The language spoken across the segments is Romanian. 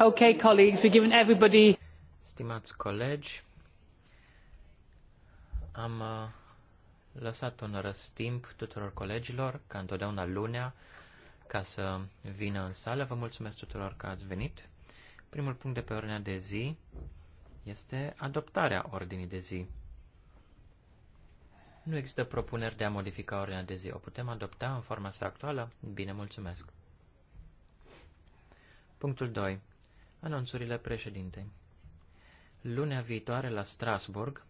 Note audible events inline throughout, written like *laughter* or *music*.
Okay, colleagues, we've given everybody... Stimați colegi, am uh, lăsat un răstimp tuturor colegilor, ca întotdeauna lunea, ca să vină în sală. Vă mulțumesc tuturor că ați venit. Primul punct de pe ordinea de zi este adoptarea ordinii de zi. Nu există propuneri de a modifica ordinea de zi. O putem adopta în forma sa actuală? Bine, mulțumesc. Punctul 2. Anunțurile președintei Lunea viitoare la Strasburg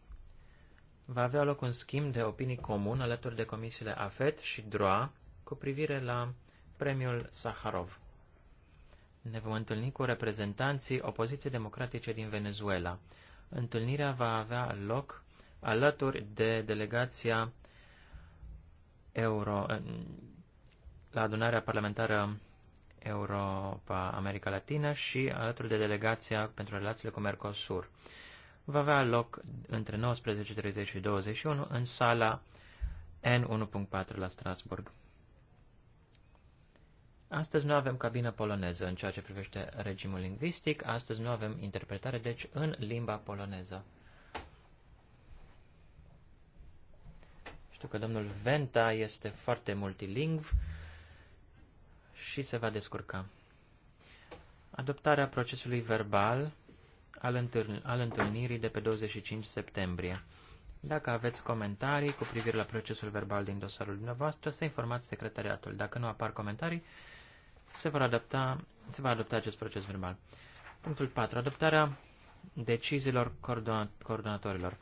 va avea loc un schimb de opinii comun alături de comisiile AFET și DROA cu privire la premiul Saharov. Ne vom întâlni cu reprezentanții opoziției democratice din Venezuela. Întâlnirea va avea loc alături de delegația euro la adunarea parlamentară Europa, America Latină și alături de delegația pentru relațiile cu Mercosur. Va avea loc între 19.30 și 21 în sala N1.4 la Strasburg. Astăzi nu avem cabină poloneză în ceea ce privește regimul lingvistic, astăzi nu avem interpretare, deci în limba poloneză. Știu că domnul Venta este foarte multilingv, și se va descurca. Adoptarea procesului verbal al, întâln al întâlnirii de pe 25 septembrie. Dacă aveți comentarii cu privire la procesul verbal din dosarul dumneavoastră, să informați secretariatul. Dacă nu apar comentarii, se, vor adapta, se va adopta acest proces verbal. Punctul 4. Adoptarea deciziilor coordonatorilor.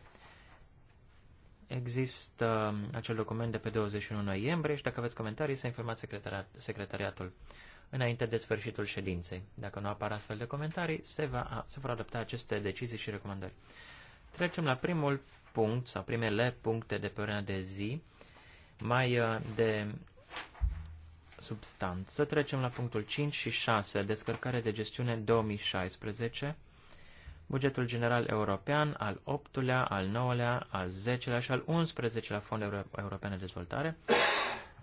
Există um, acel document de pe 21 noiembrie și dacă aveți comentarii să informați secretariat, secretariatul înainte de sfârșitul ședinței. Dacă nu apar astfel de comentarii, se, va, se vor adopta aceste decizii și recomandări. Trecem la primul punct sau primele puncte de pe ordinea de zi, mai uh, de substanță. Trecem la punctul 5 și 6, descărcare de gestiune 2016 bugetul general european al 8-lea, al 9-lea, al 10-lea și al 11-lea Fond European de Dezvoltare,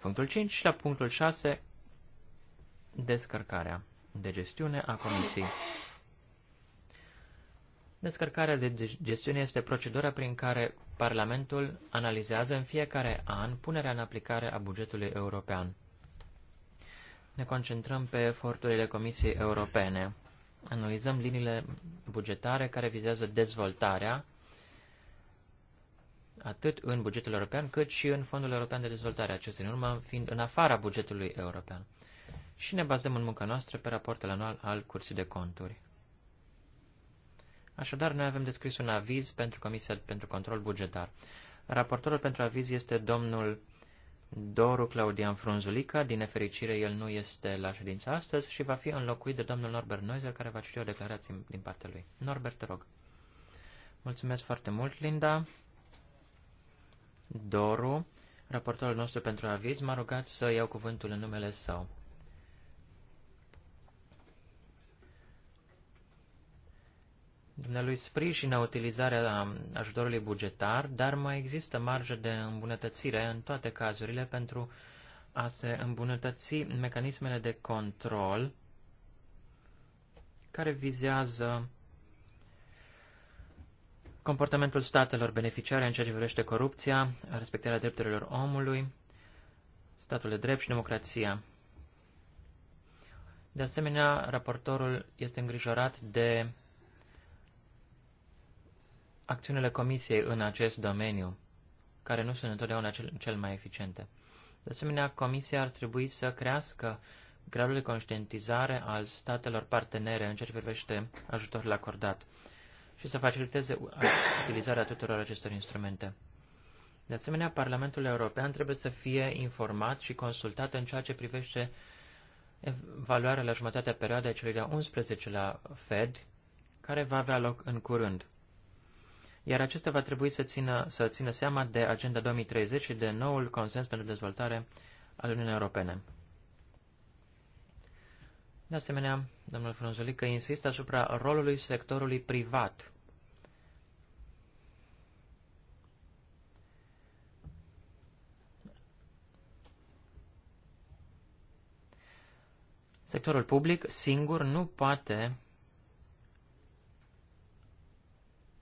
punctul 5 și la punctul 6, descărcarea de gestiune a comisiei. Descărcarea de gestiune este procedura prin care Parlamentul analizează în fiecare an punerea în aplicare a bugetului european. Ne concentrăm pe eforturile Comisiei Europene analizăm liniile bugetare care vizează dezvoltarea, atât în bugetul european, cât și în Fondul European de Dezvoltare, acestea în urmă fiind în afara bugetului european. Și ne bazăm în munca noastră pe raportul anual al Curții de Conturi. Așadar, noi avem descris un aviz pentru Comisia pentru Control Bugetar. Raportorul pentru aviz este domnul Doru Claudian Frunzulica, din nefericire el nu este la ședința astăzi și va fi înlocuit de domnul Norbert Neuser, care va citi o declarație din partea lui. Norbert, te rog. Mulțumesc foarte mult, Linda. Doru, raportorul nostru pentru aviz, m-a rugat să iau cuvântul în numele său. Dumnealui sprijină utilizarea ajutorului bugetar, dar mai există marjă de îmbunătățire în toate cazurile pentru a se îmbunătăți mecanismele de control care vizează comportamentul statelor beneficiare în ceea ce privește corupția, respectarea drepturilor omului, statul de drept și democrația. De asemenea, raportorul este îngrijorat de acțiunile comisiei în acest domeniu, care nu sunt întotdeauna cel, cel mai eficiente. De asemenea, comisia ar trebui să crească gradul de conștientizare al statelor partenere în ceea ce privește ajutorul acordat și să faciliteze utilizarea tuturor acestor instrumente. De asemenea, Parlamentul European trebuie să fie informat și consultat în ceea ce privește evaluarea la jumătatea perioadei celui de-a 11 la FED, care va avea loc în curând iar acesta va trebui să țină, să țină seama de Agenda 2030 și de noul consens pentru dezvoltare al Uniunii Europene. De asemenea, domnul Frunzulică insistă asupra rolului sectorului privat. Sectorul public singur nu poate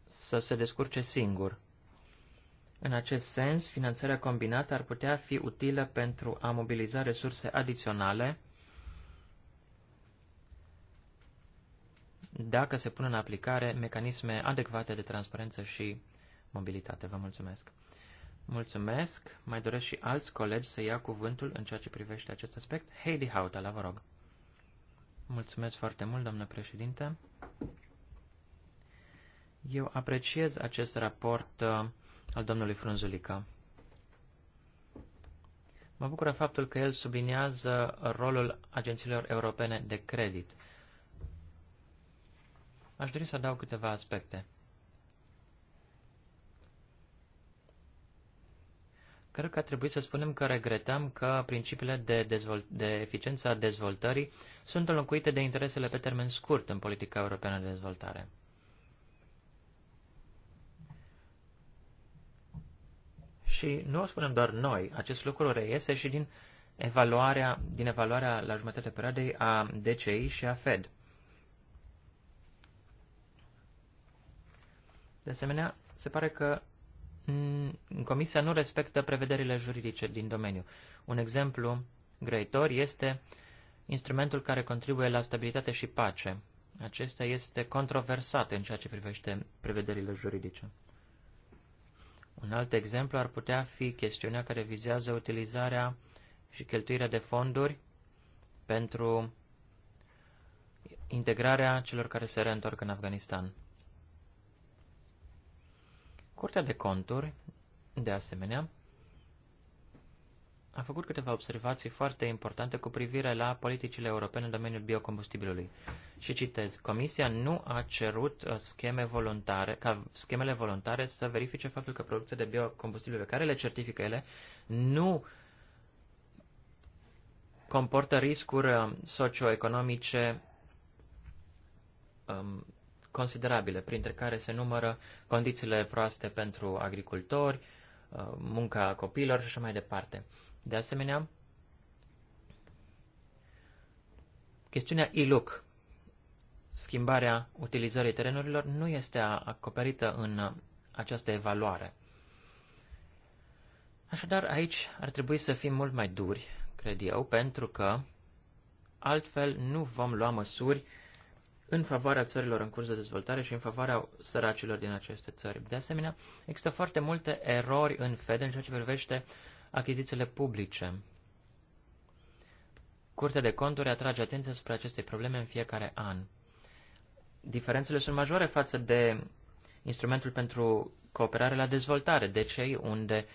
să se descurce singur. În acest sens, finanțarea combinată ar putea fi utilă pentru a mobiliza resurse adiționale dacă se pun în aplicare mecanisme adecvate de transparență și mobilitate. Vă mulțumesc! Mulțumesc! Mai doresc și alți colegi să ia cuvântul în ceea ce privește acest aspect. Heidi la vă rog! Mulțumesc foarte mult, doamnă președinte! Eu apreciez acest raport uh, al domnului Frunzulică. Mă bucură faptul că el subliniază rolul agențiilor europene de credit. Aș dori să dau câteva aspecte. Cred că ar trebui să spunem că regretăm că principiile de, dezvol- de eficiență a dezvoltării sunt înlocuite de interesele pe termen scurt în politica europeană de dezvoltare. Și nu o spunem doar noi, acest lucru reiese și din evaluarea, din evaluarea la jumătatea perioadei a DCI și a Fed. De asemenea, se pare că Comisia nu respectă prevederile juridice din domeniu. Un exemplu grăitor este instrumentul care contribuie la stabilitate și pace. Acesta este controversat în ceea ce privește prevederile juridice. Un alt exemplu ar putea fi chestiunea care vizează utilizarea și cheltuirea de fonduri pentru integrarea celor care se reîntorc în Afganistan. Curtea de conturi, de asemenea, a făcut câteva observații foarte importante cu privire la politicile europene în domeniul biocombustibilului. Și citez, Comisia nu a cerut uh, scheme voluntare, ca schemele voluntare să verifice faptul că producția de biocombustibil pe care le certifică ele nu comportă riscuri uh, socioeconomice um, considerabile, printre care se numără condițiile proaste pentru agricultori, uh, munca copiilor și așa mai departe. De asemenea, chestiunea ILUC, schimbarea utilizării terenurilor, nu este acoperită în această evaluare. Așadar, aici ar trebui să fim mult mai duri, cred eu, pentru că altfel nu vom lua măsuri în favoarea țărilor în curs de dezvoltare și în favoarea săracilor din aceste țări. De asemenea, există foarte multe erori în FED în ceea ce privește achizițiile publice. Curtea de conturi atrage atenția spre aceste probleme în fiecare an. Diferențele sunt majore față de instrumentul pentru cooperare la dezvoltare, de cei unde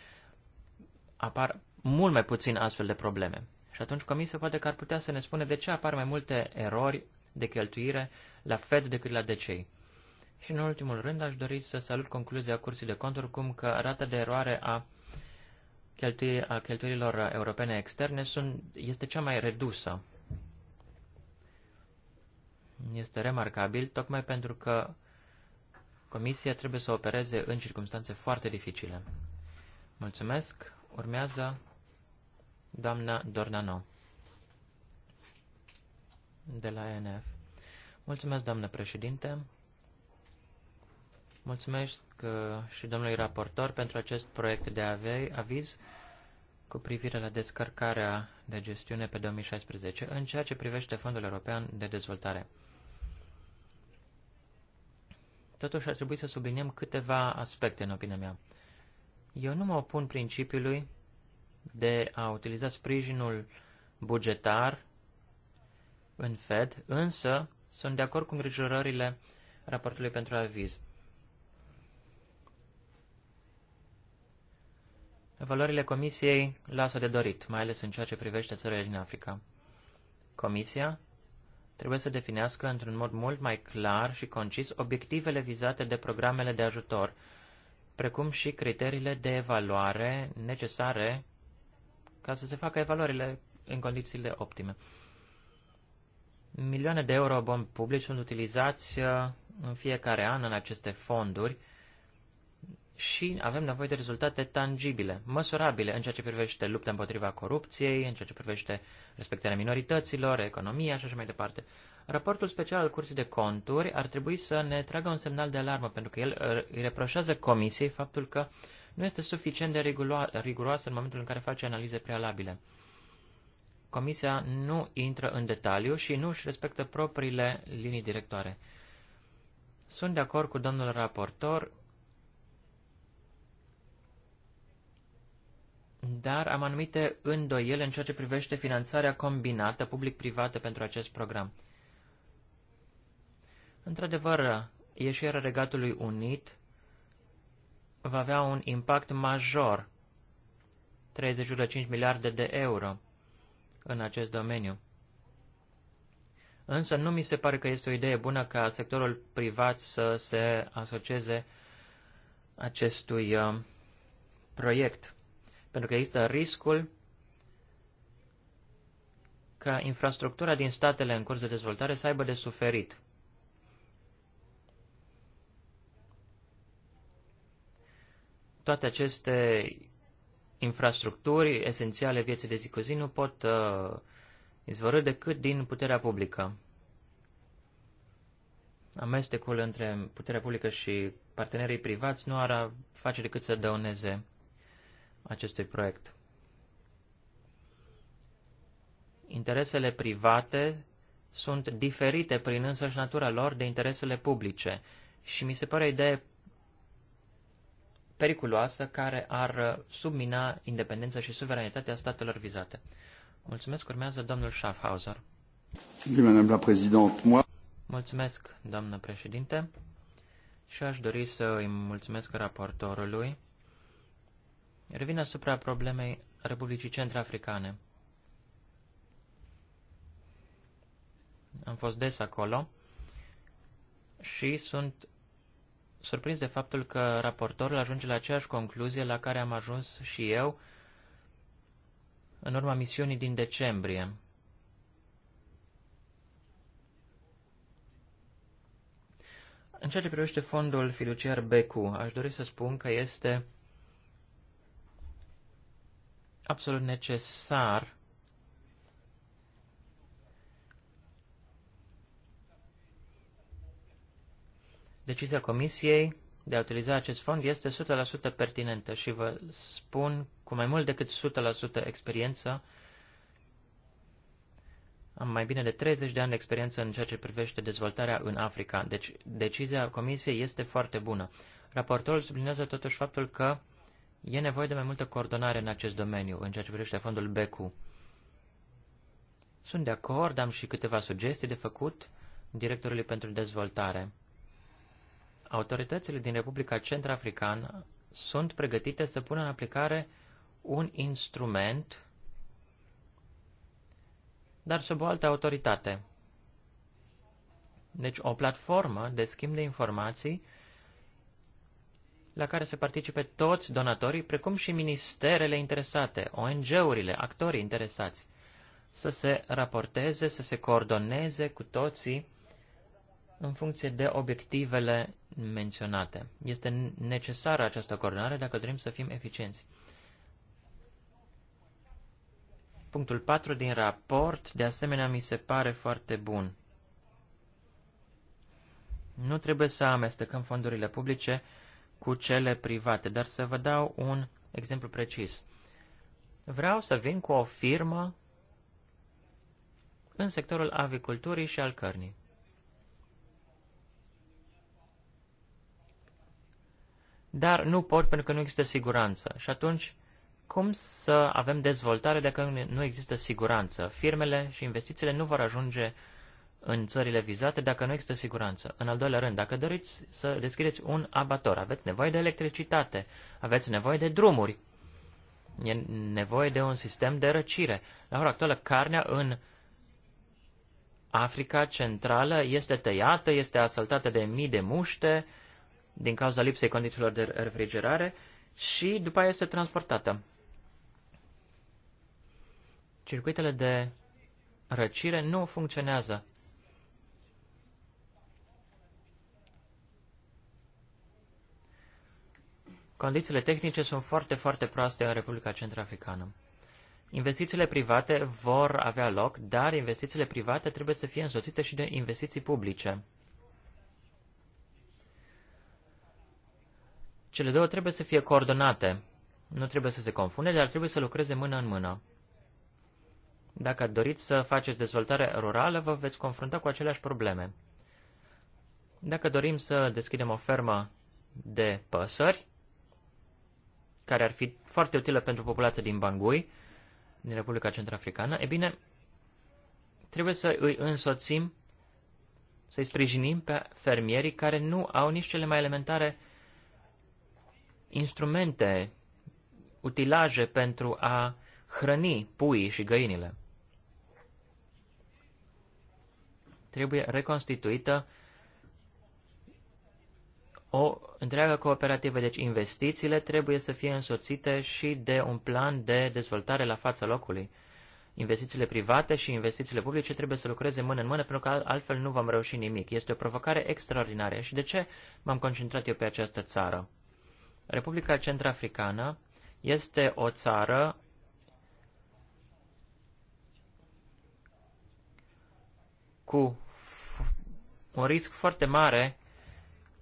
apar mult mai puțin astfel de probleme. Și atunci comisia poate că ar putea să ne spune de ce apar mai multe erori de cheltuire la Fed decât la DCI. Și în ultimul rând aș dori să salut concluzia Curții de Conturi cum că rata de eroare a cheltuie, a cheltuielilor europene externe sunt, este cea mai redusă. Este remarcabil tocmai pentru că Comisia trebuie să opereze în circunstanțe foarte dificile. Mulțumesc. Urmează doamna Dornano de la ENF. Mulțumesc, doamnă președinte. Mulțumesc uh, și domnului raportor pentru acest proiect de aviz cu privire la descărcarea de gestiune pe 2016 în ceea ce privește Fondul European de Dezvoltare. Totuși ar trebui să subliniem câteva aspecte, în opinia mea. Eu nu mă opun principiului de a utiliza sprijinul bugetar în Fed, însă sunt de acord cu îngrijorările raportului pentru aviz. Evaluările Comisiei lasă de dorit, mai ales în ceea ce privește țările din Africa. Comisia trebuie să definească într-un mod mult mai clar și concis obiectivele vizate de programele de ajutor, precum și criteriile de evaluare necesare ca să se facă evaluările în condițiile optime. Milioane de euro bani publici sunt utilizați uh, în fiecare an în aceste fonduri și avem nevoie de rezultate tangibile, măsurabile în ceea ce privește lupta împotriva corupției, în ceea ce privește respectarea minorităților, economia și așa mai departe. Raportul special al Curții de Conturi ar trebui să ne tragă un semnal de alarmă, pentru că el uh, îi reproșează Comisiei faptul că nu este suficient de riguroasă în momentul în care face analize prealabile. Comisia nu intră în detaliu și nu își respectă propriile linii directoare. Sunt de acord cu domnul raportor dar am anumite îndoiele în ceea ce privește finanțarea combinată public-privată pentru acest program. Într-adevăr, ieșirea Regatului Unit va avea un impact major, 30,5 miliarde de euro, în acest domeniu. Însă nu mi se pare că este o idee bună ca sectorul privat să se asocieze acestui uh, proiect pentru că există riscul ca infrastructura din statele în curs de dezvoltare să aibă de suferit. Toate aceste infrastructuri esențiale vieții de zi cu zi nu pot uh, izvorâ decât din puterea publică. Amestecul între puterea publică și partenerii privați nu ar face decât să dăuneze acestui proiect. Interesele private sunt diferite prin însăși natura lor de interesele publice și mi se pare o idee periculoasă care ar submina independența și suveranitatea statelor vizate. Mulțumesc, urmează domnul Schaffhauser. Mulțumesc, doamnă președinte, și aș dori să îi mulțumesc raportorului Revin asupra problemei Republicii Centrafricane. Am fost des acolo și sunt surprins de faptul că raportorul ajunge la aceeași concluzie la care am ajuns și eu în urma misiunii din decembrie. În ceea ce privește fondul fiduciar BQ, aș dori să spun că este absolut necesar Decizia Comisiei de a utiliza acest fond este 100% pertinentă și vă spun cu mai mult decât 100% experiență. Am mai bine de 30 de ani de experiență în ceea ce privește dezvoltarea în Africa, deci decizia Comisiei este foarte bună. Raportorul sublinează totuși faptul că E nevoie de mai multă coordonare în acest domeniu, în ceea ce privește fondul BQ. Sunt de acord, am și câteva sugestii de făcut directorului pentru dezvoltare. Autoritățile din Republica Centrafricană sunt pregătite să pună în aplicare un instrument, dar sub o altă autoritate. Deci o platformă de schimb de informații la care să participe toți donatorii, precum și ministerele interesate, ONG-urile, actorii interesați, să se raporteze, să se coordoneze cu toții în funcție de obiectivele menționate. Este necesară această coordonare dacă dorim să fim eficienți. Punctul 4 din raport, de asemenea, mi se pare foarte bun. Nu trebuie să amestecăm fondurile publice cu cele private, dar să vă dau un exemplu precis. Vreau să vin cu o firmă în sectorul aviculturii și al cărnii. Dar nu pot pentru că nu există siguranță. Și atunci, cum să avem dezvoltare dacă nu există siguranță? Firmele și investițiile nu vor ajunge în țările vizate dacă nu există siguranță. În al doilea rând, dacă doriți să deschideți un abator, aveți nevoie de electricitate, aveți nevoie de drumuri, e nevoie de un sistem de răcire. La ora actuală, carnea în Africa Centrală este tăiată, este asaltată de mii de muște din cauza lipsei condițiilor de refrigerare și după aia este transportată. Circuitele de răcire nu funcționează. Condițiile tehnice sunt foarte, foarte proaste în Republica Centrafricană. Investițiile private vor avea loc, dar investițiile private trebuie să fie însoțite și de investiții publice. Cele două trebuie să fie coordonate. Nu trebuie să se confunde, dar trebuie să lucreze mână în mână. Dacă doriți să faceți dezvoltare rurală, vă veți confrunta cu aceleași probleme. Dacă dorim să deschidem o fermă de păsări, care ar fi foarte utilă pentru populația din Bangui, din Republica Centrafricană, e bine, trebuie să îi însoțim, să-i sprijinim pe fermierii care nu au nici cele mai elementare instrumente, utilaje pentru a hrăni puii și găinile. Trebuie reconstituită o întreagă cooperativă. Deci investițiile trebuie să fie însoțite și de un plan de dezvoltare la fața locului. Investițiile private și investițiile publice trebuie să lucreze mână în mână, pentru că altfel nu vom reuși nimic. Este o provocare extraordinară. Și de ce m-am concentrat eu pe această țară? Republica Centrafricană este o țară cu un risc foarte mare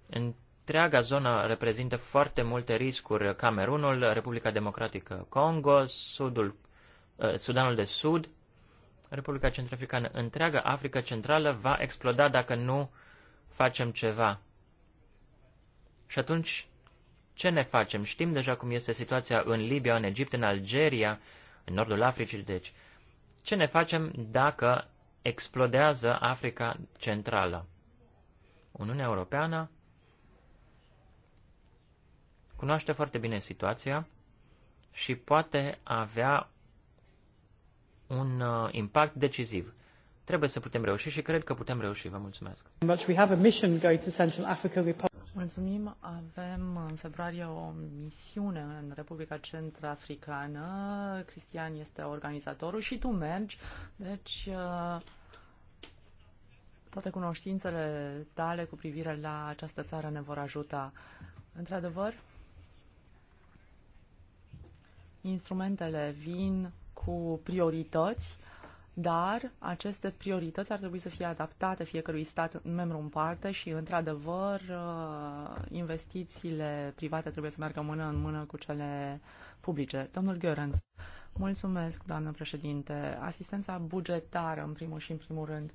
în întreaga zonă reprezintă foarte multe riscuri. Camerunul, Republica Democratică Congo, Sudul, uh, Sudanul de Sud, Republica Centrafricană, întreaga Africa Centrală va exploda dacă nu facem ceva. Și atunci, ce ne facem? Știm deja cum este situația în Libia, în Egipt, în Algeria, în nordul Africii, deci. Ce ne facem dacă explodează Africa Centrală? Uniunea Europeană cunoaște foarte bine situația și poate avea un uh, impact decisiv. Trebuie să putem reuși și cred că putem reuși. Vă mulțumesc. Mulțumim. Avem în februarie o misiune în Republica Centrafricană. Cristian este organizatorul și tu mergi. Deci, uh, toate cunoștințele tale cu privire la această țară ne vor ajuta. Într-adevăr, Instrumentele vin cu priorități, dar aceste priorități ar trebui să fie adaptate fiecărui stat membru în parte și, într-adevăr, uh, investițiile private trebuie să meargă mână în mână cu cele publice. Domnul Gheorenț, mulțumesc, doamnă președinte. Asistența bugetară, în primul și în primul rând.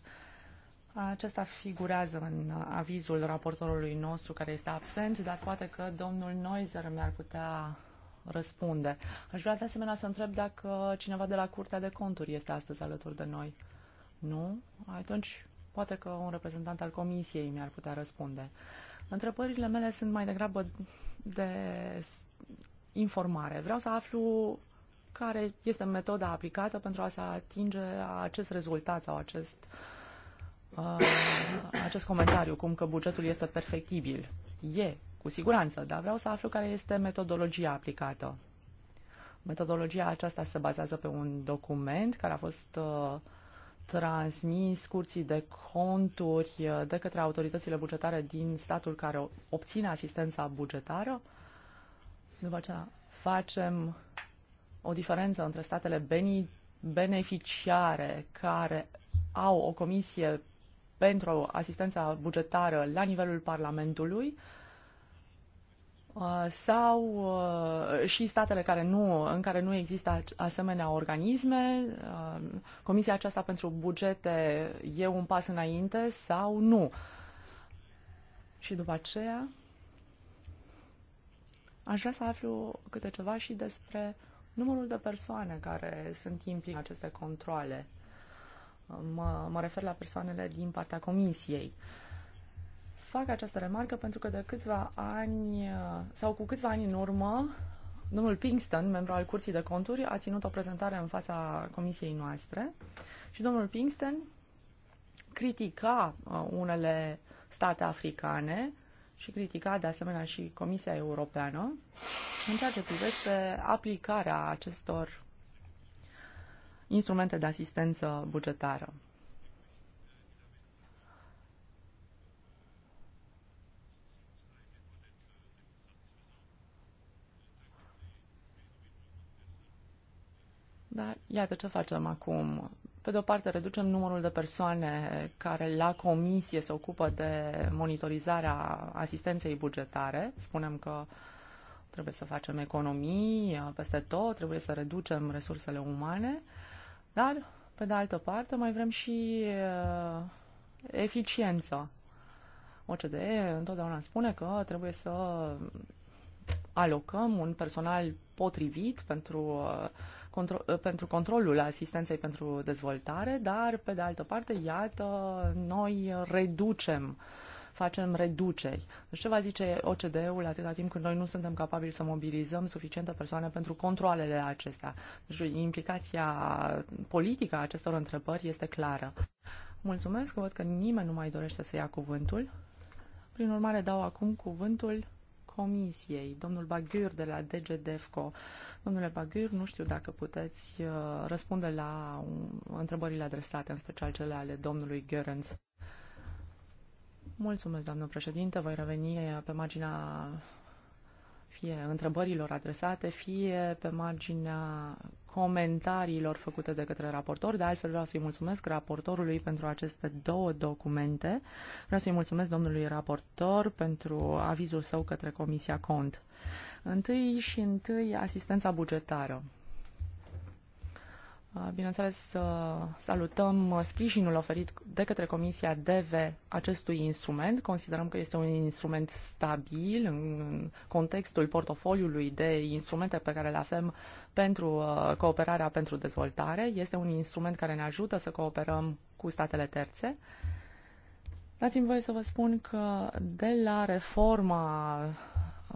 Acesta figurează în avizul raportorului nostru care este absent, dar poate că domnul Noizer mi-ar putea răspunde. Aș vrea de asemenea să întreb dacă cineva de la Curtea de Conturi este astăzi alături de noi. Nu? Atunci poate că un reprezentant al Comisiei mi-ar putea răspunde. Întrebările mele sunt mai degrabă de informare. Vreau să aflu care este metoda aplicată pentru a se atinge acest rezultat sau acest, uh, acest comentariu, cum că bugetul este perfectibil. E cu siguranță, dar vreau să aflu care este metodologia aplicată. Metodologia aceasta se bazează pe un document care a fost uh, transmis curții de conturi uh, de către autoritățile bugetare din statul care obține asistența bugetară. După aceea facem o diferență între statele beneficiare care au o comisie pentru asistența bugetară la nivelul Parlamentului uh, Uh, sau uh, și statele care nu, în care nu există asemenea organisme, uh, Comisia aceasta pentru bugete e un pas înainte sau nu. Și după aceea aș vrea să aflu câte ceva și despre numărul de persoane care sunt implicate în aceste controle. Mă, mă refer la persoanele din partea Comisiei. Uh, Fac această remarcă pentru că de câțiva ani, sau cu câțiva ani în urmă, domnul Pinkston, membru al Curții de Conturi, a ținut o prezentare în fața comisiei noastre și domnul Pinkston critica uh, unele state africane și critica de asemenea și Comisia Europeană în ceea ce privește aplicarea acestor instrumente de asistență bugetară. Dar iată ce facem acum. Pe de o parte, reducem numărul de persoane care la comisie se ocupă de monitorizarea asistenței bugetare. Spunem că trebuie să facem economii uh, peste tot, trebuie să reducem resursele umane, dar, pe de altă parte, mai vrem și uh, eficiență. OCDE întotdeauna spune că trebuie să alocăm un personal potrivit pentru uh, control, uh, pentru controlul asistenței pentru dezvoltare, dar, pe de altă parte, iată, noi reducem facem reduceri. Deci ce va zice OCDE-ul atâta timp când noi nu suntem capabili să mobilizăm suficiente persoane pentru controlele acestea? Deci implicația politică a acestor întrebări este clară. Mulțumesc, văd că nimeni nu mai dorește să ia cuvântul. Prin urmare, dau acum cuvântul Comisiei, domnul Bagur de la DG DEFCO. Domnule Bagur, nu știu dacă puteți uh, răspunde la um, întrebările adresate, în special cele ale domnului Görens. Mulțumesc, doamnă președinte. Voi reveni pe marginea fie întrebărilor adresate, fie pe marginea comentariilor făcute de către raportor. De altfel, vreau să-i mulțumesc raportorului pentru aceste două documente. Vreau să-i mulțumesc domnului raportor pentru avizul său către Comisia Cont. Întâi și întâi asistența bugetară. Uh, bineînțeles, uh, salutăm uh, sprijinul oferit de către Comisia DEVE acestui instrument. Considerăm că este un instrument stabil în contextul portofoliului de instrumente pe care le avem pentru cooperarea pentru dezvoltare. Este un instrument care ne ajută să cooperăm cu statele terțe. Dați-mi voie să vă spun că de la reforma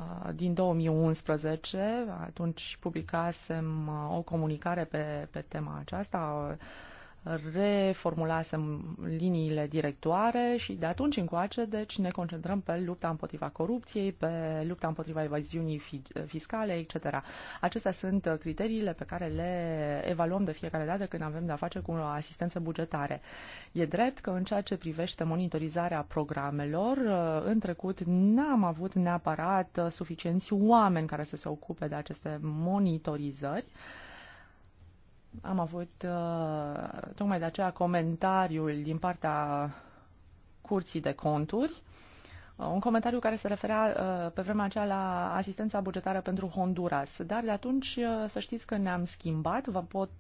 Uh, din 2011, atunci publicasem uh, o comunicare pe, pe tema aceasta, uh, reformulasem liniile directoare și de atunci încoace, deci ne concentrăm pe lupta împotriva corupției, pe lupta împotriva evaziunii fiscale, etc. Acestea sunt criteriile pe care le evaluăm de fiecare dată când avem de-a face cu o asistență bugetare. E drept că în ceea ce privește monitorizarea programelor, în trecut n-am avut neapărat suficienți oameni care să se ocupe de aceste monitorizări. Am avut uh, tocmai de aceea comentariul din partea Curții de Conturi, uh, un comentariu care se referea uh, pe vremea aceea la asistența bugetară pentru Honduras. Dar de atunci să știți că ne-am schimbat, vă pot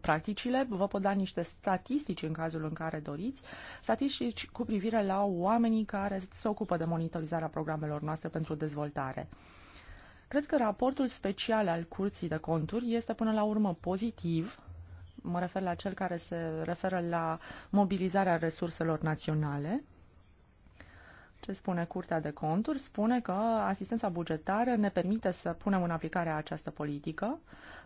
practicile, vă pot da niște statistici în cazul în care doriți, statistici cu privire la oamenii care se ocupă de monitorizarea programelor noastre pentru dezvoltare. Cred că raportul special al Curții de Conturi este până la urmă pozitiv, mă refer la cel care se referă la mobilizarea resurselor naționale, ce spune Curtea de Conturi spune că asistența bugetară ne permite să punem în aplicare această politică,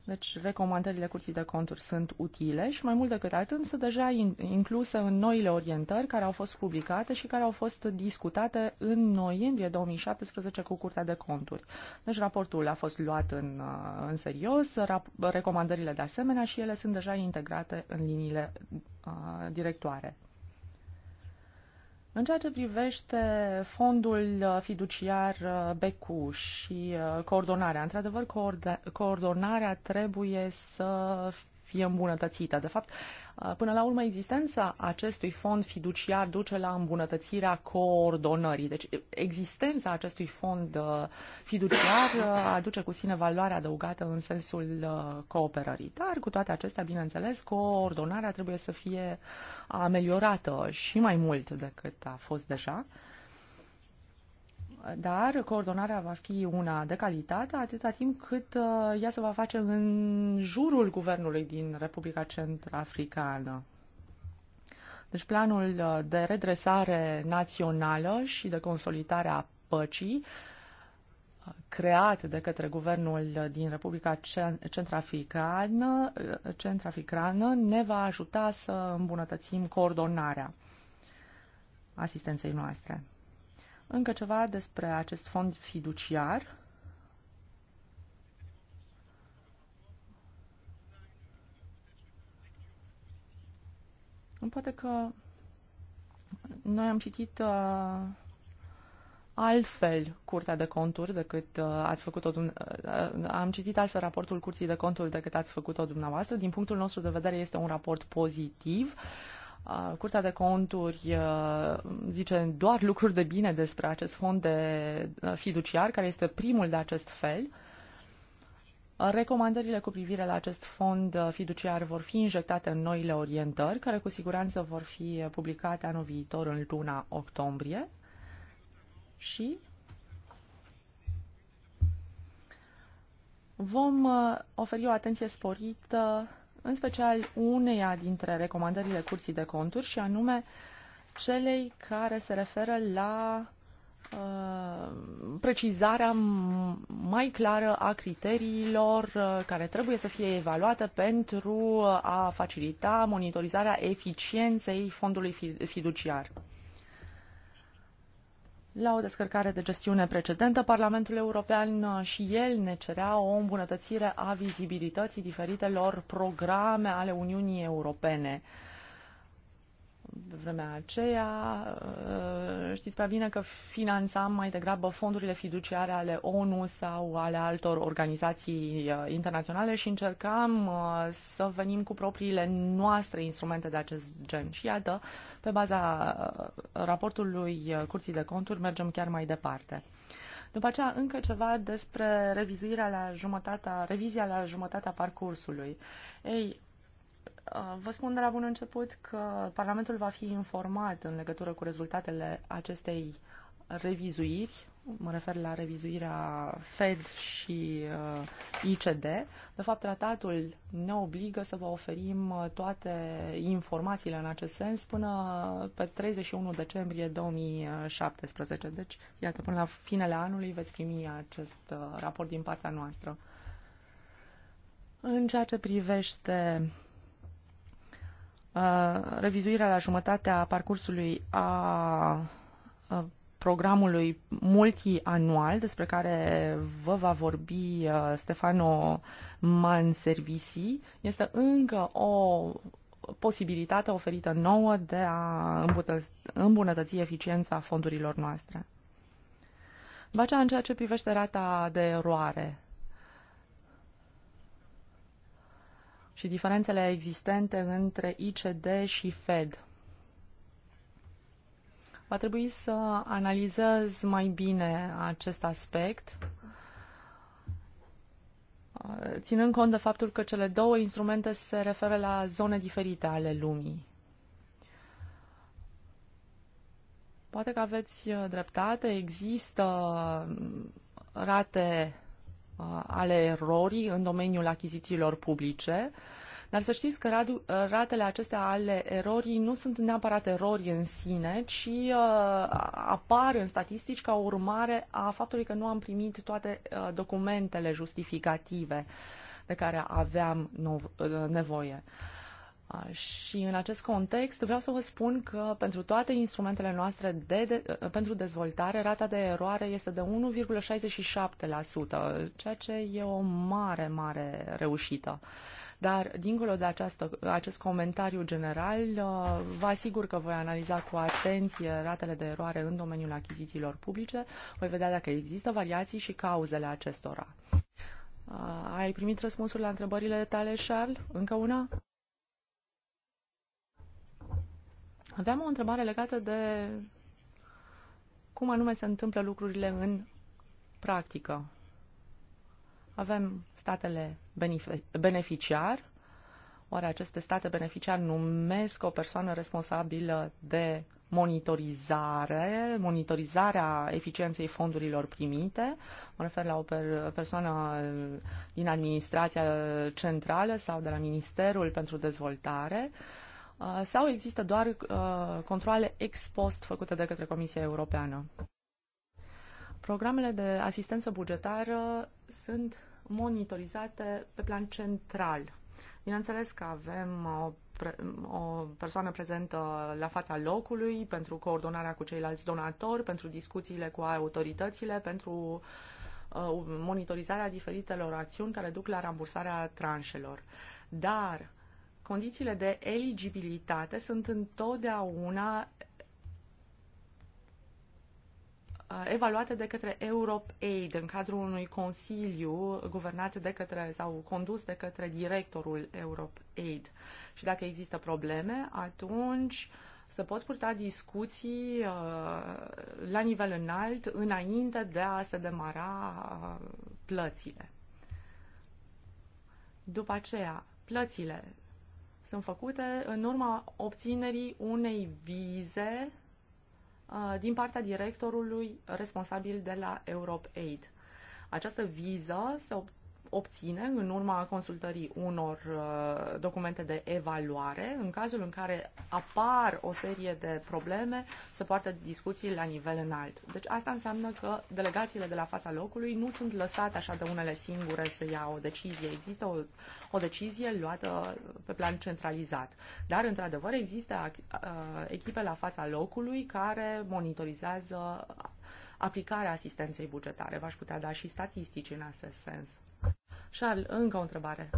deci recomandările Curții de Conturi sunt utile și mai mult decât atât sunt deja incluse în noile orientări care au fost publicate și care au fost discutate în noiembrie 2017 cu Curtea de Conturi. Deci raportul a fost luat în, uh, în serios, recomandările de asemenea și ele sunt deja integrate în liniile uh, directoare. În ceea ce privește fondul uh, fiduciar uh, BECU și uh, coordonarea, într-adevăr, coordonarea trebuie să fie îmbunătățită. De fapt, uh, până la urmă, existența acestui fond fiduciar duce la îmbunătățirea coordonării. Deci, existența acestui fond uh, fiduciar uh, aduce cu sine valoare adăugată în sensul cooperării. Dar, cu toate acestea, bineînțeles, coordonarea trebuie să fie ameliorată și mai mult decât a fost deja. Dar coordonarea va fi una de calitate atâta timp cât uh, ea se va face în jurul guvernului din Republica Centrafricană. Deci planul uh, de redresare națională și de consolidare a păcii uh, creat de către guvernul din Republica Centrafricană, Centrafricană ne va ajuta să îmbunătățim coordonarea asistenței noastre. Încă ceva despre acest fond fiduciar. Poate că noi am citit uh, altfel Curtea de Conturi decât uh, ați făcut-o uh, uh, am citit altfel raportul Curții de Conturi decât ați făcut-o dumneavoastră. Din punctul nostru de vedere este un raport pozitiv. Uh, Curtea de conturi zice doar lucruri de bine despre acest fond de fiduciar, care este primul de acest fel. Recomandările cu privire la acest fond fiduciar vor fi injectate în noile orientări, care cu siguranță vor fi publicate anul viitor în luna octombrie. Și vom oferi o atenție sporită în special uneia dintre recomandările Curții de Conturi și anume celei care se referă la uh, precizarea mai clară a criteriilor uh, care trebuie să fie evaluate pentru a facilita monitorizarea eficienței fondului fiduciar. La o descărcare de gestiune precedentă, Parlamentul European și el ne cerea o îmbunătățire a vizibilității diferitelor programe ale Uniunii Europene. Pe vremea aceea uh, știți prea bine că finanțam mai degrabă fondurile fiduciare ale ONU sau ale altor organizații uh, internaționale și încercam uh, să venim cu propriile noastre instrumente de acest gen. Și iată, pe baza raportului Curții de Conturi mergem chiar mai departe. După aceea, încă ceva despre revizuirea la jumătatea, revizia la jumătatea parcursului. Ei, Uh, vă spun de la bun început că Parlamentul va fi informat în legătură cu rezultatele acestei revizuiri, mă refer la revizuirea Fed și uh, ICD. De fapt, tratatul ne obligă să vă oferim uh, toate informațiile în acest sens până pe 31 decembrie 2017. Deci, iată, până la finele anului veți primi acest uh, raport din partea noastră. În ceea ce privește Uh, revizuirea la jumătatea parcursului a programului multianual despre care vă va vorbi uh, Stefano Manservisi este încă o posibilitate oferită nouă de a îmbunătăți eficiența fondurilor noastre. Vacea în ceea ce privește rata de eroare și diferențele existente între ICD și Fed. Va trebui să analizez mai bine acest aspect, ținând cont de faptul că cele două instrumente se referă la zone diferite ale lumii. Poate că aveți dreptate, există rate Uh, ale erorii în domeniul achizițiilor publice, dar să știți că uh, ratele acestea ale erorii nu sunt neapărat erori în sine, ci uh, apar în statistici ca urmare a faptului că nu am primit toate uh, documentele justificative de care aveam uh, nevoie. Uh, și în acest context vreau să vă spun că pentru toate instrumentele noastre de, de, pentru dezvoltare, rata de eroare este de 1,67%, ceea ce e o mare, mare reușită. Dar, dincolo de această, acest comentariu general, vă asigur că voi analiza cu atenție ratele de eroare în domeniul achizițiilor publice, voi vedea dacă există variații și cauzele acestora. Ai primit răspunsul la întrebările tale, Charles? Încă una? Aveam o întrebare legată de cum anume se întâmplă lucrurile în practică. Avem statele beneficiar. Oare aceste state beneficiar numesc o persoană responsabilă de monitorizare, monitorizarea eficienței fondurilor primite. Mă refer la o persoană din administrația centrală sau de la Ministerul pentru Dezvoltare. Uh, Uh, sau există doar uh, controle ex post făcute de către Comisia Europeană? Programele de asistență bugetară sunt monitorizate pe plan central. Bineînțeles că avem o, uh, pre, um, o persoană prezentă la fața locului pentru coordonarea cu ceilalți donatori, pentru discuțiile cu autoritățile, pentru uh, monitorizarea diferitelor acțiuni care duc la rambursarea tranșelor. Dar condițiile de eligibilitate sunt întotdeauna uh, evaluate de către Europe Aid în cadrul unui consiliu guvernat de către sau condus de către directorul Europe Aid. Și dacă există probleme, atunci se pot purta discuții uh, la nivel înalt înainte de a se demara uh, plățile. După aceea, plățile sunt făcute în urma obținerii unei vize uh, din partea directorului responsabil de la Europe Aid. Această viză se obține obține în urma consultării unor uh, documente de evaluare. În cazul în care apar o serie de probleme, se poartă discuții la nivel înalt. Deci asta înseamnă că delegațiile de la fața locului nu sunt lăsate așa de unele singure să ia o decizie. Există o, o decizie luată pe plan centralizat. Dar, într-adevăr, există uh, echipe la fața locului care monitorizează aplicarea asistenței bugetare. V-aș putea da și statistici în acest sens. Charles, încă o întrebare.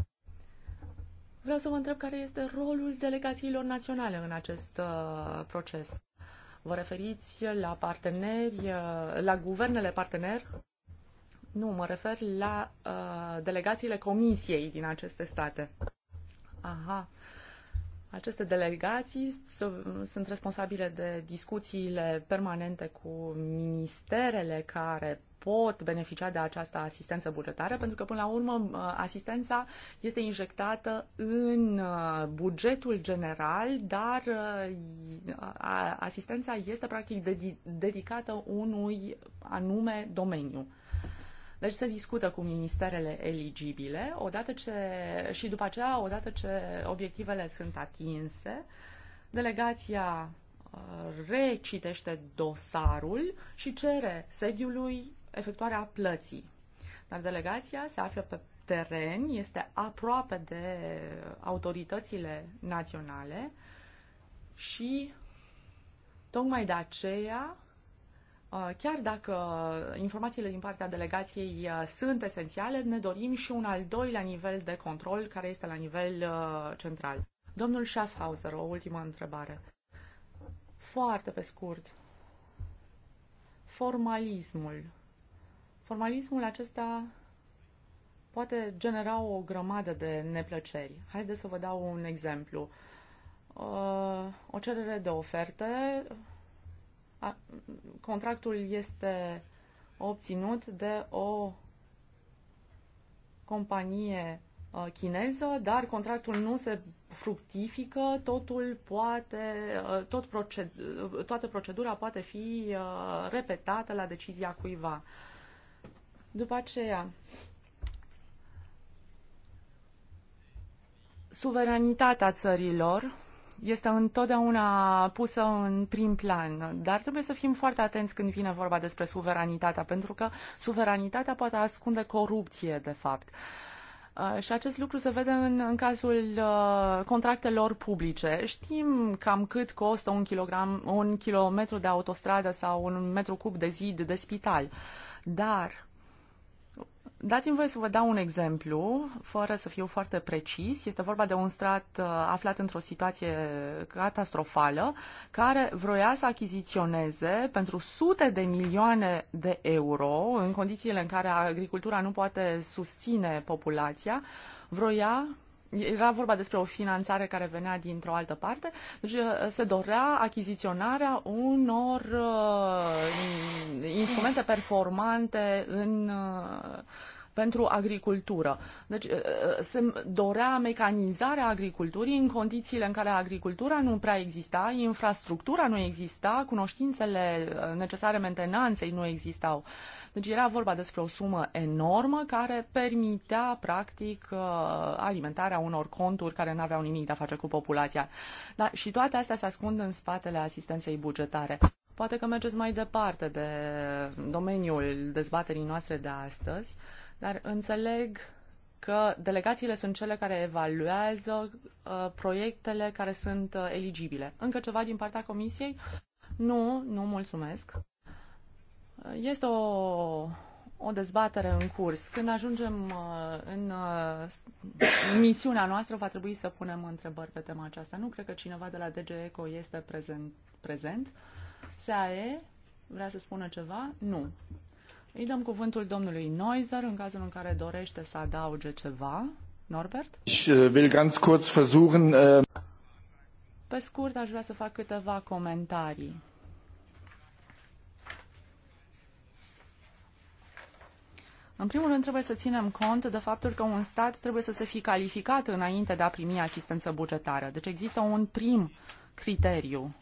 Vreau să vă întreb care este rolul delegațiilor naționale în acest uh, proces. Vă referiți la parteneri, uh, la guvernele partener? Nu, mă refer la uh, delegațiile comisiei din aceste state. Aha. Uh, aceste delegații sunt responsabile de discuțiile permanente cu ministerele care pot beneficia de această asistență bugetară, pentru că, până la urmă, asistența este injectată în uh, bugetul general, dar uh, asistența este, practic, dedicată unui anume domeniu. Deci se discută cu ministerele eligibile odată ce, și după aceea, odată ce obiectivele sunt atinse, delegația uh, recitește dosarul și cere sediului efectuarea plății. Dar delegația se află pe teren, este aproape de autoritățile naționale și tocmai de aceea Uh, chiar dacă informațiile din partea delegației uh, sunt esențiale, ne dorim și un al doilea nivel de control, care este la nivel uh, central. Domnul Schaffhauser, o ultimă întrebare. Foarte pe scurt. Formalismul. Formalismul acesta poate genera o grămadă de neplăceri. Haideți să vă dau un exemplu. O cerere de oferte contractul este obținut de o companie uh, chineză, dar contractul nu se fructifică, totul poate, uh, tot proced, uh, toată procedura poate fi repetată la decizia cuiva. După aceea, suveranitatea țărilor este întotdeauna pusă în prim plan, dar trebuie să fim foarte atenți când vine vorba despre suveranitatea, pentru că suveranitatea poate ascunde corupție, de fapt. Uh, și acest lucru se vede în, în cazul uh, contractelor publice. Știm cam cât costă un, kilogram, un kilometru de autostradă sau un metru cub de zid de spital, dar Dați-mi voie să vă dau un exemplu, fără să fiu foarte precis. Este vorba de un strat uh, aflat într-o situație catastrofală, care vroia să achiziționeze pentru sute de milioane de euro, în condițiile în care agricultura nu poate susține populația, vroia era vorba despre o finanțare care venea dintr-o altă parte, deci uh, se dorea achiziționarea unor uh, instrumente performante în uh, pentru agricultură. Deci uh, uh, se dorea mecanizarea agriculturii în condițiile în care agricultura nu prea exista, infrastructura nu exista, cunoștințele uh, necesare mentenanței nu existau. Deci era vorba despre o sumă enormă care permitea, practic, alimentarea unor conturi care nu aveau nimic de a face cu populația. Dar și toate astea se ascund în spatele asistenței bugetare. Poate că mergeți mai departe de domeniul dezbaterii noastre de astăzi. Dar înțeleg că delegațiile sunt cele care evaluează uh, proiectele care sunt uh, eligibile. Încă ceva din partea comisiei? Nu, nu mulțumesc. Uh, este o, o dezbatere în curs. Când ajungem uh, în uh, misiunea noastră, va trebui să punem întrebări pe tema aceasta. Nu cred că cineva de la DG Eco este prezent. prezent. SAE vrea să spună ceva? Nu. Îi dăm cuvântul domnului Neuser în cazul în care dorește să adauge ceva. Norbert? Ich äh, will ganz kurz versuchen, uh... Pe scurt, aș vrea să fac câteva comentarii. În primul rând, trebuie să ținem cont de faptul că un stat trebuie să se fi calificat înainte de a primi asistență bugetară. Deci există un prim criteriu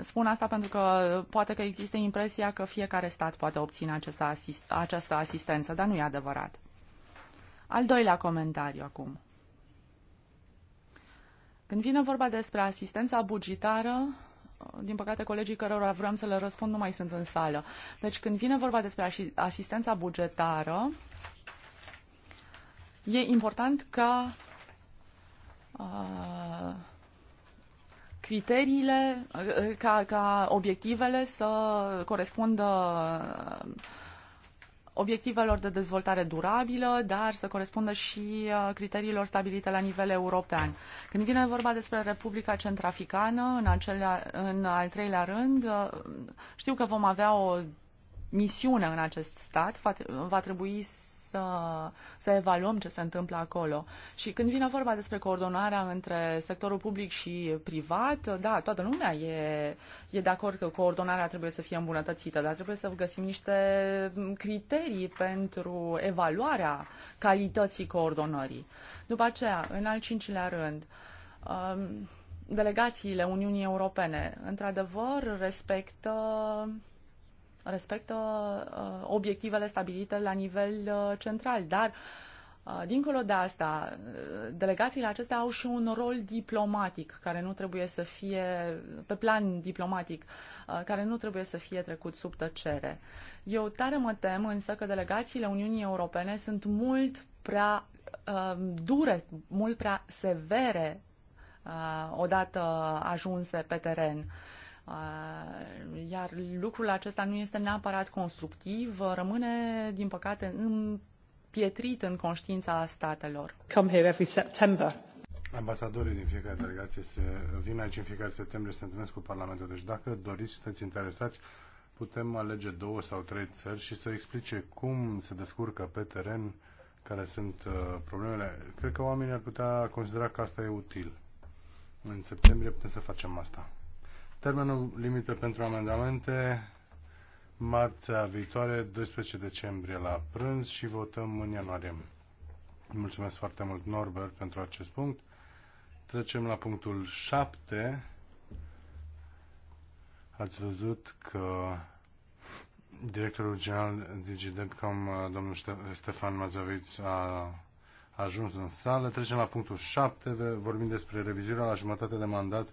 Spun asta pentru că poate că există impresia că fiecare stat poate obține această, asist- această asistență, dar nu e adevărat. Al doilea comentariu acum. Când vine vorba despre asistența bugetară, din păcate colegii cărora vreau să le răspund nu mai sunt în sală. Deci când vine vorba despre asistența bugetară, e important ca uh, criteriile, eh, ca, ca obiectivele să corespundă eh, obiectivelor de dezvoltare durabilă, dar să corespundă și eh, criteriilor stabilite la nivel european. Când vine vorba despre Republica Centrafricană, în, acelea, în al treilea rând, știu că vom avea o misiune în acest stat, va trebui să să, să evaluăm ce se întâmplă acolo. Și când vine vorba despre coordonarea între sectorul public și privat, da, toată lumea e, e de acord că coordonarea trebuie să fie îmbunătățită, dar trebuie să găsim niște criterii pentru evaluarea calității coordonării. După aceea, în al cincilea rând, um, delegațiile Uniunii Europene, într-adevăr, respectă respectă uh, obiectivele stabilite la nivel uh, central, dar uh, Dincolo de asta, delegațiile acestea au și un rol diplomatic care nu trebuie să fie, pe plan diplomatic, care nu trebuie să fie trecut sub tăcere. Eu tare mă tem însă că delegațiile Uniunii Europene sunt mult prea uh, dure, mult prea severe uh, odată ajunse pe teren. Uh, Uh, iar lucrul acesta nu este neapărat constructiv, uh, rămâne, din păcate, împietrit în conștiința statelor. Come here every September. Ambasadorii din fiecare delegație se vin aici în fiecare septembrie să se întâlnesc cu Parlamentul. Deci dacă doriți, sunteți interesați, putem alege două sau trei țări și să explice cum se descurcă pe teren, care sunt uh, problemele. Cred că oamenii ar putea considera că asta e util. În septembrie putem să facem asta. Termenul limită pentru amendamente marțea viitoare, 12 decembrie la prânz și votăm în ianuarie. Mulțumesc foarte mult, Norbert, pentru acest punct. Trecem la punctul 7. Ați văzut că directorul general DigiDepcom, uh, domnul Stefan Mazaviț, a ajuns în sală. Trecem la punctul 7. Vorbim despre revizuirea la jumătate de mandat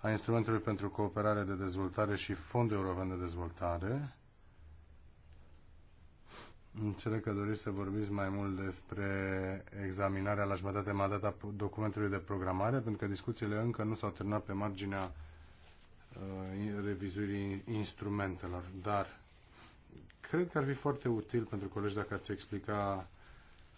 a Instrumentului pentru Cooperare de Dezvoltare și Fondul European de Dezvoltare. Înțeleg că doriți să vorbiți mai mult despre examinarea la jumătate mai a documentului de programare, pentru că discuțiile încă nu s-au terminat pe marginea uh, revizuirii instrumentelor, dar cred că ar fi foarte util pentru colegi dacă ați explica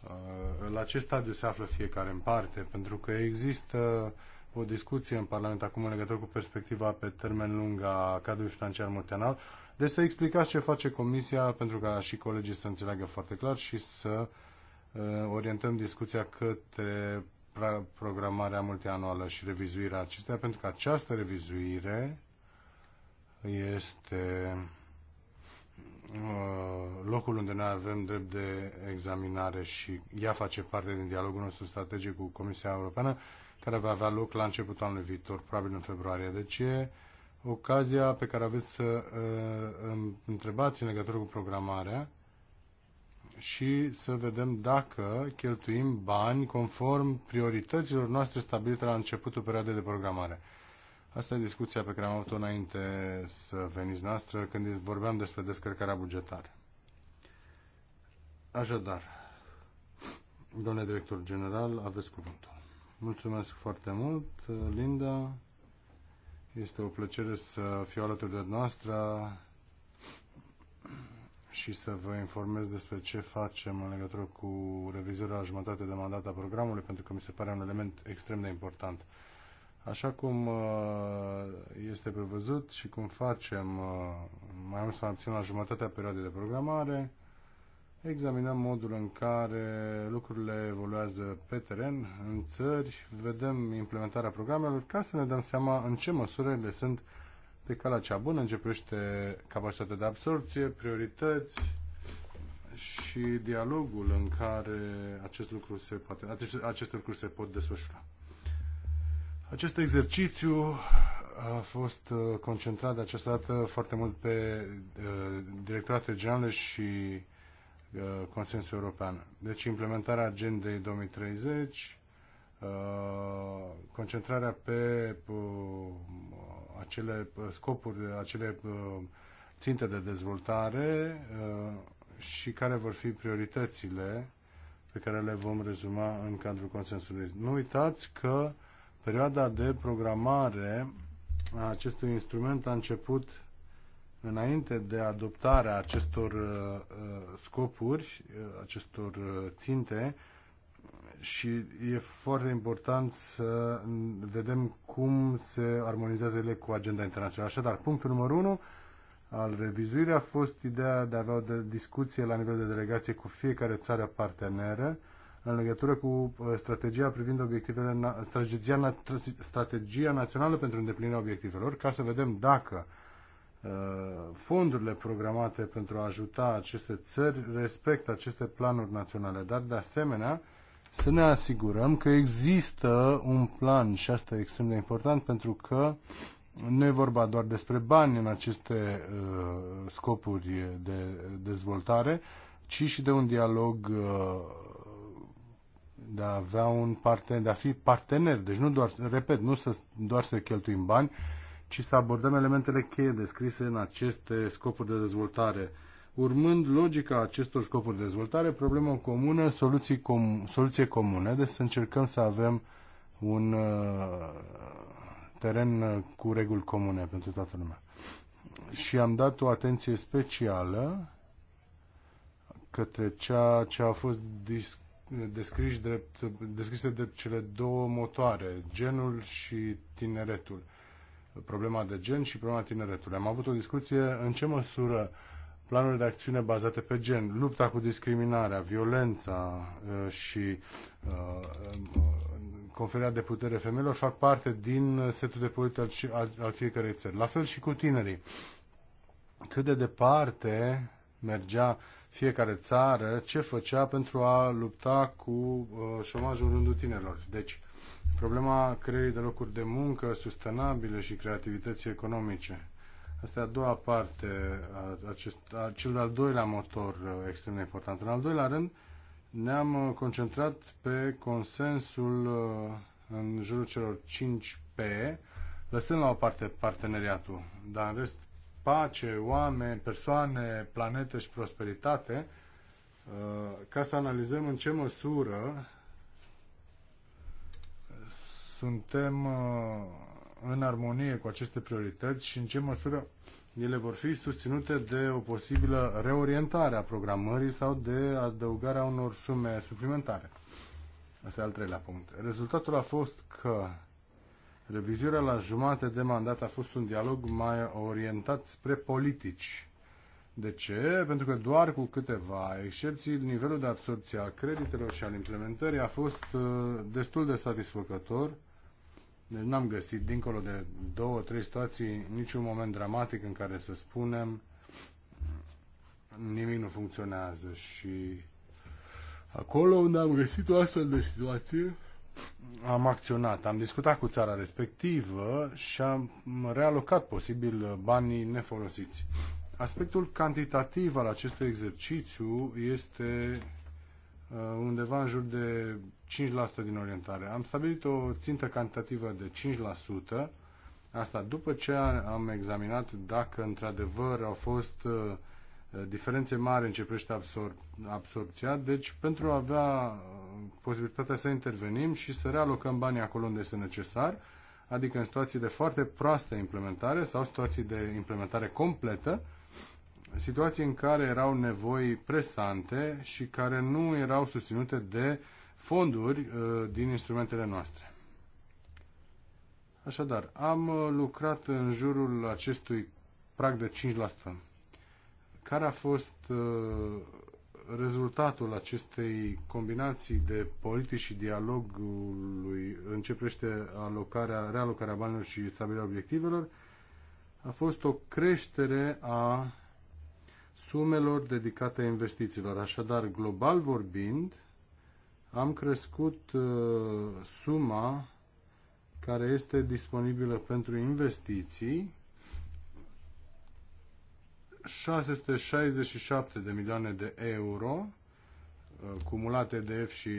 uh, la ce stadiu se află fiecare în parte, pentru că există o discuție în Parlament acum în legătură cu perspectiva pe termen lung a cadrului financiar multianual. Deci să explicați ce face Comisia pentru ca și colegii să înțeleagă foarte clar și să uh, orientăm discuția către programarea multianuală și revizuirea acestea, pentru că această revizuire este uh, locul unde noi avem drept de examinare și ea face parte din dialogul nostru strategic cu Comisia Europeană care va avea loc la începutul anului viitor, probabil în februarie. Deci e ocazia pe care aveți să uh, întrebați în legătură cu programarea și să vedem dacă cheltuim bani conform priorităților noastre stabilite la începutul perioadei de programare. Asta e discuția pe care am avut-o înainte să veniți noastră când vorbeam despre descărcarea bugetară. Așadar, domnule director general, aveți cuvântul. Mulțumesc foarte mult, Linda. Este o plăcere să fiu alături de noastră și să vă informez despre ce facem în legătură cu revizuirea la jumătate de mandat a programului, pentru că mi se pare un element extrem de important. Așa cum uh, este prevăzut și cum facem uh, mai mult să mai la jumătatea perioadei de programare, examinăm modul în care lucrurile evoluează pe teren, în țări, vedem implementarea programelor ca să ne dăm seama în ce măsură ele sunt pe calea cea bună, începește capacitatea de absorpție, priorități și dialogul în care acest lucru se poate, aceste, aceste lucruri se pot desfășura. Acest exercițiu a fost uh, concentrat de această dată foarte mult pe uh, generale și Uh, consensul european. Deci implementarea agendei 2030, uh, concentrarea pe uh, acele scopuri, acele ținte de dezvoltare și care vor fi prioritățile pe care le vom rezuma în cadrul consensului. Nu uitați că perioada de programare a acestui instrument a început înainte de adoptarea acestor uh, uh, scopuri, uh, acestor ținte, și e foarte important să vedem cum se armonizează ele cu agenda internațională. Așadar, punctul numărul 1 al revizuirii a fost ideea de a avea o discuție la nivel de delegație cu fiecare țară parteneră în legătură cu strategia privind obiectivele, strategia, strategia națională pentru îndeplinirea obiectivelor, ca să vedem dacă uh, fondurile programate pentru a ajuta aceste țări respectă aceste planuri naționale, dar de asemenea să ne asigurăm că există un plan și asta e extrem de important pentru că nu e vorba doar despre bani în aceste uh, scopuri de dezvoltare, ci și de un dialog uh, de a avea un parten, de a fi partener. Deci nu doar, repet, nu să, doar să cheltuim bani, uh, ci să abordăm elementele cheie descrise în aceste scopuri de dezvoltare. Urmând logica acestor scopuri de dezvoltare, problemă comună, soluții com- soluție comune, deci să încercăm să avem un uh, teren uh, cu reguli comune pentru toată lumea. Și am dat o atenție specială către ceea ce a fost dis- descris drept, descrise drept cele două motoare, genul și tineretul problema de gen și problema tineretului. Am avut o discuție în ce măsură planurile de acțiune bazate pe gen, lupta cu discriminarea, violența uh, și uh, conferirea de putere femeilor fac parte din setul de politici al, fiecărei țări. La fel și cu tinerii. Cât de departe mergea fiecare țară, ce făcea pentru a lupta cu uh, șomajul rândul tinerilor. Deci, Problema creierii de locuri de muncă sustenabile și creativității economice. Asta e a doua parte, acest, a cel de-al doilea motor uh, extrem de important. În al doilea rând, ne-am uh, concentrat pe consensul uh, în jurul celor 5 P, lăsând la o parte parteneriatul, dar în rest pace, oameni, persoane, planete și prosperitate, ca să analizăm în ce măsură suntem uh, în armonie cu aceste priorități și în ce măsură ele vor fi susținute de o posibilă reorientare a programării sau de adăugarea unor sume suplimentare. Asta e al treilea punct. Rezultatul a fost că revizuirea la jumate de mandat a fost un dialog mai orientat spre politici. De ce? Pentru că doar cu câteva excepții, nivelul de absorpție a creditelor și al implementării a fost uh, destul de satisfăcător deci n-am găsit, dincolo de două, trei situații, niciun moment dramatic în care să spunem nimic nu funcționează și acolo unde am găsit o astfel de situație, am acționat, am discutat cu țara respectivă și am realocat posibil banii nefolosiți. Aspectul cantitativ al acestui exercițiu este uh, undeva în jur de 5% din orientare. Am stabilit o țintă cantitativă de 5%, asta după ce am examinat dacă într-adevăr au fost uh, diferențe mari în ce privește absor- absorpția, deci pentru a avea uh, posibilitatea să intervenim și să realocăm banii acolo unde este necesar, adică în situații de foarte proastă implementare sau situații de implementare completă, situații în care erau nevoi presante și care nu erau susținute de uh, fonduri uh, din instrumentele noastre. Așadar, am uh, lucrat în jurul acestui prag de 5%. Care a fost uh, rezultatul acestei combinații de politici și dialogului în ce privește alocarea, realocarea banilor și stabilirea obiectivelor? A fost o creștere a sumelor dedicate investițiilor. Așadar, global vorbind, am crescut uh, suma care este disponibilă pentru investiții 667 de milioane de euro uh, cumulate de F și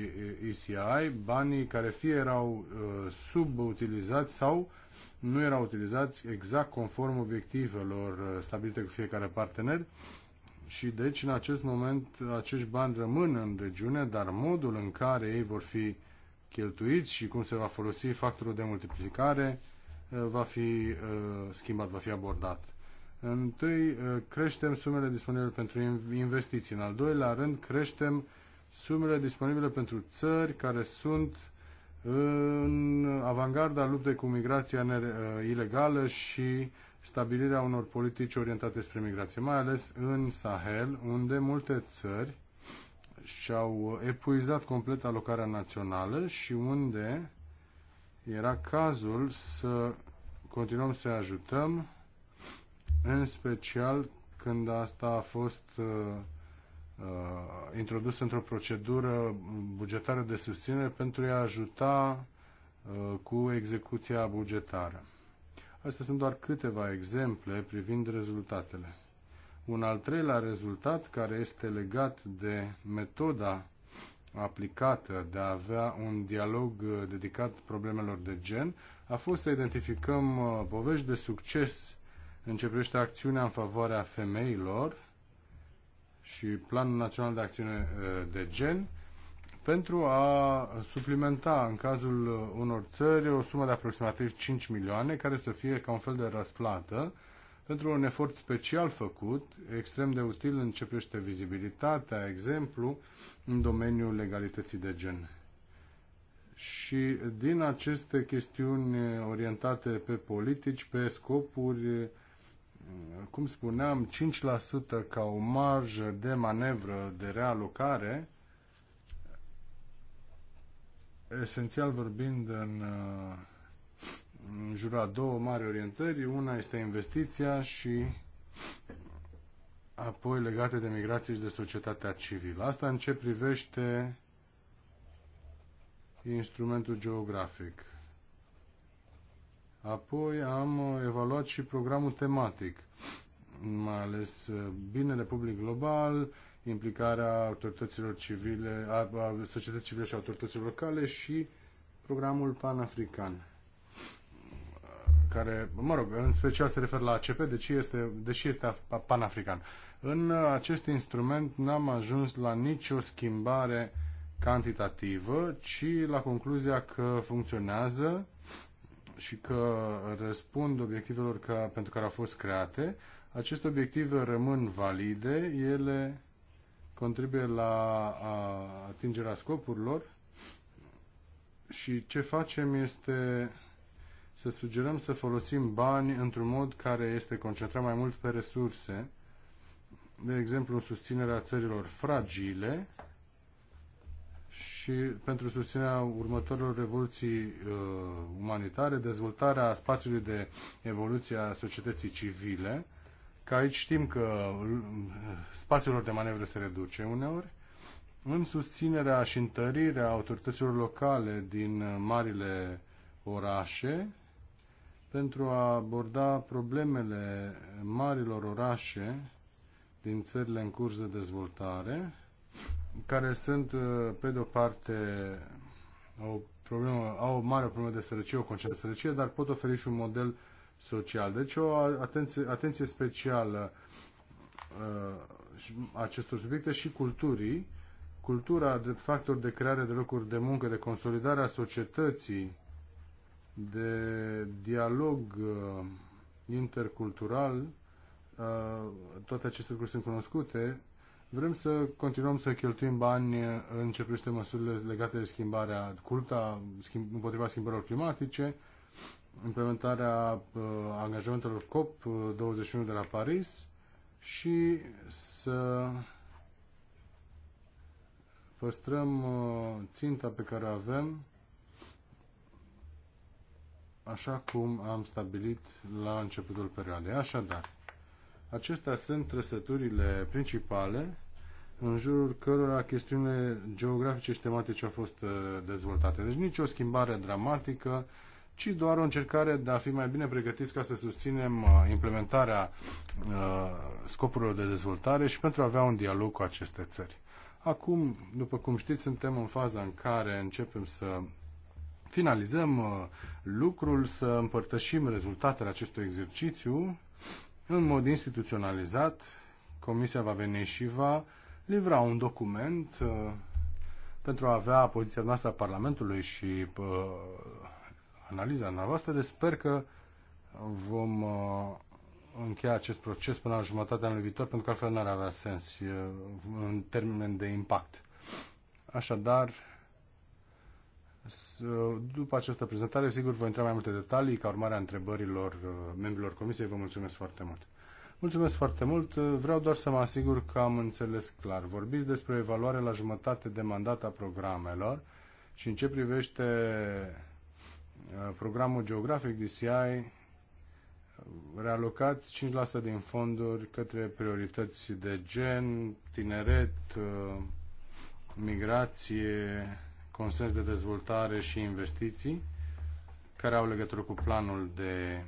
ECI, banii care fie erau uh, subutilizați sau nu erau utilizați exact conform obiectivelor stabilite cu fiecare partener și deci în acest moment acești bani rămân în regiune, dar modul în care ei vor fi cheltuiți și cum se va folosi factorul de multiplicare uh, va fi uh, schimbat, va fi abordat. Întâi uh, creștem sumele disponibile pentru investiții. În al doilea rând creștem sumele disponibile pentru țări care sunt în avangarda luptei cu migrația ilegală și stabilirea unor politici orientate spre migrație, mai ales în Sahel, unde multe țări și-au epuizat complet alocarea națională și unde era cazul să continuăm să ajutăm, în special când asta a fost uh, uh, introdus într-o procedură bugetară de susținere pentru a ajuta uh, cu execuția bugetară. Astea sunt doar câteva exemple privind rezultatele. Un al treilea rezultat care este legat de metoda aplicată de a avea un dialog dedicat problemelor de gen a fost să identificăm uh, povești de succes în ce privește acțiunea în favoarea femeilor și Planul Național de Acțiune uh, de Gen pentru a suplimenta în cazul unor țări o sumă de aproximativ 5 milioane care să fie ca un fel de răsplată pentru un efort special făcut, extrem de util în ce privește vizibilitatea, exemplu, în domeniul legalității de gen. Și din aceste chestiuni orientate pe politici, pe scopuri, cum spuneam, 5% ca o marjă de manevră de realocare, esențial vorbind în, uh, în jurul a două mari orientări. Una este investiția și apoi legate de migrație și de societatea civilă. Asta în ce privește instrumentul geografic. Apoi am evaluat și programul tematic, mai ales uh, binele public global, implicarea autorităților civile, a, a societății civile și autorităților locale și programul panafrican care, mă rog, în special se referă la ACP, deși este, deși este panafrican. În acest instrument n-am ajuns la nicio schimbare cantitativă, ci la concluzia că funcționează și că răspund obiectivelor ca, pentru care au fost create. Aceste obiective rămân valide, ele contribuie la atingerea scopurilor și ce facem este să sugerăm să folosim bani într-un mod care este concentrat mai mult pe resurse, de exemplu în susținerea țărilor fragile și pentru susținerea următorilor revoluții uh, umanitare, dezvoltarea spațiului de evoluție a societății civile, că aici știm că spațiul lor de manevră se reduce uneori, în susținerea și întărirea autorităților locale din marile orașe pentru a aborda problemele marilor orașe din țările în curs de dezvoltare, care sunt, uh, pe de-o parte, o problemă, au o mare problemă de sărăcie, o concentrare de sărăcie, dar pot oferi și un model uh, social. Deci o atenție, atenție specială uh, acestor subiecte și culturii. Cultura de factor de creare de locuri de muncă, de consolidare a societății, de dialog uh, intercultural, uh, toate aceste lucruri sunt cunoscute. Vrem să continuăm să cheltuim bani în ce privește măsurile legate de schimbarea culta, schimb, împotriva schimbărilor climatice, implementarea uh, angajamentelor COP21 uh, de la Paris și să păstrăm uh, ținta pe care o avem așa cum am stabilit la începutul perioadei. Așadar, acestea sunt trăsăturile principale în jurul cărora chestiunile geografice și tematice au fost dezvoltate. Deci nicio schimbare dramatică, ci doar o încercare de a fi mai bine pregătiți ca să susținem uh, implementarea uh, scopurilor de dezvoltare și pentru a avea un dialog cu aceste țări. Acum, după cum știți, suntem în faza în care începem să finalizăm uh, lucrul, să împărtășim rezultatele acestui exercițiu în mod instituționalizat. Comisia va veni și va livra un document pentru a avea poziția noastră a Parlamentului și analiza noastră, deci sper că vom uh, încheia acest proces până la jumătatea anului viitor, pentru că altfel n-ar avea sens în termen de impact. Așadar, uh, după această prezentare, sigur, voi intra mai multe detalii ca urmare a întrebărilor uh, membrilor comisiei. Vă mulțumesc foarte mult! Mulțumesc foarte mult. Vreau doar să mă asigur că am înțeles clar. Vorbiți despre evaluare la jumătate de mandat a programelor și în ce privește programul geografic DCI realocați 5% din fonduri către priorități de gen, tineret, migrație, consens de dezvoltare și investiții, care au legătură cu planul de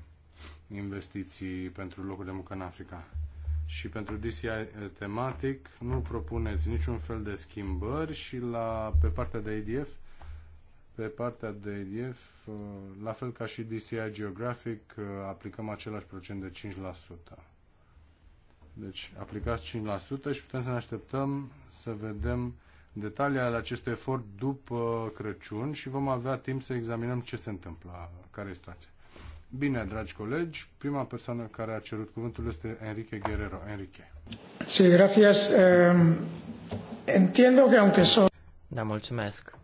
investiții pentru locuri de muncă în Africa. Și pentru DCI tematic nu propuneți niciun fel de schimbări și la, pe partea de IDF pe partea de relief, uh, la fel ca și DCI Geographic, uh, aplicăm același procent de 5%. Deci aplicați 5% și putem să ne așteptăm să vedem detalii ale acestui efort după Crăciun și vom avea timp să examinăm ce se întâmplă, care e situația. Bine, dragi colegi, prima persoană care a cerut cuvântul este Enrique Guerrero. Enrique. Sí, gracias. Entiendo que aunque son... Da, mulțumesc.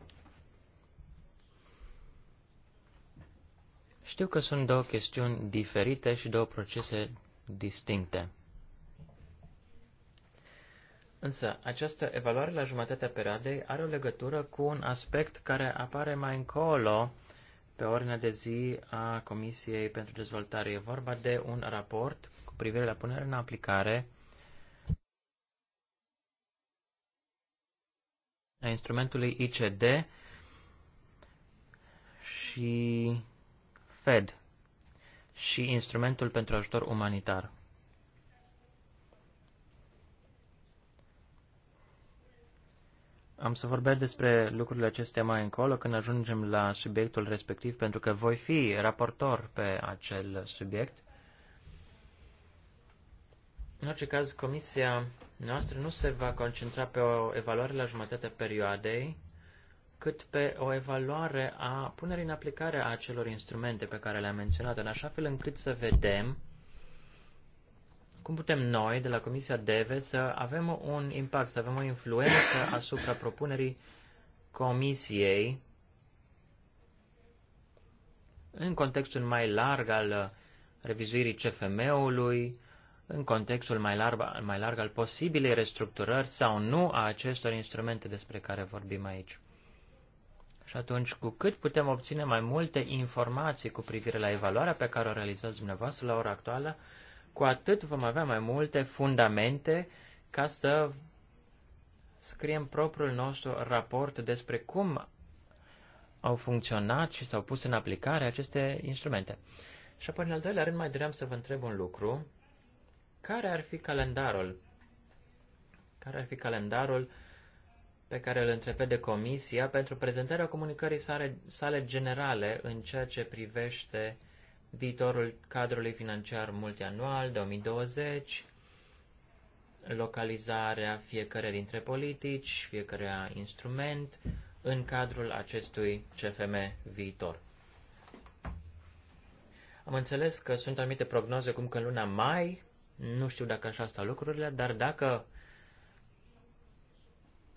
Știu că sunt două chestiuni diferite și două procese distincte. Însă, această evaluare la jumătatea perioadei are o legătură cu un aspect care apare mai încolo pe ordinea de zi a Comisiei pentru Dezvoltare. E vorba de un raport cu privire la punerea în aplicare a instrumentului ICD și Fed și instrumentul pentru ajutor umanitar. Am să vorbesc despre lucrurile acestea mai încolo când ajungem la subiectul respectiv, pentru că voi fi raportor pe acel subiect. În orice caz, comisia noastră nu se va concentra pe o evaluare la jumătatea perioadei, cât pe o evaluare a punerii în aplicare a acelor instrumente pe care le-am menționat, în așa fel încât să vedem cum putem noi, de la Comisia DEVE, să avem un impact, să avem o influență asupra propunerii Comisiei în contextul mai larg al revizuirii CFM-ului, în contextul mai larg, mai larg al posibilei restructurări sau nu a acestor instrumente despre care vorbim aici. Și atunci, cu cât putem obține mai multe informații cu privire la evaluarea pe care o realizați dumneavoastră la ora actuală, cu atât vom avea mai multe fundamente ca să scriem propriul nostru raport despre cum au funcționat și s-au pus în aplicare aceste instrumente. Și apoi, în al doilea rând, mai doream să vă întreb un lucru. Care ar fi calendarul? Care ar fi calendarul pe care îl întrepede Comisia pentru prezentarea comunicării sale, sale generale în ceea ce privește viitorul cadrului financiar multianual 2020, localizarea fiecare dintre politici, fiecare instrument în cadrul acestui CFM viitor. Am înțeles că sunt anumite prognoze cum că în luna mai, nu știu dacă așa stau lucrurile, dar dacă uh,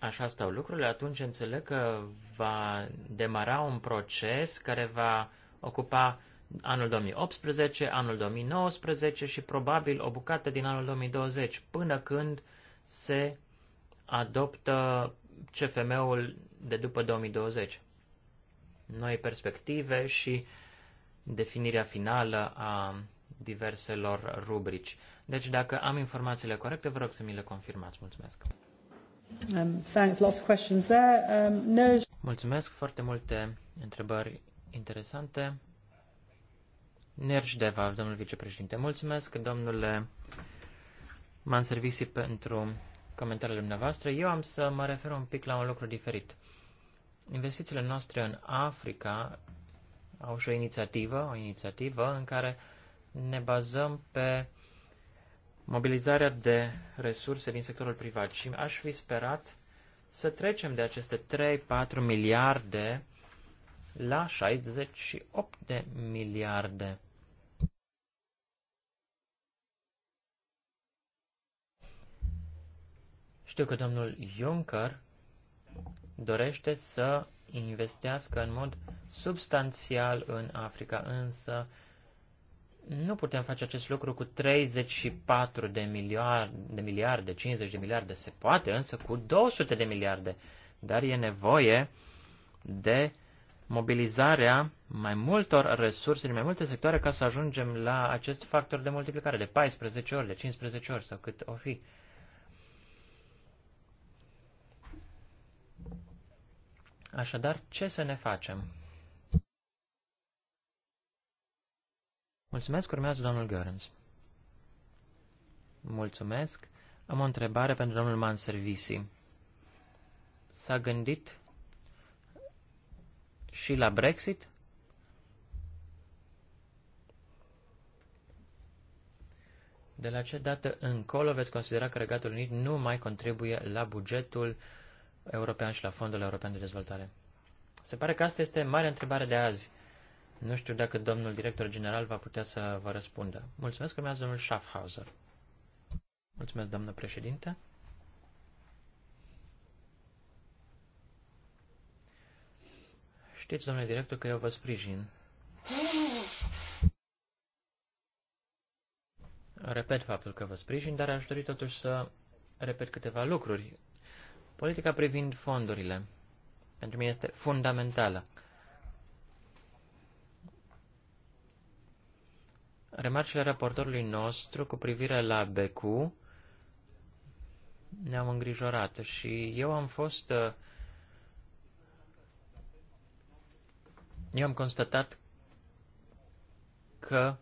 așa stau lucrurile, atunci înțeleg că va demara un proces care va ocupa anul 2018, anul 2019 și probabil o bucată din anul 2020, până când se adoptă CFM-ul de după 2020. Noi perspective și definirea finală a diverselor rubrici. Deci dacă am informațiile corecte, vă rog să mi le confirmați. Mulțumesc! Um, thanks, lots of questions there. Um, no... Mulțumesc, foarte multe întrebări interesante. Deva, domnul vicepreședinte. Mulțumesc, domnule servisit pentru comentariile dumneavoastră. Eu am să mă refer un pic la un lucru diferit. Investițiile noastre în Africa au și o inițiativă, o inițiativă în care ne bazăm pe mobilizarea de resurse din sectorul privat și aș fi sperat să trecem de aceste 3-4 miliarde la 68 de miliarde. Știu că domnul Juncker dorește să investească în mod substanțial în Africa, însă nu putem face acest lucru cu 34 de miliarde, de miliarde, 50 de miliarde, se poate, însă cu 200 de miliarde. Dar e nevoie de mobilizarea mai multor resurse din mai multe sectoare ca să ajungem la acest factor de multiplicare de 14 ori, de 15 ori sau cât o fi. Așadar, ce să ne facem? Mulțumesc, urmează domnul Görens. Mulțumesc. Am o întrebare pentru domnul Manservisi. S-a gândit și la Brexit? De la ce dată încolo veți considera că Regatul Unit nu mai contribuie la bugetul european și la Fondul European de Dezvoltare? Se pare că asta este marea întrebare de azi. Nu știu dacă domnul director general va putea să vă răspundă. Mulțumesc, urmează domnul Schaffhauser. Mulțumesc, doamnă președinte. Știți, domnule director, că eu vă sprijin. Repet faptul că vă sprijin, dar aș dori totuși să repet câteva lucruri. Politica privind fondurile pentru mine este fundamentală. remarcile raportorului nostru cu privire la BQ ne-au îngrijorat și eu am fost... Eu am constatat că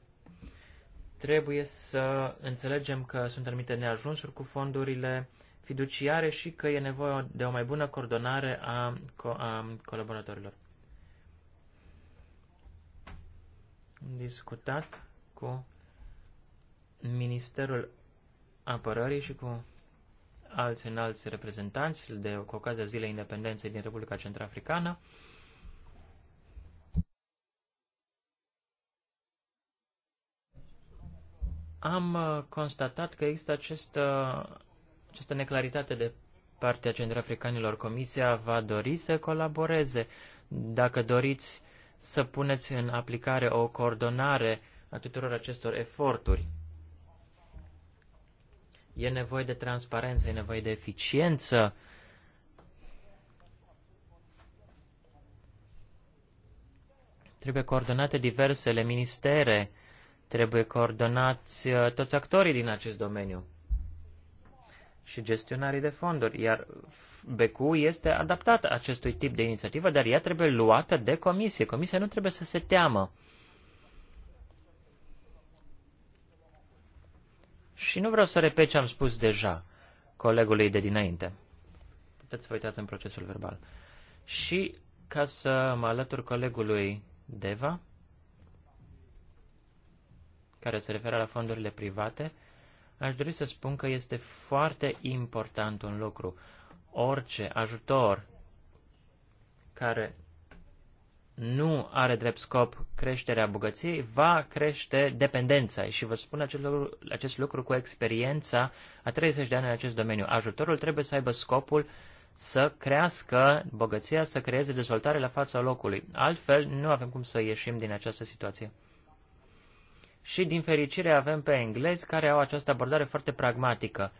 trebuie să înțelegem că sunt anumite neajunsuri cu fondurile fiduciare și că e nevoie de o mai bună coordonare a, co- a colaboratorilor. Am discutat cu Ministerul Apărării și cu alți înalți reprezentanți de cu ocazia Zilei Independenței din Republica Centrafricană. Am uh, constatat că există această, uh, această neclaritate de partea centrafricanilor. Comisia va dori să colaboreze. Dacă doriți să puneți în aplicare o coordonare a tuturor acestor eforturi. E nevoie de transparență, e nevoie de eficiență. Trebuie coordonate diversele ministere, trebuie coordonați uh, toți actorii din acest domeniu și gestionarii de fonduri, iar BECU este adaptată acestui tip de inițiativă, dar ea trebuie luată de comisie. Comisia nu trebuie să se teamă. Și nu vreau să repet ce am spus deja colegului de dinainte. Puteți să vă uitați în procesul verbal. Și ca să mă alătur colegului Deva, care se referă la fondurile private, aș dori să spun că este foarte important un lucru. Orice ajutor care nu are drept scop creșterea bogăției, va crește dependența. Și vă spun acest lucru, acest lucru cu experiența a 30 de ani în acest domeniu. Ajutorul trebuie să aibă scopul să crească bogăția, să creeze dezvoltare la fața locului. Altfel, nu avem cum să ieșim din această situație. Și, din fericire, avem pe englezi care au această abordare foarte pragmatică.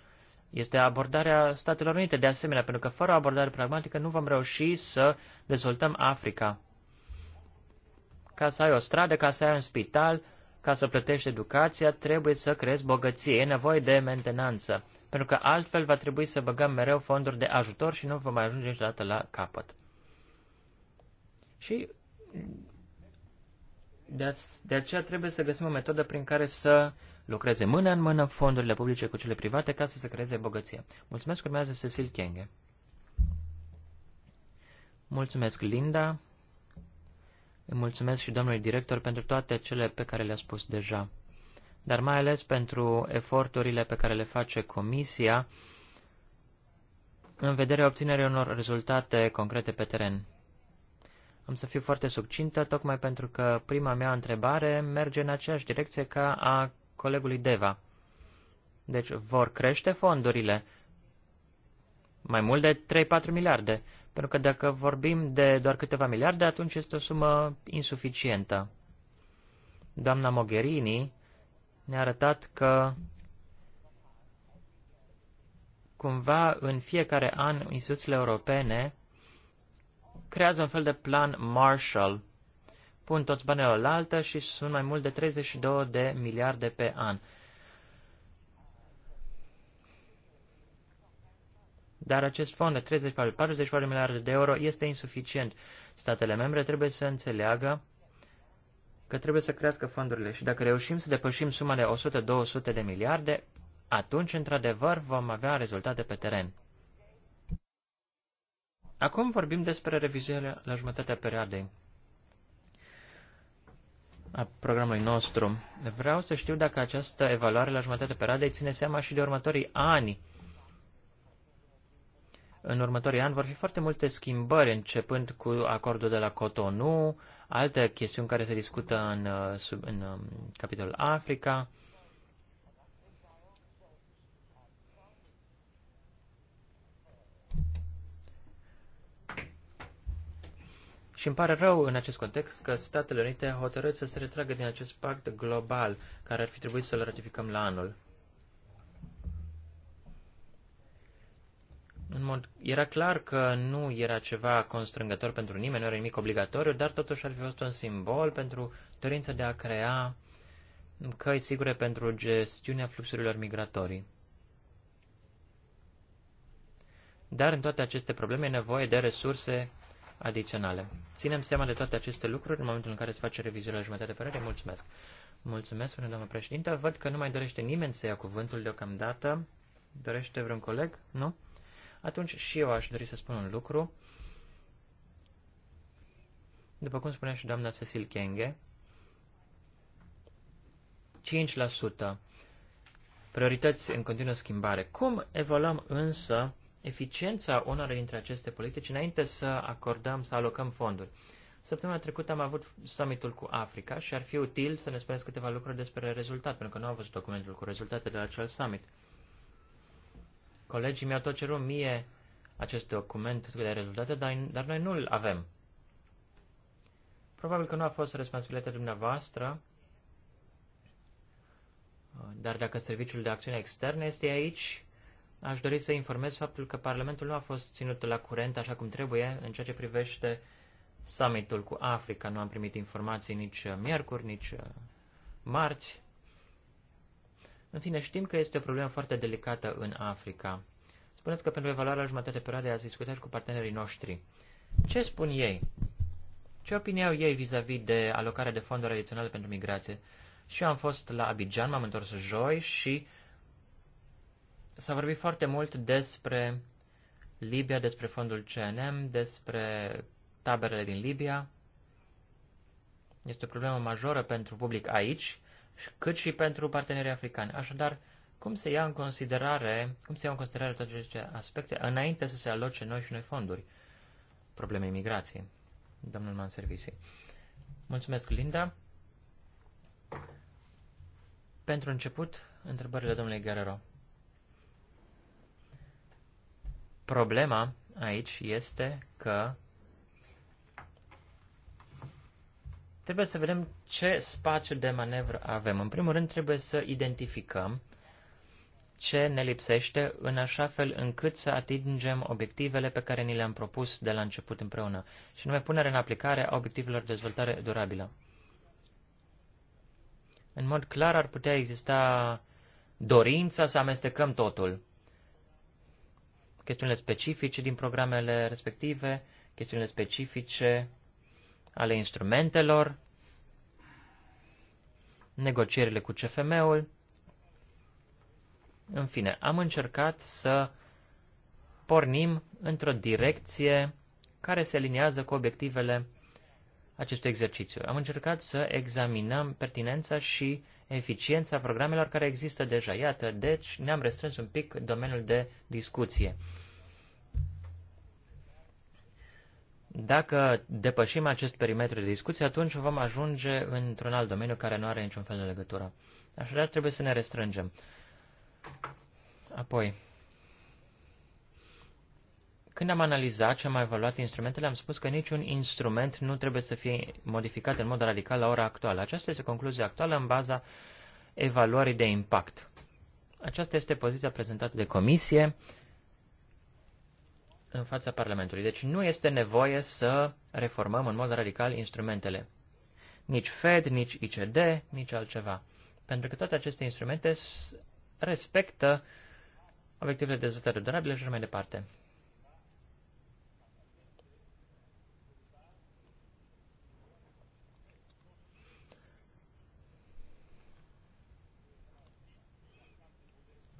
Este abordarea Statelor Unite, de asemenea, pentru că fără abordare pragmatică nu vom reuși să dezvoltăm Africa. Ca să ai o stradă, ca să ai un spital, ca să plătești educația, trebuie să creezi bogăție, e nevoie de mentenanță, pentru că altfel va trebui să băgăm mereu fonduri de ajutor și nu vom mai ajunge niciodată la capăt. Și de, de aceea trebuie să găsim o metodă prin care să lucreze mână în mână fondurile publice cu cele private ca să se creeze bogăție. Mulțumesc, urmează Cecil Kenge. Mulțumesc, Linda. Îi mulțumesc și domnului director pentru toate cele pe care le-a spus deja, dar mai ales pentru eforturile pe care le face Comisia în vederea obținerii unor rezultate concrete pe teren. Am să fiu foarte succintă, tocmai pentru că prima mea întrebare merge în aceeași direcție ca a colegului Deva. Deci vor crește fondurile mai mult de 3-4 miliarde. Pentru că dacă vorbim de doar câteva miliarde, atunci este o sumă insuficientă. Doamna Mogherini ne-a arătat că cumva în fiecare an instituțiile europene creează un fel de plan Marshall. Pun toți banii la altă și sunt mai mult de 32 de miliarde pe an. Dar acest fond de 34-40 de miliarde de euro este insuficient. Statele membre trebuie să înțeleagă că trebuie să crească fondurile și dacă reușim să depășim suma de 100-200 de miliarde, atunci, într-adevăr, vom avea rezultate pe teren. Acum vorbim despre revizuirea la jumătatea perioadei a programului nostru. Vreau să știu dacă această evaluare la jumătatea perioadei ține seama și de următorii ani în următorii ani vor fi foarte multe schimbări, începând cu acordul de la Cotonou, alte chestiuni care se discută în, uh, sub, în um, capitolul Africa. Și îmi pare rău în acest context că Statele Unite hotărât să se retragă din acest pact global care ar fi trebuit să-l ratificăm la anul. în mod, era clar că nu era ceva constrângător pentru nimeni, nu era nimic obligatoriu, dar totuși ar fi fost un simbol pentru dorința de a crea căi sigure pentru gestiunea fluxurilor migratorii. Dar în toate aceste probleme e nevoie de resurse adiționale. Ținem seama de toate aceste lucruri în momentul în care se face revizia la jumătate de părere. Mulțumesc! Mulțumesc, doamnă președinte. Văd că nu mai dorește nimeni să ia cuvântul deocamdată. Dorește vreun coleg? Nu? atunci și eu aș dori să spun un lucru. După cum spunea și doamna Cecil Kenge, 5% priorități în continuă schimbare. Cum evaluăm însă eficiența unora dintre aceste politici înainte să acordăm, să alocăm fonduri? Săptămâna trecută am avut summitul cu Africa și ar fi util să ne spuneți câteva lucruri despre rezultat, pentru că nu am văzut documentul cu rezultatele la acel summit. Colegii mi-au tot cerut mie acest document de rezultate, dar, dar noi nu-l avem. Probabil că nu a fost responsabilitatea dumneavoastră, dar dacă Serviciul de Acțiune Externă este aici, aș dori să informez faptul că Parlamentul nu a fost ținut la curent așa cum trebuie în ceea ce privește summitul cu Africa. Nu am primit informații nici miercuri, nici uh, marți. În fine, știm că este o problemă foarte delicată în Africa. Spuneți că pentru evaluarea jumătate perioade ați discutat cu partenerii noștri. Ce spun ei? Ce opinie au ei vis-a-vis -vis de alocarea de fonduri adiționale pentru migrație? Și eu am fost la Abidjan, m-am întors joi și s-a vorbit foarte mult despre Libia, despre fondul CNM, despre taberele din Libia. Este o problemă majoră pentru public aici cât și pentru partenerii africani. Așadar, cum se ia în considerare, cum se iau în considerare toate aceste aspecte înainte să se aloce noi și noi fonduri? Probleme imigrației. Domnul Man Servisi. Mulțumesc, Linda. Pentru început, întrebările domnului Guerrero. Problema aici este că Trebuie să vedem ce spațiu de manevră avem. În primul rând, trebuie să identificăm ce ne lipsește în așa fel încât să atingem obiectivele pe care ni le-am propus de la început împreună, și nume punerea în aplicare a obiectivelor de dezvoltare durabilă. În mod clar ar putea exista dorința să amestecăm totul. Chestiunile specifice din programele respective, chestiunile specifice ale instrumentelor, negocierile cu CFM-ul. În fine, am încercat să pornim într-o direcție care se aliniază cu obiectivele acestui exercițiu. Am încercat să examinăm pertinența și eficiența programelor care există deja. Iată, deci ne-am restrâns un pic domeniul de discuție. Dacă depășim acest perimetru de discuție, atunci vom ajunge într-un alt domeniu care nu are niciun fel de legătură. Așadar, trebuie să ne restrângem. Apoi, când am analizat și am evaluat instrumentele, am spus că niciun instrument nu trebuie să fie modificat în mod radical la ora actuală. Aceasta este concluzia actuală în baza evaluării de impact. Aceasta este poziția prezentată de comisie în fața Parlamentului. Deci nu este nevoie să reformăm în mod radical instrumentele. Nici Fed, nici ICD, nici altceva. Pentru că toate aceste instrumente respectă obiectivele de dezvoltare durabile și mai departe.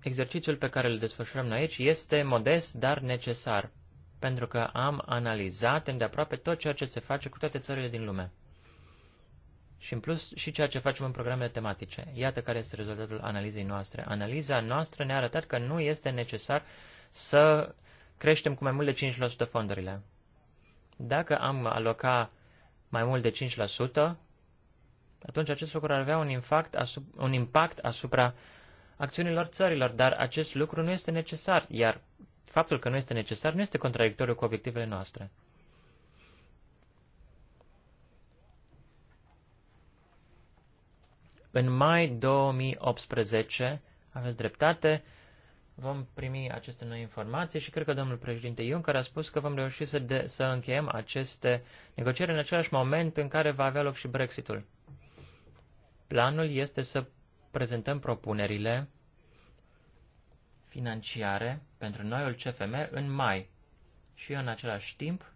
Exercițiul pe care îl desfășurăm noi aici este modest, dar necesar pentru că am analizat îndeaproape tot ceea ce se face cu toate țările din lume. Și în plus și ceea ce facem în programele tematice. Iată care este rezultatul analizei noastre. Analiza noastră ne-a arătat că nu este necesar să creștem cu mai mult de 5% fondurile. Dacă am aloca mai mult de 5%, atunci acest lucru ar avea un impact, asupra, un impact asupra acțiunilor țărilor, dar acest lucru nu este necesar, iar Faptul că nu este necesar nu este contradictoriu cu obiectivele noastre. În mai 2018, aveți dreptate, vom primi aceste noi informații și cred că domnul președinte Juncker a spus că vom reuși să, de, să încheiem aceste negocieri în același moment în care va avea loc și Brexitul. Planul este să prezentăm propunerile financiare pentru noiul CFM în mai și în același timp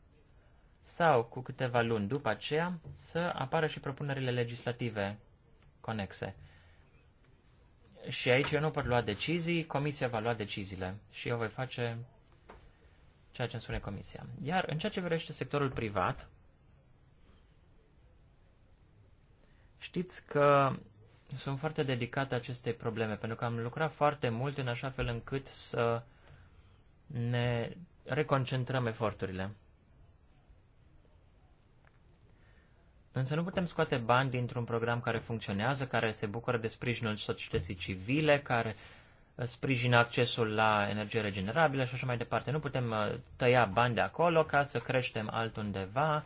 sau cu câteva luni după aceea să apară și propunerile legislative conexe. Și aici eu nu pot lua decizii, comisia va lua deciziile și eu voi face ceea ce îmi spune comisia. Iar în ceea ce privește sectorul privat, știți că sunt foarte dedicat aceste probleme, pentru că am lucrat foarte mult în așa fel încât să ne reconcentrăm eforturile. Însă nu putem scoate bani dintr-un program care funcționează, care se bucură de sprijinul societății civile, care sprijină accesul la energie regenerabilă și așa mai departe. Nu putem uh, tăia bani de acolo ca să creștem altundeva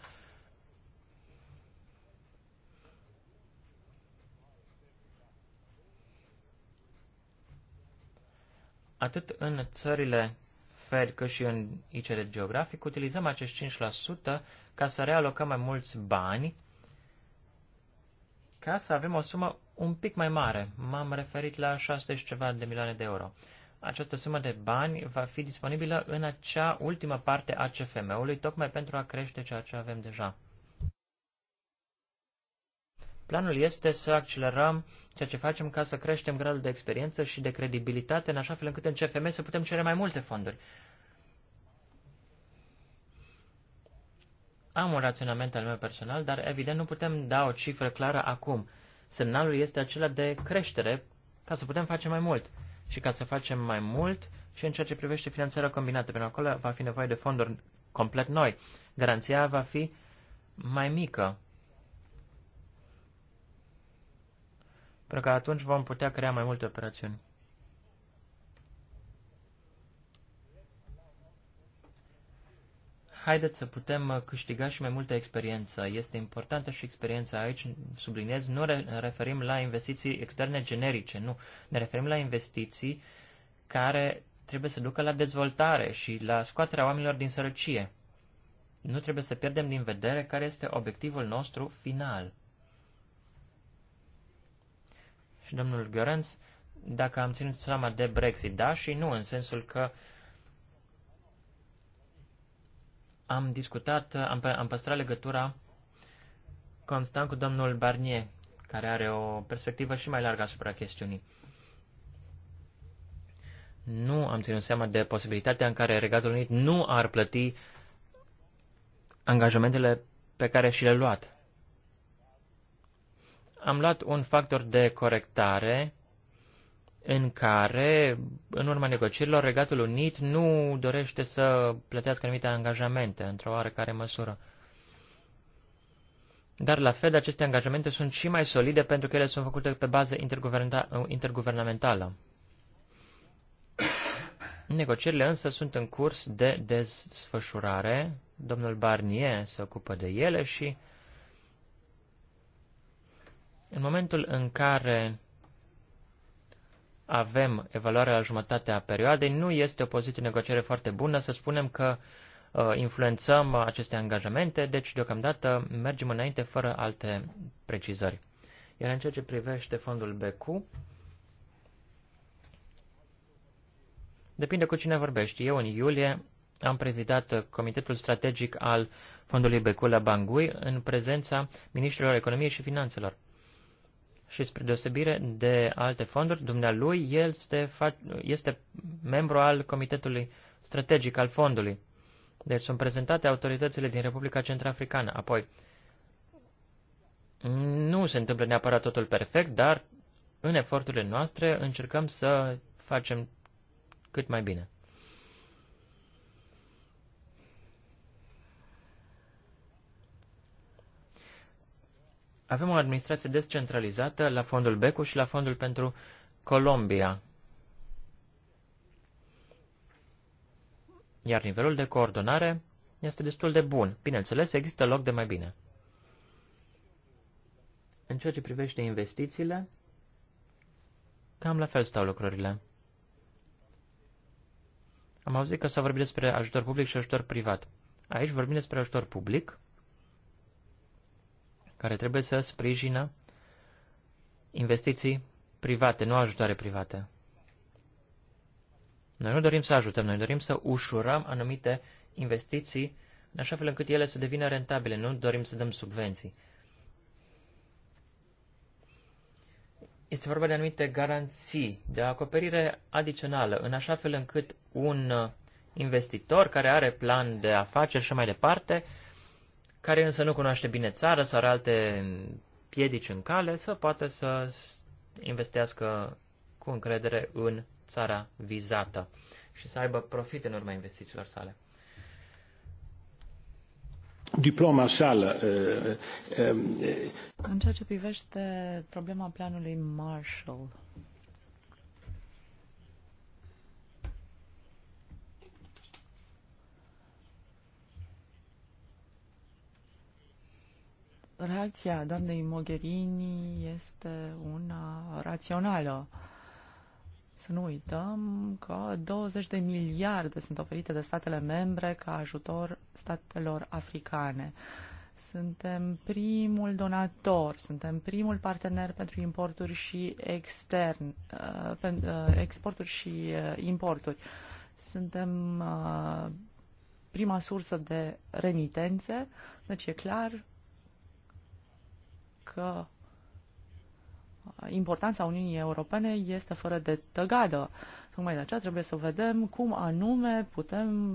atât în țările FED cât și în ICR geografic, utilizăm acești 5% ca să realocăm mai mulți bani ca să avem o sumă un pic mai mare. M-am referit la 600 și ceva de milioane de euro. Această sumă de bani va fi disponibilă în acea ultimă parte a CFM-ului, tocmai pentru a crește ceea ce avem deja. Planul este să accelerăm uh, ceea ce facem ca să creștem gradul de experiență și de credibilitate, în așa fel încât în CFM să putem cere mai multe fonduri. Am un raționament al meu personal, dar evident nu putem da o cifră clară acum. Semnalul este acela de creștere ca să putem face mai mult și ca să facem mai mult și în ceea ce privește finanțarea combinată, pentru că acolo va fi nevoie de fonduri complet noi. Garanția va fi mai mică pentru că atunci vom putea crea mai multe operațiuni. Haideți să putem uh, câștiga și mai multă experiență. Este importantă și experiența aici, subliniez, nu re referim la investiții externe generice, nu. Ne referim la investiții care trebuie să ducă la dezvoltare și la scoaterea oamenilor din sărăcie. Nu trebuie să pierdem din vedere care este obiectivul nostru final. și domnul Gărânț dacă am ținut seama de Brexit. Da și nu, în sensul că am discutat, am, am păstrat legătura constant cu domnul Barnier, care are o perspectivă și mai largă asupra chestiunii. Nu am ținut seama de posibilitatea în care Regatul Unit nu ar plăti angajamentele pe care și le-a luat am luat un factor de corectare în care, în urma negocierilor, Regatul Unit nu dorește să plătească anumite angajamente, într-o oarecare măsură. Dar, la fel, aceste angajamente sunt și mai solide pentru că ele sunt făcute pe bază interguvernamentală. Negocierile însă sunt în curs de desfășurare. Domnul Barnier se ocupă de ele și uh, în momentul în care avem evaluarea la jumătatea perioadei, nu este o poziție de negociere foarte bună să spunem că uh, influențăm aceste angajamente, deci deocamdată mergem înainte fără alte precizări. Iar în ceea ce privește fondul BQ, depinde cu cine vorbești. Eu în iulie am prezidat Comitetul Strategic al Fondului BQ la Bangui în prezența Ministrilor Economiei și Finanțelor și spre deosebire de alte fonduri, dumnealui el este, este membru al Comitetului Strategic al Fondului. Deci sunt prezentate autoritățile din Republica Centrafricană. Apoi, nu se întâmplă neapărat totul perfect, dar în eforturile noastre încercăm să facem cât mai bine. Avem o administrație descentralizată la fondul Becu și la fondul pentru Colombia. Iar nivelul de coordonare este destul de bun. Bineînțeles, există loc de mai bine. În ceea ce privește investițiile, cam la fel stau lucrurile. Am auzit că s-a vorbit despre ajutor public și ajutor privat. Aici vorbim despre ajutor public care trebuie să sprijină investiții private, nu ajutoare private. Noi nu dorim să ajutăm, noi dorim să ușurăm anumite investiții în așa fel încât ele să devină rentabile, nu dorim să dăm subvenții. Este vorba de anumite garanții, de acoperire adițională, în așa fel încât un investitor care are plan de afaceri și mai departe care însă nu cunoaște bine țara sau are alte piedici în cale, să poată să investească cu încredere în țara vizată și să aibă profit în urma investițiilor sale. Diploma sală. Uh, uh, uh, în ceea ce privește problema planului Marshall, reacția doamnei Mogherini este una rațională. Să nu uităm că 20 de miliarde sunt oferite de statele membre ca ajutor statelor africane. Suntem primul donator, suntem primul partener pentru importuri și extern, uh, uh, exporturi și uh, importuri. Suntem prima sursă de remitențe, deci e clar, că importanța Uniunii Europene este fără de tăgadă. Tocmai de aceea trebuie să vedem cum anume putem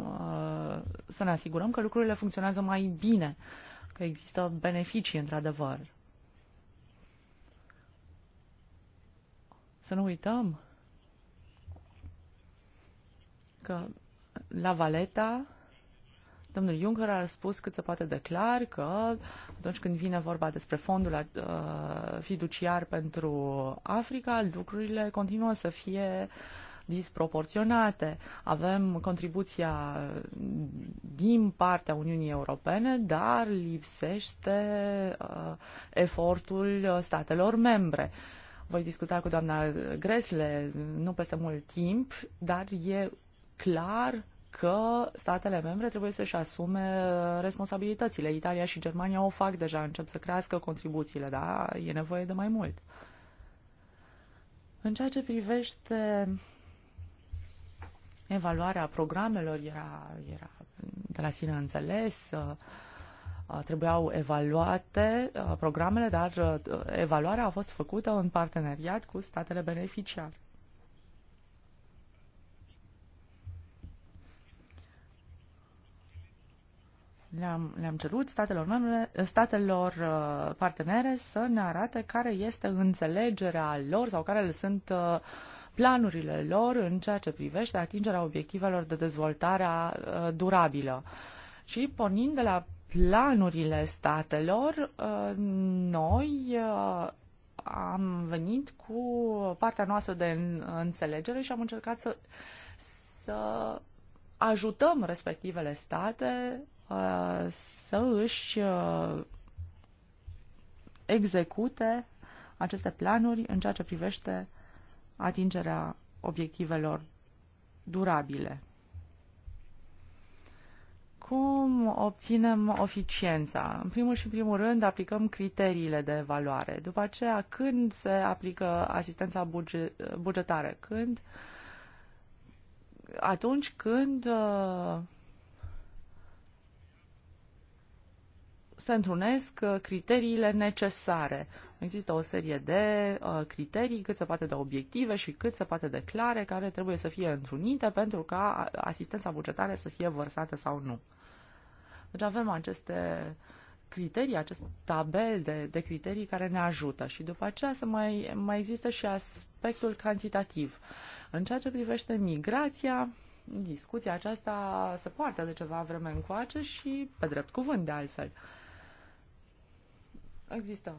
uh, să ne asigurăm că lucrurile funcționează mai bine, că există beneficii într-adevăr. Să nu uităm că la Valeta Domnul Juncker a spus cât se poate de clar că atunci când vine vorba despre fondul uh, fiduciar pentru Africa, lucrurile continuă să fie disproporționate. Avem contribuția din partea Uniunii Europene, dar lipsește uh, efortul statelor membre. Voi discuta cu doamna Gresle nu peste mult timp, dar e clar că statele membre trebuie să-și asume uh, responsabilitățile. Italia și Germania o fac deja, încep să crească contribuțiile, dar e nevoie de mai mult. În ceea ce privește evaluarea programelor, era, era de la sine înțeles, uh, uh, trebuiau evaluate programele, dar evaluarea a fost făcută în parteneriat cu statele beneficiare. le-am, le-am cerut statelor, membre, statelor uh, partenere să ne arate care este înțelegerea lor sau care le sunt uh, planurile lor în ceea ce privește atingerea obiectivelor de dezvoltare uh, durabilă. Și pornind de la planurile statelor, uh, noi uh, am venit cu partea noastră de înțelegere și am încercat să, să ajutăm respectivele state să își uh, execute aceste planuri în ceea ce privește atingerea obiectivelor durabile. Cum obținem eficiența? În primul și în primul rând aplicăm criteriile de evaluare. După aceea, când se aplică asistența bugetară? Când? Atunci când uh, se întrunesc uh, criteriile necesare. Există o serie de uh, criterii cât se poate de obiective și cât se poate de clare care trebuie să fie întrunite pentru ca asistența bugetară să fie vărsată sau nu. Deci avem aceste criterii, acest tabel de, de criterii care ne ajută și după aceea să mai, mai există și aspectul cantitativ. În ceea ce privește migrația, discuția aceasta se poartă de ceva vreme încoace și pe drept cuvânt de altfel. Uh, Există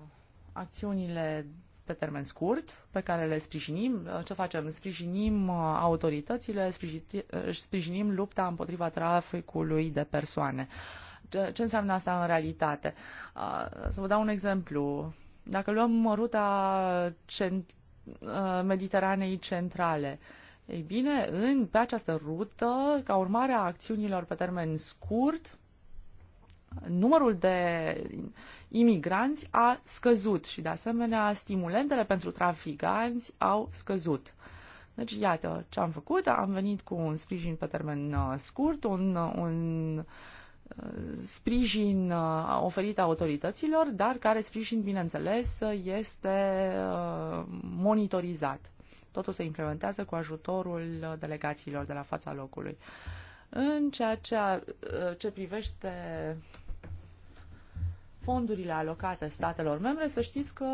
acțiunile pe termen scurt pe care le sprijinim. Ce facem? Sprijinim uh, autoritățile, uh, sprijinim lupta împotriva traficului de persoane. Ce înseamnă asta în realitate? Uh, să vă dau un exemplu. Dacă luăm ruta cent- Mediteranei centrale, ei bine, în, pe această rută, ca urmare a acțiunilor pe termen scurt, numărul de imigranți a scăzut și, de asemenea, stimulentele pentru traficanți au scăzut. Deci, iată ce am făcut. Am venit cu un sprijin pe termen uh, scurt, un, uh, un uh, sprijin oferit autorităților, dar care sprijin, bineînțeles, este monitorizat. Totul se implementează cu ajutorul delegațiilor de la fața locului. În ceea ce, ce privește fondurile alocate statelor membre, să știți că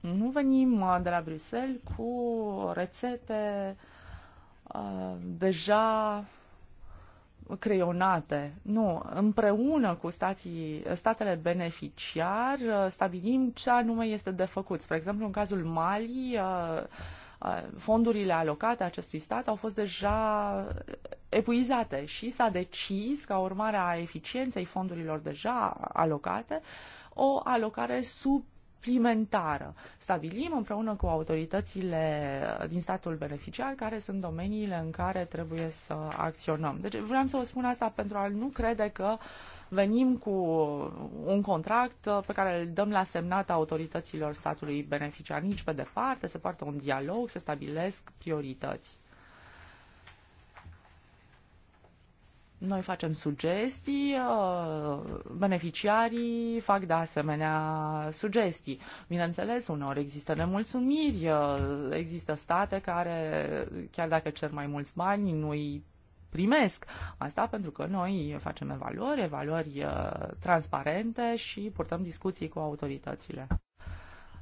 nu venim uh, de la Bruxelles cu rețete uh, deja creionate. Nu, împreună cu stații, statele beneficiar uh, stabilim ce anume este de făcut. Spre exemplu, în cazul Mali, uh, fondurile alocate acestui stat au fost deja epuizate și s-a decis, ca urmare a eficienței fondurilor deja alocate, o alocare sub suplimentară. Stabilim împreună cu autoritățile din statul beneficiar care sunt domeniile în care trebuie să acționăm. Deci vreau să vă spun asta pentru a nu crede că uh, venim cu un contract uh, pe care îl dăm la semnat autorităților statului beneficiar. Nici pe departe, se poartă un dialog, se stabilesc priorități. Noi facem sugestii, uh, beneficiarii fac de asemenea sugestii. Bineînțeles, uneori există nemulțumiri, uh, există state care, chiar dacă cer mai mulți bani, nu îi primesc. Asta pentru că noi facem evaluări, evaluări uh, transparente și purtăm discuții cu autoritățile.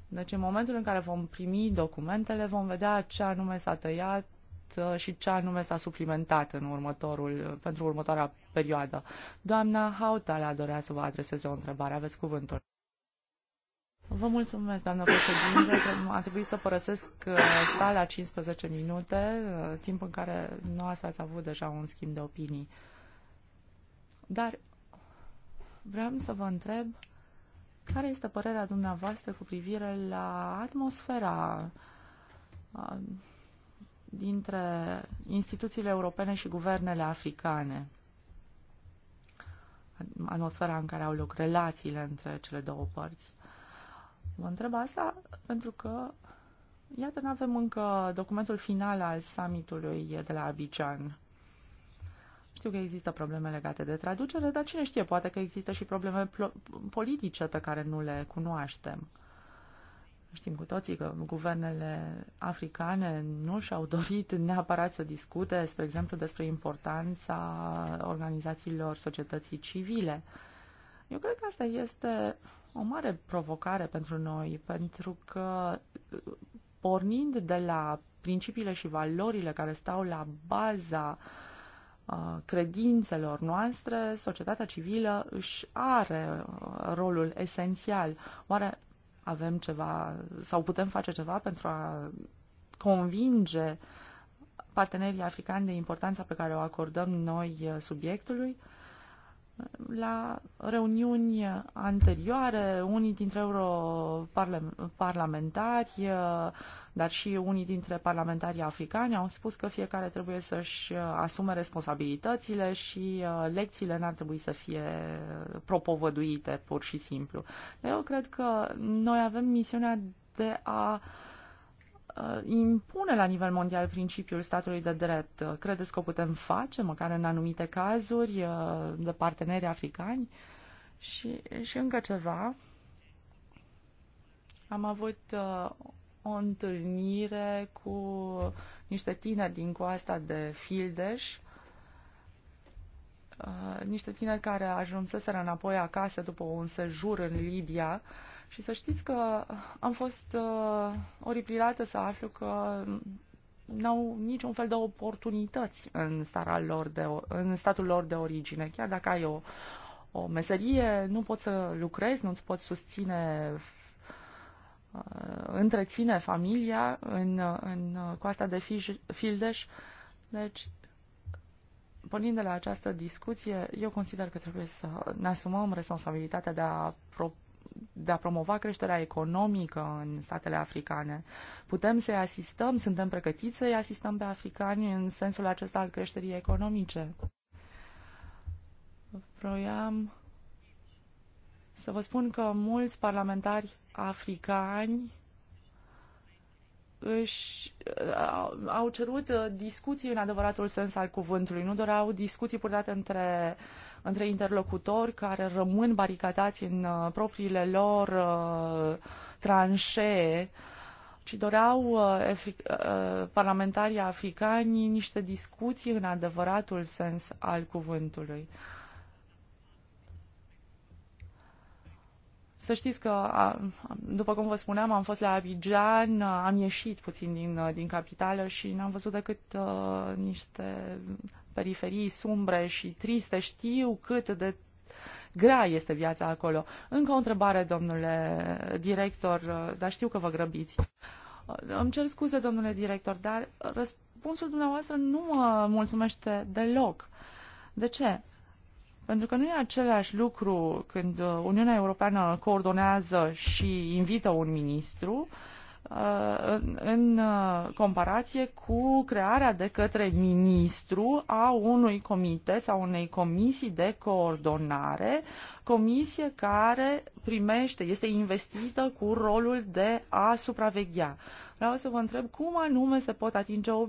Deci în momentul în care vom primi documentele, vom vedea ce anume s-a tăiat uh, și ce anume s-a suplimentat în următorul, pentru următoarea perioadă. Doamna Hautala dorea să vă adreseze o întrebare. Aveți cuvântul. Vă mulțumesc, doamnă președinte. A trebuit să părăsesc uh, sala 15 minute, uh, timp în care noastră ați avut deja un schimb de opinii. Dar vreau să vă întreb care este părerea dumneavoastră cu privire la atmosfera uh, dintre instituțiile europene și guvernele africane? Atmosfera în care au loc relațiile între cele două părți. Vă întreb asta pentru că, iată, nu avem încă documentul final al summitului de la Abidjan. Știu că există probleme legate de traducere, dar cine știe, poate că există și probleme politice pe care nu le cunoaștem. Știm cu toții că guvernele africane nu și-au dorit neapărat să discute, spre exemplu, despre importanța organizațiilor societății civile. Uh, eu cred că asta este o mare provocare pentru noi, pentru că pornind de la principiile și valorile care stau la baza uh, credințelor noastre, societatea civilă își are uh, rolul esențial. Oare avem ceva sau putem face ceva pentru a convinge partenerii africani de importanța pe care o acordăm noi uh, subiectului? La reuniuni anterioare, unii dintre europarlamentari, eh, dar și unii dintre parlamentarii africani au spus că fiecare trebuie să-și eh, asume responsabilitățile și eh, lecțiile n-ar trebui să fie propovăduite pur și simplu. Eu cred că noi avem misiunea de a uh, Uh, impune la nivel mondial principiul statului de drept. Uh, credeți că o putem face, măcar în anumite cazuri, uh, de parteneri africani? Și, și încă ceva. Am avut o întâlnire cu niște tineri din coasta de Fildeș, niște tineri care ajunseseră înapoi acasă după un sejur în Libia, uh, și să știți că am fost uh, oripilată să aflu că n-au niciun fel de oportunități în, starea lor de, în statul lor de origine. Chiar dacă ai o, o meserie, nu poți să lucrezi, nu-ți poți susține uh, întreține familia în, în coasta de Fildeș. Deci, pornind de la această discuție, eu consider că trebuie să ne asumăm responsabilitatea de a propune de a promova creșterea economică în statele africane. Putem să-i asistăm, suntem pregătiți să-i asistăm pe africani în sensul acesta al creșterii economice. Vroiam să vă spun că mulți parlamentari africani își uh, au cerut uh, discuții în adevăratul sens al cuvântului, nu doar au discuții purtate între uh, între interlocutori care rămân baricadați în uh, propriile lor uh, tranșee și doreau uh, parlamentarii africani niște discuții în adevăratul sens al cuvântului. Să știți că, după cum vă spuneam, am fost la Abidjan, am ieșit puțin din, din capitală și n-am văzut decât uh, niște periferii sumbre și triste. Știu cât de grea este viața acolo. Încă o întrebare, domnule director, dar știu că vă grăbiți. Îmi cer scuze, domnule director, dar răspunsul dumneavoastră nu mă mulțumește deloc. De ce? Pentru că nu e același lucru când uh, Uniunea Europeană coordonează și invită un ministru uh, Uh, în uh, comparație cu crearea de către ministru a unui comitet sau unei comisii de coordonare, comisie care primește, este investită cu rolul de a supraveghea. Vreau să vă întreb cum anume se pot atinge, uh,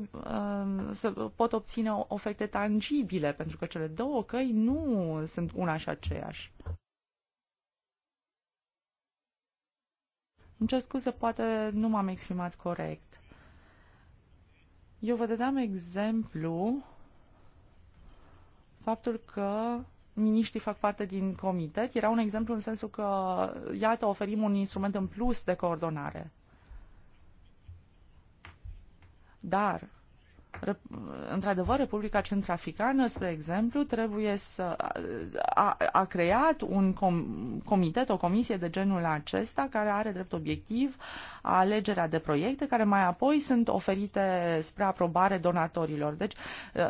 se pot obține oferte tangibile, pentru că cele două căi nu sunt una și aceeași. Îmi cer scuze, poate nu m-am exprimat corect. Eu vă dădeam exemplu faptul că miniștrii fac parte din comitet. Era un exemplu în sensul că, iată, oferim un instrument în plus de coordonare. Dar într-adevăr, Republica Centrafricană, spre exemplu, trebuie să a, a creat un com, comitet, o comisie de genul acesta care are drept obiectiv alegerea de proiecte care mai apoi sunt oferite spre aprobare donatorilor. Deci,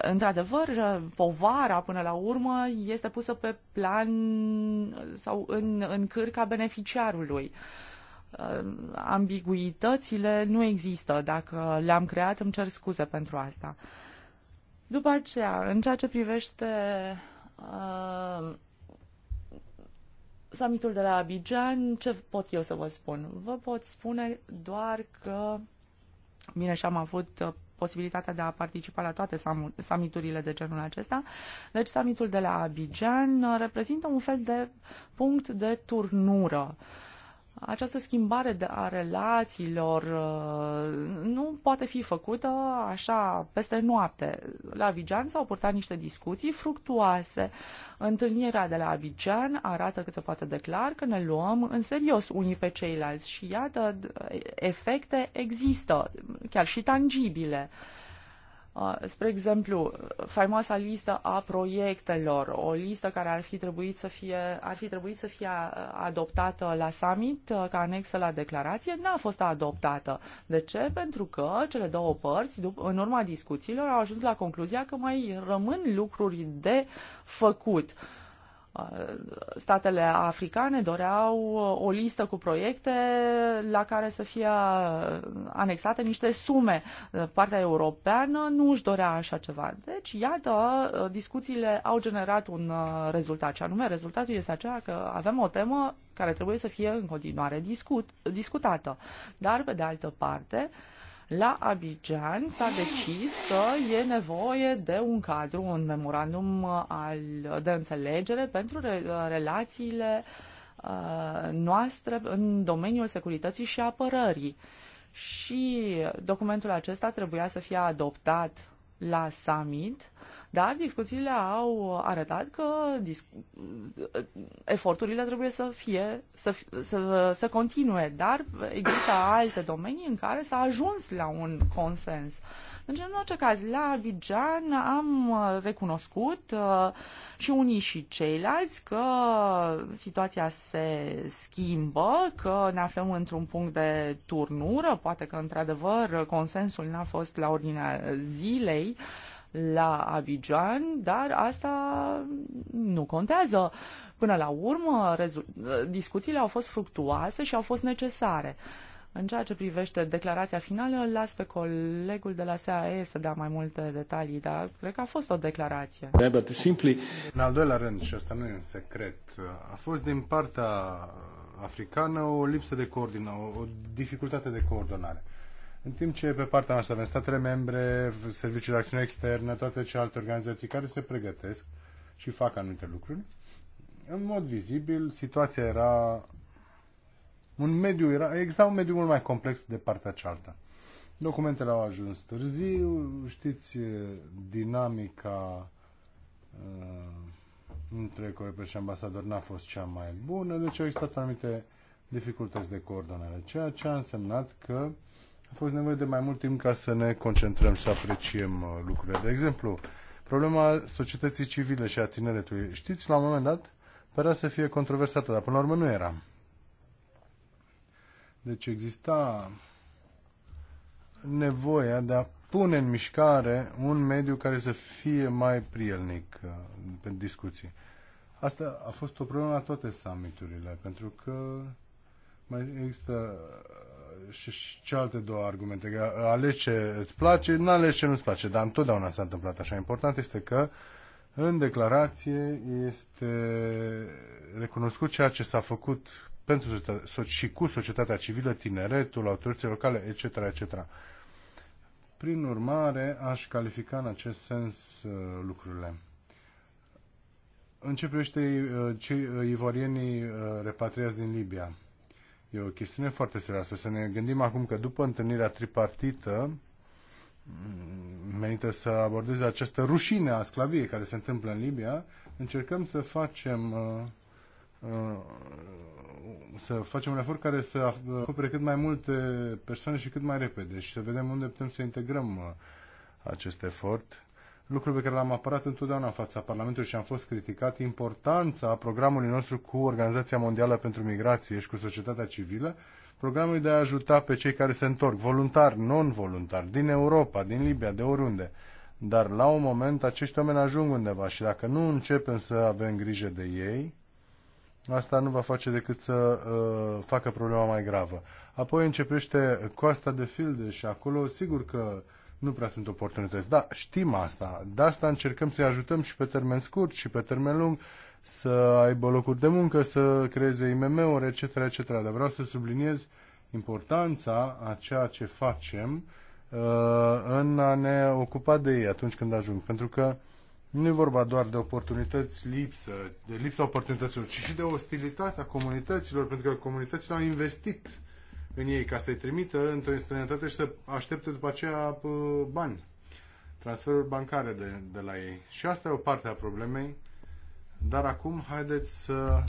într-adevăr, povara până la urmă este pusă pe plan sau în, în cârca beneficiarului. Uh, Uh, ambiguitățile nu există. Dacă le-am creat, îmi cer scuze pentru asta. După aceea, în ceea ce privește uh, summitul de la Abidjan, ce pot eu să vă spun? Vă pot spune doar că, bine, și-am avut uh, posibilitatea de a participa la toate summiturile de genul acesta. Deci summitul de la Abidjan uh, reprezintă un fel de punct de turnură. Uh, această schimbare de a relațiilor uh, nu poate fi făcută așa peste noapte. La Abidjan s-au purtat niște discuții fructuoase. Întâlnirea de la Abidjan arată cât se poate declar că ne luăm în serios unii pe ceilalți și iată, efecte există, chiar și tangibile. Uh, Spre exemplu, faimoasa listă a proiectelor, o listă care ar fi trebuit să fie, ar fi trebuit să fie adoptată la summit ca anexă la declarație, n-a fost adoptată. De ce? Pentru că cele două părți, în urma discuțiilor, au ajuns la concluzia că mai rămân lucruri de făcut. Uh, statele africane doreau o listă cu proiecte la care să fie anexate niște sume. Partea europeană nu își dorea așa ceva. Deci, iată, discuțiile au generat un uh, rezultat, și anume rezultatul este acela că avem o temă care trebuie să fie în continuare discut, discutată. Dar, pe de altă parte, uh, la Abidjan s-a decis că e nevoie de un cadru, un memorandum uh, al, de înțelegere pentru re, uh, relațiile uh, noastre în domeniul securității și apărării. Și documentul acesta trebuia să fie adoptat la summit dar discuțiile au arătat că eforturile trebuie să fie, să, fie, să, să continue, dar există alte domenii în care s-a ajuns la un consens. Deci, în orice caz, la Abidjan am recunoscut uh, și unii și ceilalți că situația se schimbă, că ne aflăm într-un punct de turnură, poate că, într-adevăr, consensul n-a fost la ordinea zilei, la Abidjan, dar asta nu contează. Până la urmă, discuțiile au fost fructuoase și au fost necesare. În ceea ce privește declarația finală, las pe colegul de la SAE să dea mai multe detalii, dar cred că a fost o declarație. Da, În al doilea rând, și asta nu e un secret, a fost din partea africană o lipsă de coordonare, o dificultate de coordonare. În timp ce pe partea noastră avem statele membre, serviciul de acțiune externă, toate celelalte organizații care se pregătesc și fac anumite lucruri, în mod vizibil, situația era un mediu era, exista un mediu mult mai complex de partea cealaltă. Documentele au ajuns târziu, știți dinamica uh, între Coreper și ambasador n-a fost cea mai bună, deci au existat anumite dificultăți de coordonare, ceea ce a însemnat că uh, a fost nevoie de mai mult timp ca să ne concentrăm și să apreciem uh, lucrurile. De exemplu, problema societății civile și a tineretului. Știți, la un moment dat, părea să fie controversată, dar până la urmă nu era. Deci exista nevoia de a pune în mișcare un mediu care să fie mai prielnic uh, pentru discuții. Asta a fost o problemă la toate summiturile, pentru că mai există și, și alte două argumente. Că alegi ce îți place, nu alegi ce nu-ți place, dar întotdeauna s-a întâmplat așa. Important este că în declarație este recunoscut ceea ce s-a făcut pentru și cu societatea civilă, tineretul, autoritățile locale, etc., etc. Prin urmare, aș califica în acest sens uh, lucrurile. În ce privește uh, uh, ivorienii repatriați din Libia, E o chestiune foarte serioasă. Să ne gândim acum că după întâlnirea tripartită mm, menită să abordeze această rușine a sclaviei care se întâmplă în Libia, încercăm să facem uh, uh, să facem un efort care să acopere cât mai multe persoane și cât mai repede și să vedem unde putem să integrăm uh, acest efort lucru pe care l-am apărat întotdeauna în fața Parlamentului și am fost criticat, importanța programului nostru cu Organizația Mondială pentru Migrație și cu societatea civilă, programul de a ajuta pe cei care se întorc, voluntari, non-voluntari, din Europa, din Libia, de oriunde. Dar la un moment acești oameni ajung undeva și dacă nu începem să avem grijă de ei, asta nu va face decât să uh, facă problema mai gravă. Apoi începește coasta de filde și acolo sigur că uh, nu prea sunt oportunități. Da, știm asta. De asta încercăm să-i ajutăm și pe termen scurt și pe termen lung să aibă locuri de muncă, să creeze IMM-uri, etc., etc. Dar vreau să subliniez importanța a ceea ce facem uh, în a ne ocupa de ei atunci când ajung. Pentru că nu e vorba doar de oportunități lipsă, de lipsa oportunităților, ci și de ostilitatea comunităților, pentru că comunitățile au investit uh, în ei ca să-i trimită într-o străinătate și să aștepte după aceea bani, transferuri bancare de, de la ei. Și asta e o parte a problemei, dar acum haideți să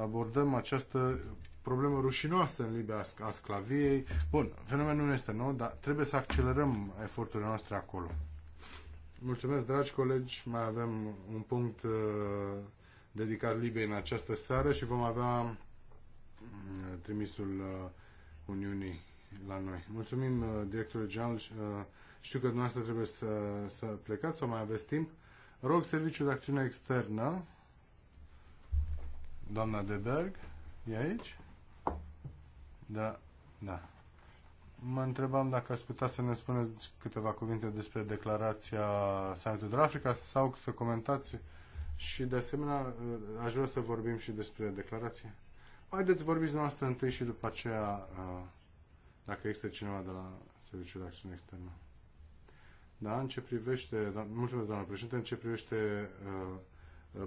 abordăm această problemă rușinoasă în Libia a sclaviei. Bun, fenomenul nu este nou, dar trebuie să accelerăm eforturile noastre acolo. Mulțumesc, dragi colegi. Mai avem un punct uh, dedicat Libiei în această seară și vom avea Uh, trimisul uh, Uniunii la noi. Mulțumim, uh, directorul general. Știu că dumneavoastră trebuie să, să plecați, sau mai aveți timp. Rog Serviciul de Acțiune Externă, doamna Deberg, e aici? Da, da. Mă întrebam dacă ați putea să ne spuneți câteva cuvinte despre declarația Summitului de Africa sau să comentați și de asemenea aș vrea să vorbim și despre declarație. Haideți, vorbiți noastră întâi și după aceea, uh, dacă există cineva de la Serviciul de Acțiune Externă. Da, în ce privește, da, mulțumesc, doamnă președinte, în ce privește uh,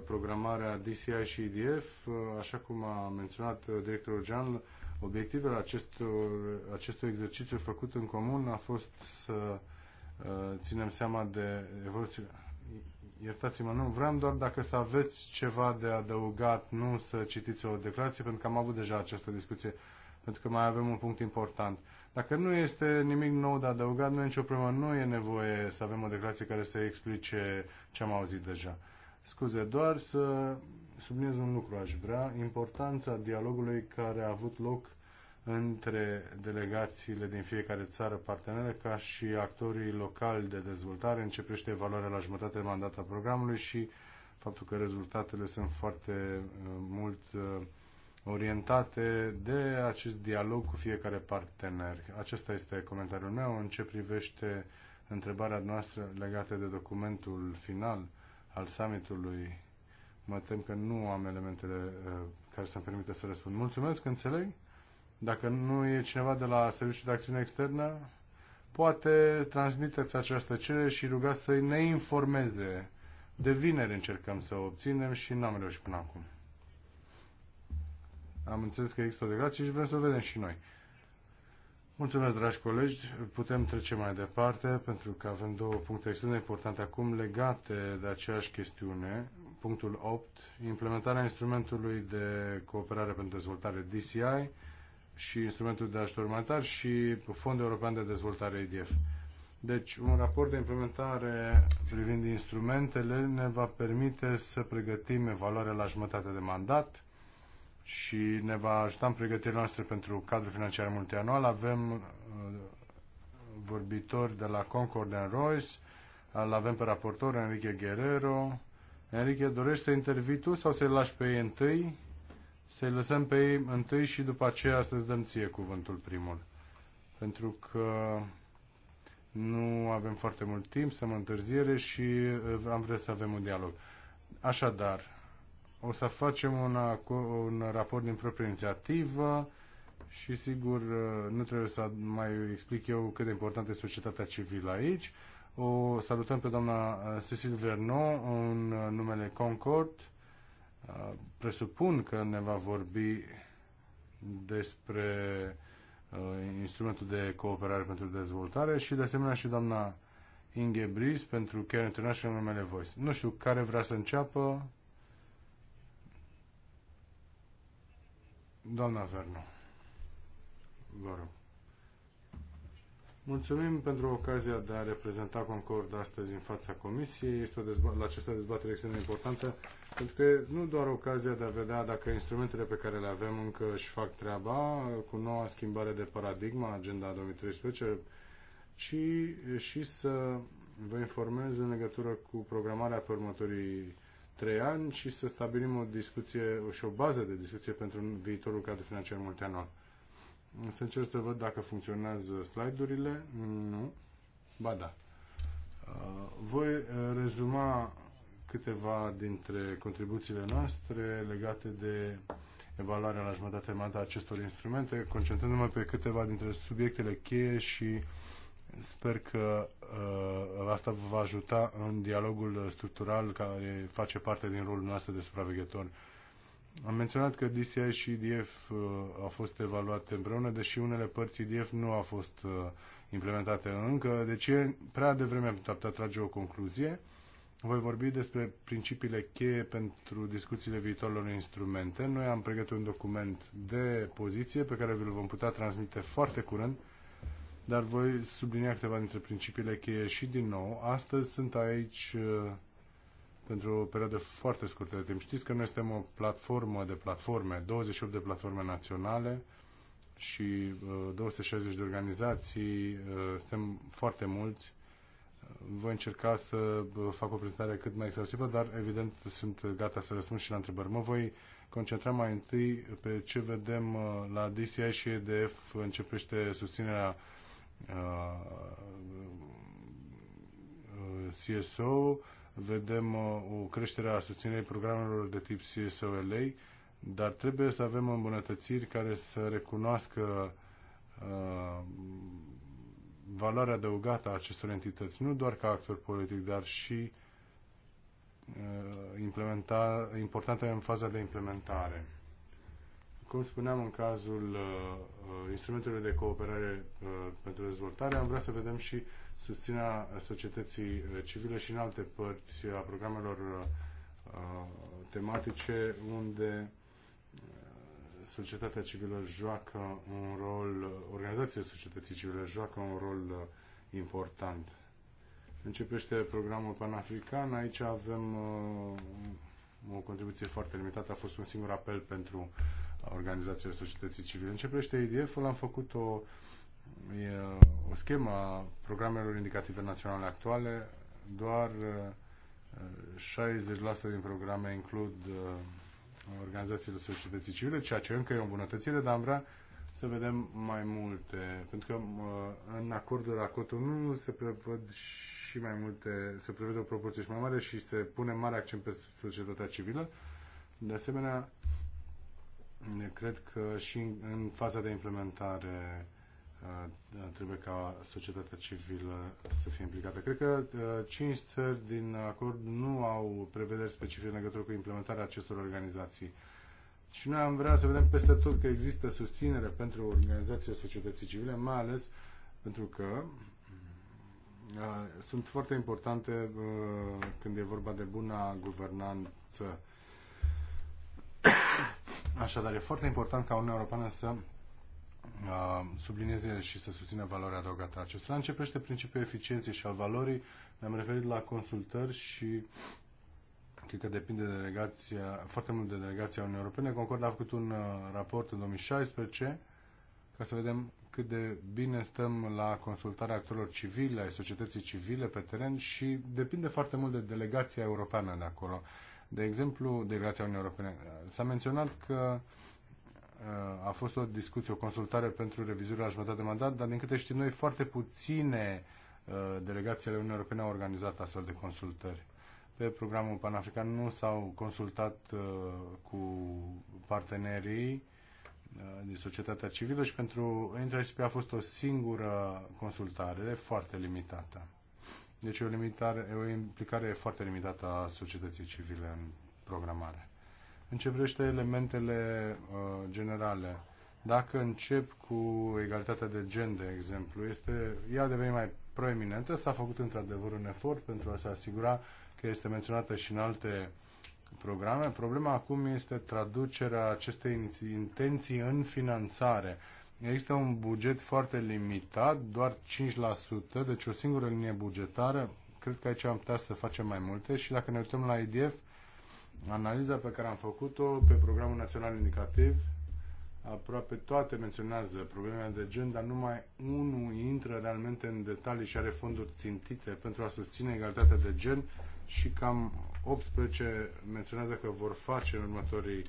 programarea DCI și IDF, uh, așa cum a menționat directorul Jean, obiectivele acestor, acestui exercițiu făcut în comun a fost să ținem seama de evoluțiile Iertați-mă, nu, vreau doar dacă să aveți ceva de adăugat, nu să citiți o declarație, pentru că am avut deja această discuție, pentru că mai avem un punct important. Dacă nu este nimic nou de adăugat, nu e nicio problemă, nu e nevoie să avem o declarație care să explice ce am auzit deja. Scuze, doar să subliniez un lucru aș vrea, importanța dialogului care a avut loc între delegațiile din fiecare țară parteneră ca și actorii locali de dezvoltare. Începește evaluarea la jumătate de mandat a programului și faptul că rezultatele sunt foarte uh, mult uh, orientate de acest dialog cu fiecare partener. Acesta este comentariul meu în ce privește întrebarea noastră legată de documentul final al summitului. Mă tem că nu am elementele uh, care să-mi permită să răspund. Mulțumesc, înțeleg? Dacă nu e cineva de la Serviciul de Acțiune Externă, poate transmiteți această cerere și rugați să ne informeze. De vineri încercăm să o obținem și n-am reușit până acum. Am înțeles că există o declarație și vrem să o vedem și noi. Mulțumesc, dragi colegi. Putem trece mai departe, pentru că avem două puncte extrem de importante acum legate de aceeași chestiune. Punctul 8, implementarea instrumentului de cooperare pentru dezvoltare DCI și instrumentul de ajutor umanitar și Fondul European de Dezvoltare IDF. Deci, un raport de implementare privind instrumentele ne va permite să pregătim evaluarea la jumătate de mandat și ne va ajuta în pregătirea noastră pentru cadrul financiar multianual. Avem uh, vorbitori de la Concord and Royce, îl avem pe raportor Enrique Guerrero. Enrique, dorești să intervii tu sau să-i lași pe ei întâi? să-i lăsăm pe ei întâi și după aceea să-ți dăm ție cuvântul primul. Pentru că nu avem foarte mult timp, să mă întârziere și uh, am vrea să avem un dialog. Așadar, o să facem una, un raport din proprie inițiativă și sigur uh, nu trebuie să mai explic eu cât de importantă este societatea civilă aici. O salutăm pe doamna uh, Cecil Vernon în numele Concord Uh, presupun că ne va vorbi despre uh, instrumentul de cooperare pentru dezvoltare și de asemenea și doamna Inge Bris pentru Care International numele Voice. Nu știu care vrea să înceapă. Doamna Vernu, vă rog. Mulțumim pentru ocazia de a reprezenta Concord astăzi în fața Comisiei. Este o dezba- la această dezbatere extrem de importantă, pentru că nu doar ocazia de a vedea dacă instrumentele pe care le avem încă își fac treaba cu noua schimbare de paradigma, Agenda 2013, ci și să vă informez în legătură cu programarea pe următorii trei ani și să stabilim o discuție și o bază de discuție pentru viitorul cadru financiar multianual. Să încerc să văd dacă funcționează slide-urile. Nu. Ba da. Uh, voi uh, rezuma câteva dintre contribuțiile noastre legate de evaluarea la jumătate mandat a acestor instrumente, concentrându-mă pe câteva dintre subiectele cheie și sper că uh, asta vă va ajuta în dialogul structural care face parte din rolul nostru de supraveghetori am menționat că DCI și IDF uh, au fost evaluate împreună, deși unele părți IDF nu au fost uh, implementate încă, deci e prea devreme am putea trage o concluzie. Voi vorbi despre principiile cheie pentru discuțiile viitorilor instrumente. Noi am pregătit un document de poziție pe care vi-l vom putea transmite foarte curând, dar voi sublinia câteva dintre principiile cheie și din nou. Astăzi sunt aici uh, pentru o perioadă foarte scurtă de timp. Știți că noi suntem o platformă de platforme, 28 de platforme naționale și uh, 260 de organizații, uh, suntem foarte mulți. Voi încerca să uh, fac o prezentare cât mai exhaustivă, dar evident sunt gata să răspund și la întrebări. Mă voi concentra mai întâi pe ce vedem uh, la DCI și EDF începește susținerea uh, uh CSO, vedem uh, o creștere a susținerii programelor de tip CSOLA, dar trebuie să avem îmbunătățiri care să recunoască uh, valoarea adăugată a acestor entități, nu doar ca actor politic, dar și uh, implementa, importantă în faza de implementare. Cum spuneam în cazul uh, uh instrumentelor de cooperare uh, pentru dezvoltare, am vrea să vedem și susținerea societății eh, civile și în alte părți a programelor eh, tematice unde eh, societatea civilă joacă un rol, organizațiile societății civile joacă un rol important. Începește programul panafrican, aici avem o contribuție foarte limitată, a fost un singur apel pentru organizațiile societății civile. Începește IDF-ul, am făcut o uh, e uh, o schemă a programelor indicative naționale actuale. Doar 60% uh, din programe includ uh, organizațiile societății civile, ceea ce încă e o îmbunătățire, dar am vrea să vedem mai multe, pentru că în acordul la Cotonou se prevăd și mai multe, se prevede o proporție și mai mare și se pune mare accent pe societatea civilă. De asemenea, cred că și în faza de implementare Uh, trebuie ca societatea civilă să fie implicată. Cred că uh, cinci țări din acord nu au prevederi specifice în legătură cu implementarea acestor organizații. Și noi am vrea să vedem peste tot că există susținere pentru organizația societății civile, mai ales pentru că uh, sunt foarte importante când e vorba de buna guvernanță. *coughs* Așadar, e foarte important ca Uniunea Europeană să sublinieze și să susțină valoarea adăugată a acestora. Începește principiul eficienței și al valorii. Ne-am referit la consultări și cred că depinde de delegația, foarte mult de delegația Uniunii Europene. Concord a făcut un uh, raport în 2016 ca să vedem cât de bine stăm la consultarea actorilor civile, ai societății civile pe teren și depinde foarte mult de delegația europeană de acolo. De exemplu, delegația Uniunii Europene. S-a menționat că Uh, a fost o discuție, o consultare pentru revizuirea la jumătate de mandat, dar din câte știm noi, foarte puține uh, delegațiile Uniunii Europene au organizat astfel de consultări. Pe programul panafrican nu s-au consultat uh, cu partenerii din societatea civilă și pentru NTSP a fost o singură consultare foarte limitată. Deci e o, limitare, e o implicare foarte limitată a societății civile în programare. În ce privește elementele uh, generale, dacă încep cu egalitatea de gen, de exemplu, este, ea a devenit mai proeminentă, s-a făcut într-adevăr un efort pentru a se asigura că este menționată și în alte programe. Problema acum este traducerea acestei intenții în finanțare. Există un buget foarte limitat, doar 5%, deci o singură linie bugetară. Cred că aici am putea să facem mai multe și dacă ne uităm la IDF, analiza pe care am făcut-o pe programul național indicativ, aproape toate menționează problemele de gen, dar numai unul intră realmente în detalii și are fonduri țintite pentru a susține egalitatea de gen și cam 18 menționează că vor face în următorii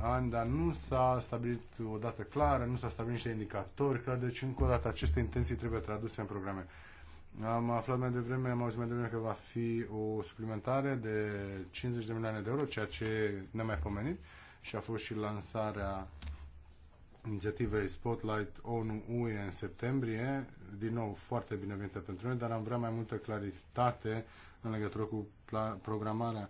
ani, dar nu s-a stabilit o dată clară, nu s-a stabilit niște indicatori clar, deci încă o dată aceste intenții trebuie traduse în programe. Am aflat mai devreme, am auzit mai devreme că va fi o suplimentare de 50 de milioane de euro, ceea ce ne-am mai pomenit și a fost și lansarea inițiativei Spotlight ONU UE în septembrie, din nou foarte binevenită pentru noi, dar am vrea mai multă claritate în legătură cu programarea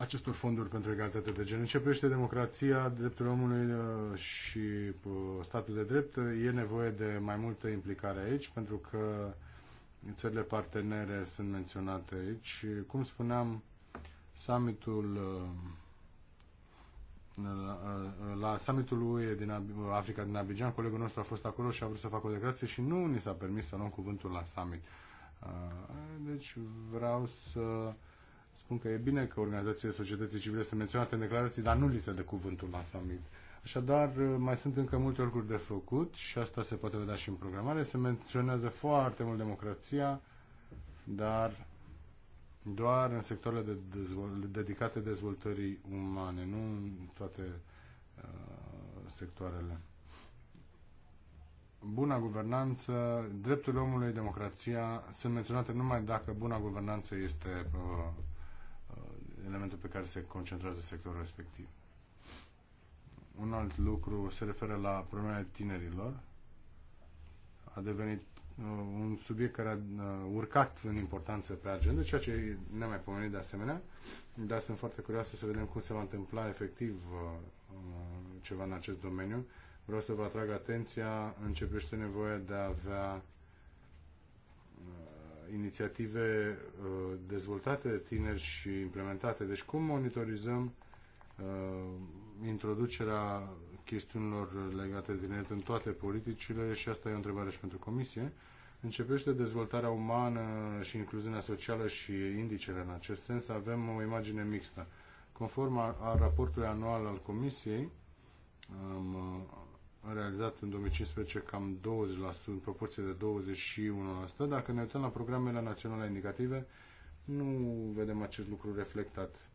acestor fonduri pentru egalitate de gen. Începește democrația, dreptul omului uh, și uh, statul de drept, e nevoie de mai multă implicare aici, pentru că țările partenere sunt menționate aici. Cum spuneam, summitul uh, la summitul UE din Africa din Abidjan, colegul nostru a fost acolo și a vrut să facă o declarație și nu ni s-a permis să luăm cuvântul la summit. Deci vreau să spun că e bine că organizațiile societății civile sunt menționate în declarații, dar nu li se dă cuvântul la summit. Așadar, mai sunt încă multe lucruri de făcut și asta se poate vedea și în programare. Se menționează foarte mult democrația, dar doar în sectoarele de dezvol- dedicate dezvoltării umane, nu în toate uh, sectoarele. Buna guvernanță, drepturile omului, democrația sunt menționate numai dacă buna guvernanță este uh, elementul pe care se concentrează sectorul respectiv. Un alt lucru se referă la problemele tinerilor. A devenit uh, un subiect care a uh, urcat în importanță pe agenda, ceea ce ne mai pomenit de asemenea, dar sunt foarte curioasă să vedem cum se va întâmpla efectiv uh, ceva în acest domeniu. Vreau să vă atrag atenția în ce privește nevoia de a avea inițiative uh, dezvoltate de tineri și implementate. Deci cum monitorizăm uh, introducerea chestiunilor legate de tineret în toate politicile și asta e o întrebare și pentru Comisie. Începește dezvoltarea umană și incluziunea socială și indicele în acest sens. Avem o imagine mixtă. Conform a, a raportului anual al Comisiei, am uh, realizat în 2015 cam 20%, în proporție de 21%. Dacă ne uităm la programele naționale indicative, nu vedem acest lucru reflectat.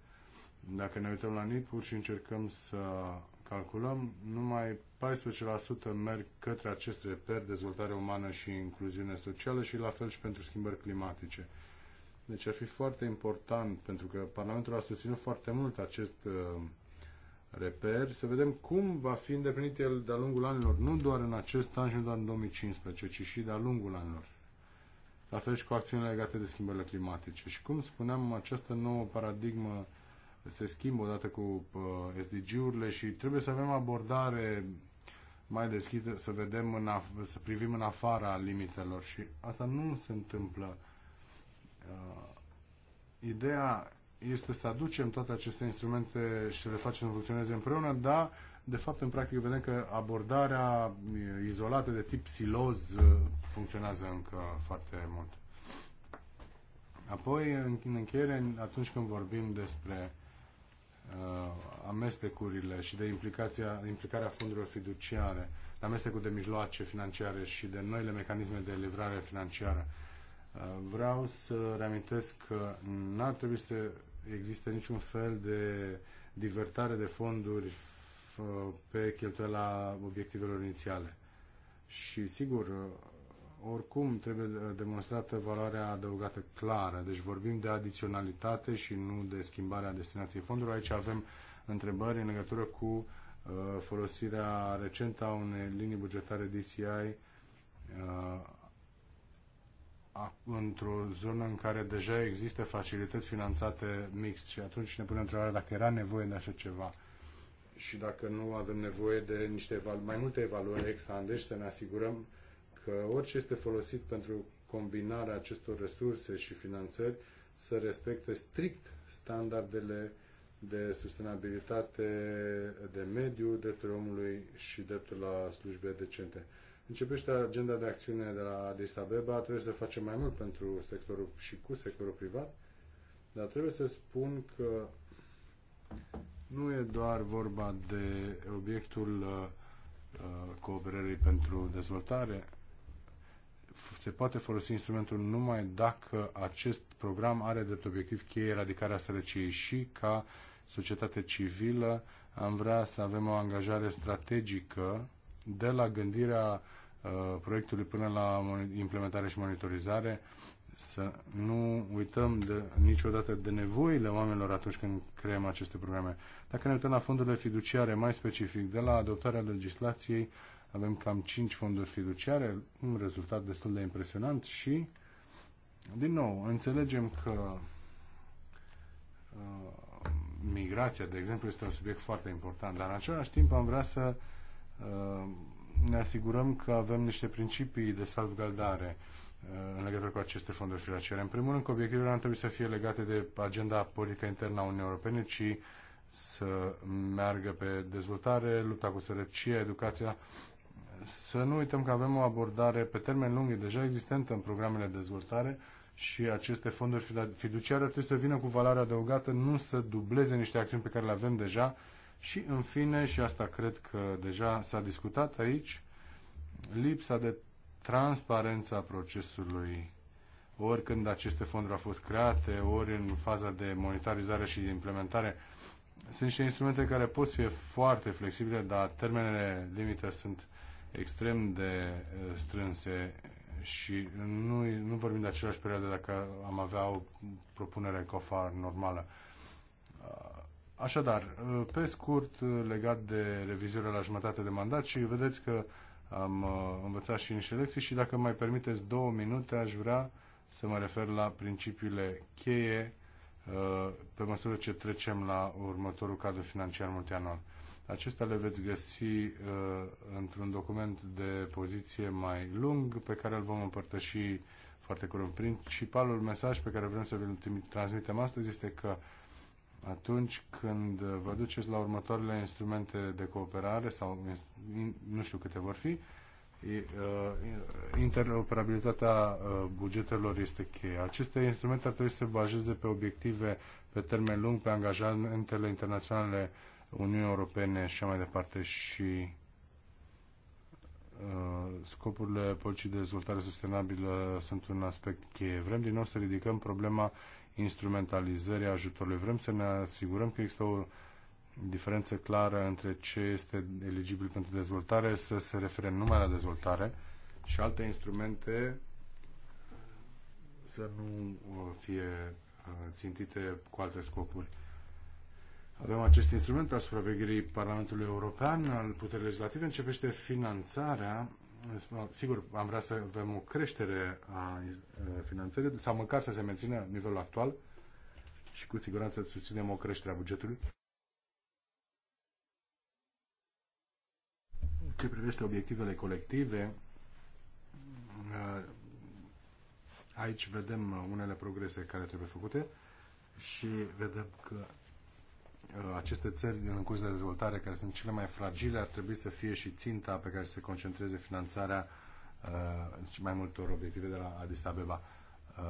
Dacă ne uităm la NIP-uri și încercăm să calculăm, numai 14% merg către acest reper dezvoltare umană și incluziune socială și la fel și pentru schimbări climatice. Deci ar fi foarte important, pentru că Parlamentul a susținut foarte mult acest uh, reper, să vedem cum va fi îndeplinit el de-a lungul anilor, nu doar în acest an și nu doar în 2015, ci și de-a lungul anilor. La fel și cu acțiunile legate de schimbările climatice. Și cum spuneam, această nouă paradigmă se schimbă odată cu uh, SDG-urile și trebuie să avem abordare mai deschisă, să vedem, în af- să privim în afara limitelor și asta nu se întâmplă. Uh, ideea este să aducem toate aceste instrumente și să le facem să funcționeze împreună, dar de fapt în practică vedem că abordarea izolată de tip siloz funcționează încă foarte mult. Apoi, în încheiere, atunci când vorbim despre uh, amestecurile și de implicația, implicarea fondurilor fiduciare, de amestecul de mijloace financiare și de noile mecanisme de livrare financiară, uh, Vreau să reamintesc că n-ar trebui să existe niciun fel de divertare de fonduri pe cheltuiala obiectivelor inițiale. Și sigur, oricum trebuie demonstrată valoarea adăugată clară. Deci vorbim de adiționalitate și nu de schimbarea destinației fondurilor. Aici avem întrebări în legătură cu uh, folosirea recentă a unei linii bugetare DCI uh, într-o zonă în care deja există facilități finanțate mixt și atunci ne punem întrebarea dacă era nevoie de așa ceva și dacă nu avem nevoie de niște mai multe evaluări ex și să ne asigurăm că orice este folosit pentru combinarea acestor resurse și finanțări să respecte strict standardele de sustenabilitate, de mediu, drepturile omului și dreptul la slujbe decente. Începește agenda de acțiune de la Addis Abeba, trebuie să facem mai mult pentru sectorul și cu sectorul privat, dar trebuie să spun că nu e doar vorba de obiectul uh, uh cooperării pentru dezvoltare. Se poate folosi instrumentul numai dacă acest program are drept obiectiv cheie eradicarea sărăciei și ca societate civilă am vrea să avem o angajare strategică de la gândirea Uh, proiectului până la implementare și monitorizare, să nu uităm de, niciodată de nevoile oamenilor atunci când creăm aceste programe. Dacă ne uităm la fondurile fiduciare, mai specific, de la adoptarea legislației, avem cam 5 fonduri fiduciare, un rezultat destul de impresionant și, din nou, înțelegem că uh, migrația, de exemplu, este un subiect foarte important, dar în același timp am vrea să uh, ne asigurăm că avem niște principii de salvgardare uh, în legătură cu aceste fonduri financiare. În primul rând că obiectivele nu trebuie să fie legate de agenda politică internă a Uniunii Europene, ci să meargă pe dezvoltare, lupta cu sărăcia, educația. Să nu uităm că avem o abordare pe termen lung, e deja existentă în programele de dezvoltare și aceste fonduri fiduciare trebuie să vină cu valoare adăugată, nu să dubleze niște acțiuni pe care le avem deja și în fine, și asta cred că deja s-a discutat aici, lipsa de transparență a procesului ori când aceste fonduri au fost create, ori în faza de monitorizare și de implementare. Sunt și instrumente care pot fi foarte flexibile, dar termenele limite sunt extrem de eh, strânse și nu, nu vorbim de aceleași perioadă dacă am avea o propunere COFAR normală. Ah, Așadar, uh, pe scurt, uh, legat de revizuirea la jumătate de mandat și vedeți că am uh, învățat și niște lecții și dacă mai permiteți două minute, aș vrea să mă refer la principiile cheie pe măsură ce trecem la următorul cadru financiar multianual. Acestea le veți găsi într-un document de poziție mai lung pe care îl vom împărtăși foarte curând. Principalul mesaj pe care vrem să vi-l transmitem astăzi este că atunci când vă duceți la următoarele instrumente de cooperare sau nu știu câte vor fi, uh, interoperabilitatea uh, bugetelor este cheie. Aceste instrumente ar trebui să se bazeze pe obiective pe termen lung, pe angajamentele internaționale Uniunii Europene și așa mai departe și uh, scopurile politicii de dezvoltare sustenabilă sunt un aspect cheie. Vrem din nou să ridicăm problema instrumentalizării ajutorului. Vrem să ne asigurăm că există o diferență clară între ce este eligibil pentru dezvoltare, să se refere numai la dezvoltare și alte instrumente să nu uh, fie uh, țintite cu alte scopuri. Avem acest instrument al supravegherii Parlamentului European, al puterii legislative, începește finanțarea sigur, am vrea să avem o creștere a finanțării sau măcar să se mențină nivelul actual și cu siguranță susținem o creștere a bugetului. Ce privește obiectivele colective, aici vedem unele progrese care trebuie făcute și vedem că Uh, aceste țări în curs de dezvoltare, care sunt cele mai fragile, ar trebui să fie și ținta pe care să se concentreze finanțarea uh, mai multor obiective de la Addis Abeba. Uh,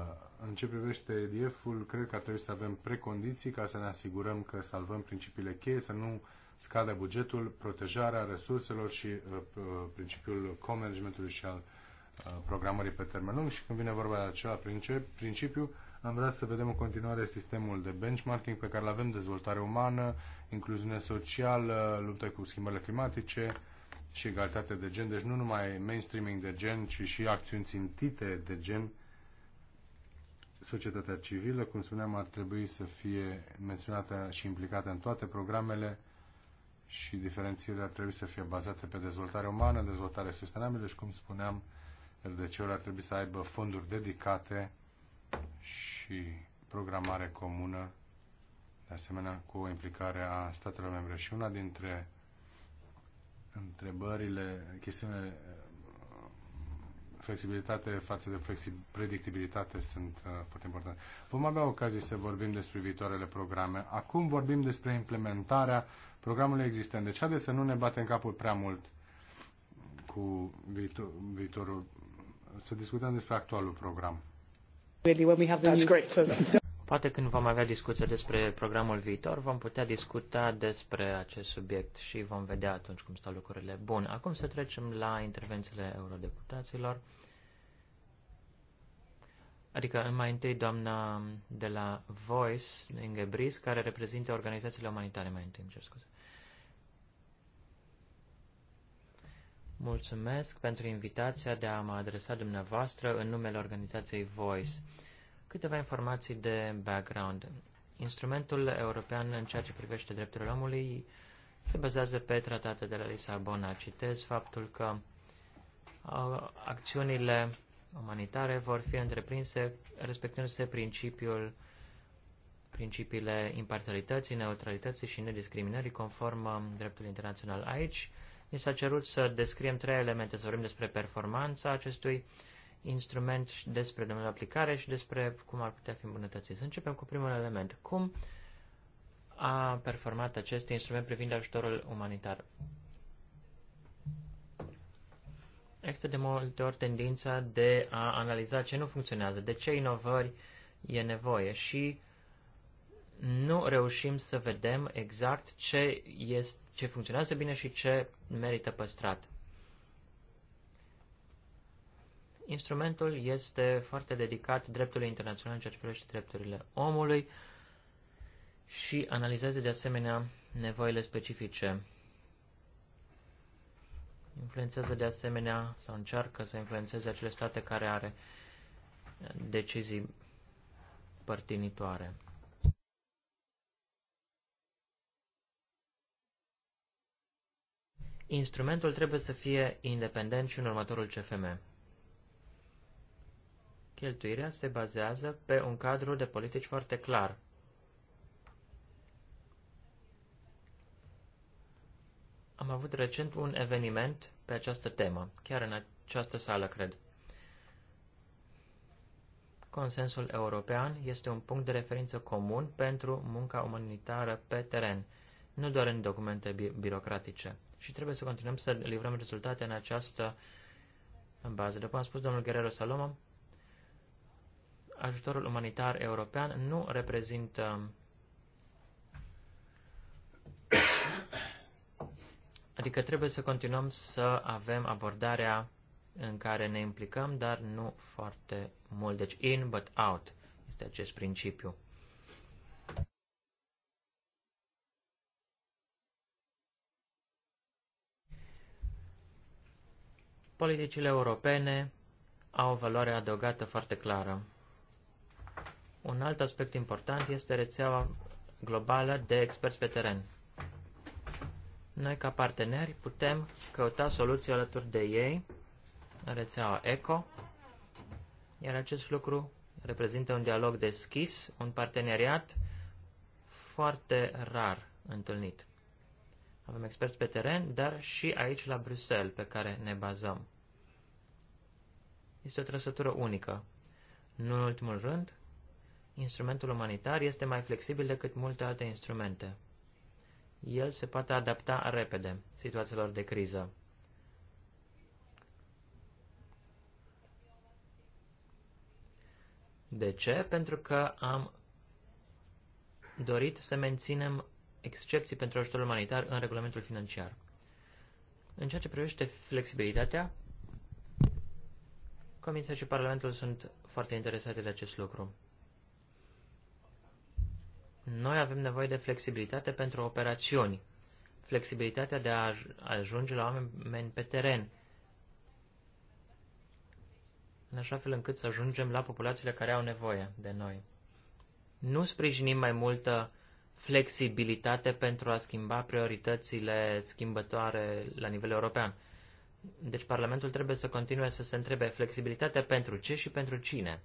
în ce privește EDF-ul, cred că ar trebui să avem precondiții ca să ne asigurăm că salvăm principiile cheie, să nu scade bugetul, protejarea resurselor și uh, principiul co-managementului și al programării pe termen lung și când vine vorba de acela principiu, am vrea să vedem în continuare sistemul de benchmarking pe care îl avem, dezvoltare umană, incluziune socială, luptă cu schimbările climatice și egalitate de gen. Deci nu numai mainstreaming de gen, ci și acțiuni țintite de gen. Societatea civilă, cum spuneam, ar trebui să fie menționată și implicată în toate programele și diferențierile ar trebui să fie bazate pe dezvoltare umană, dezvoltare sustenabilă și, cum spuneam, RDC-ul ar trebui să aibă fonduri dedicate și programare comună, de asemenea cu implicarea a statelor membre. Și una dintre întrebările, chestiunile flexibilitate față de flexi, predictibilitate sunt uh, foarte importante. Vom avea ocazie să vorbim despre viitoarele programe. Acum vorbim despre implementarea programului existent. Deci haideți să nu ne batem capul prea mult cu viitor, viitorul, să discutăm despre actualul program. Poate când vom avea discuția despre programul viitor, vom putea discuta despre acest subiect și vom vedea atunci cum stau lucrurile. Bun, acum să trecem la intervențiile eurodeputaților. Adică mai întâi doamna de la Voice, Bris, care reprezintă organizațiile umanitare, mai întâi, îmi cer scuze. Mulțumesc pentru invitația de a mă adresa dumneavoastră în numele organizației Voice. Câteva informații de background. Instrumentul european în ceea ce privește drepturile omului se bazează pe tratatul de la Lisabona. Citez faptul că acțiunile umanitare vor fi întreprinse respectându-se principiul principiile imparțialității, neutralității și nediscriminării conform dreptului internațional. Aici ni s-a cerut să descriem trei elemente, să vorbim despre performanța acestui instrument și despre domeniul aplicare și despre cum ar putea fi îmbunătățit. Să începem cu primul element. Cum a performat acest instrument privind ajutorul umanitar? Există de multe ori tendința de a analiza ce nu funcționează, de ce inovări e nevoie și uh, nu reușim să vedem exact ce, este, ce funcționează bine și ce merită păstrat. Instrumentul este foarte dedicat dreptului internațional în ceea ce privește drepturile omului și analizează de asemenea nevoile specifice. Influențează de asemenea sau încearcă să influențeze acele state care are decizii părtinitoare. Instrumentul trebuie să fie independent și în următorul CFM. Cheltuirea se bazează pe un cadru de politici foarte clar. Am avut recent un eveniment pe această temă, chiar în această sală, cred. Consensul european este un punct de referință comun pentru munca umanitară pe teren – nu doar în documente bi birocratice. Și trebuie să continuăm să livrăm rezultate în această bază. După am spus domnul Guerrero Salomon, ajutorul umanitar european nu reprezintă *coughs* Adică trebuie să continuăm să avem abordarea în care ne implicăm, dar nu foarte mult. Deci in, but out este acest principiu. Politicile europene au o valoare adăugată foarte clară. Un alt aspect important este rețeaua globală de experți pe teren. Noi, ca parteneri, putem căuta soluții alături de ei în rețeaua ECO, iar acest lucru reprezintă un dialog deschis, un parteneriat foarte rar întâlnit. Avem experți pe teren, dar și aici la Bruxelles pe care ne bazăm. Este o trăsătură unică. Nu în ultimul rând, instrumentul umanitar este mai flexibil decât multe alte instrumente. El se poate adapta repede situațiilor de criză. De ce? Pentru că am dorit să menținem excepții pentru ajutorul umanitar în regulamentul financiar. În ceea ce privește flexibilitatea, Comisia și Parlamentul sunt foarte interesate de acest lucru. Noi avem nevoie de flexibilitate pentru operațiuni, flexibilitatea de a ajunge la oameni pe teren, în așa fel încât să ajungem la populațiile care au nevoie de noi. Nu sprijinim mai multă flexibilitate pentru a schimba prioritățile schimbătoare la nivel european. Deci Parlamentul trebuie să continue să se întrebe flexibilitate pentru ce și pentru cine.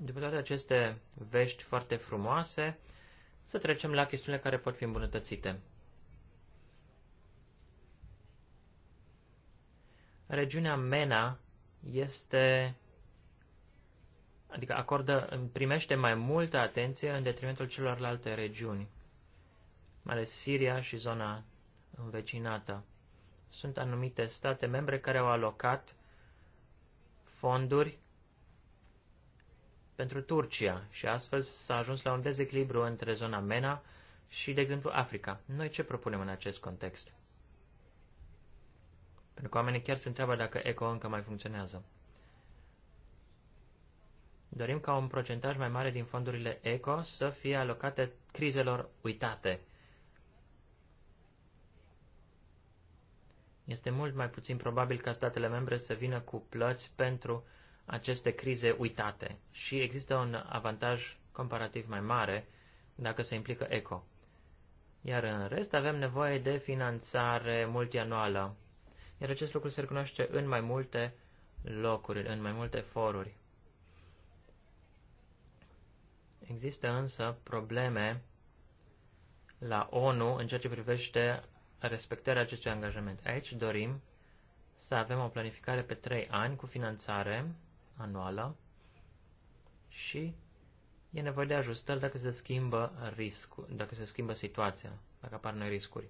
După toate aceste vești foarte frumoase, să trecem la chestiunile care pot fi îmbunătățite. Regiunea MENA este adică acordă, primește mai multă atenție în detrimentul celorlalte regiuni, mai ales Siria și zona învecinată. Sunt anumite state membre care au alocat fonduri pentru Turcia și astfel s-a ajuns la un dezechilibru între zona MENA și, de exemplu, Africa. Noi ce propunem în acest context? Pentru că oamenii chiar se întreabă dacă ECO încă mai funcționează. Dorim ca un procentaj mai mare din fondurile ECO să fie alocate crizelor uitate. Este mult mai puțin probabil ca statele membre să vină cu plăți pentru aceste crize uitate și există un avantaj comparativ mai mare dacă se implică ECO. Iar în rest avem nevoie de finanțare multianuală, iar acest lucru se recunoaște în mai multe locuri, în mai multe foruri. Există însă probleme la ONU în ceea ce privește respectarea acestui angajament. Aici dorim să avem o planificare pe 3 ani cu finanțare anuală și e nevoie de ajustări dacă se schimbă riscul, dacă se schimbă situația, dacă apar noi riscuri.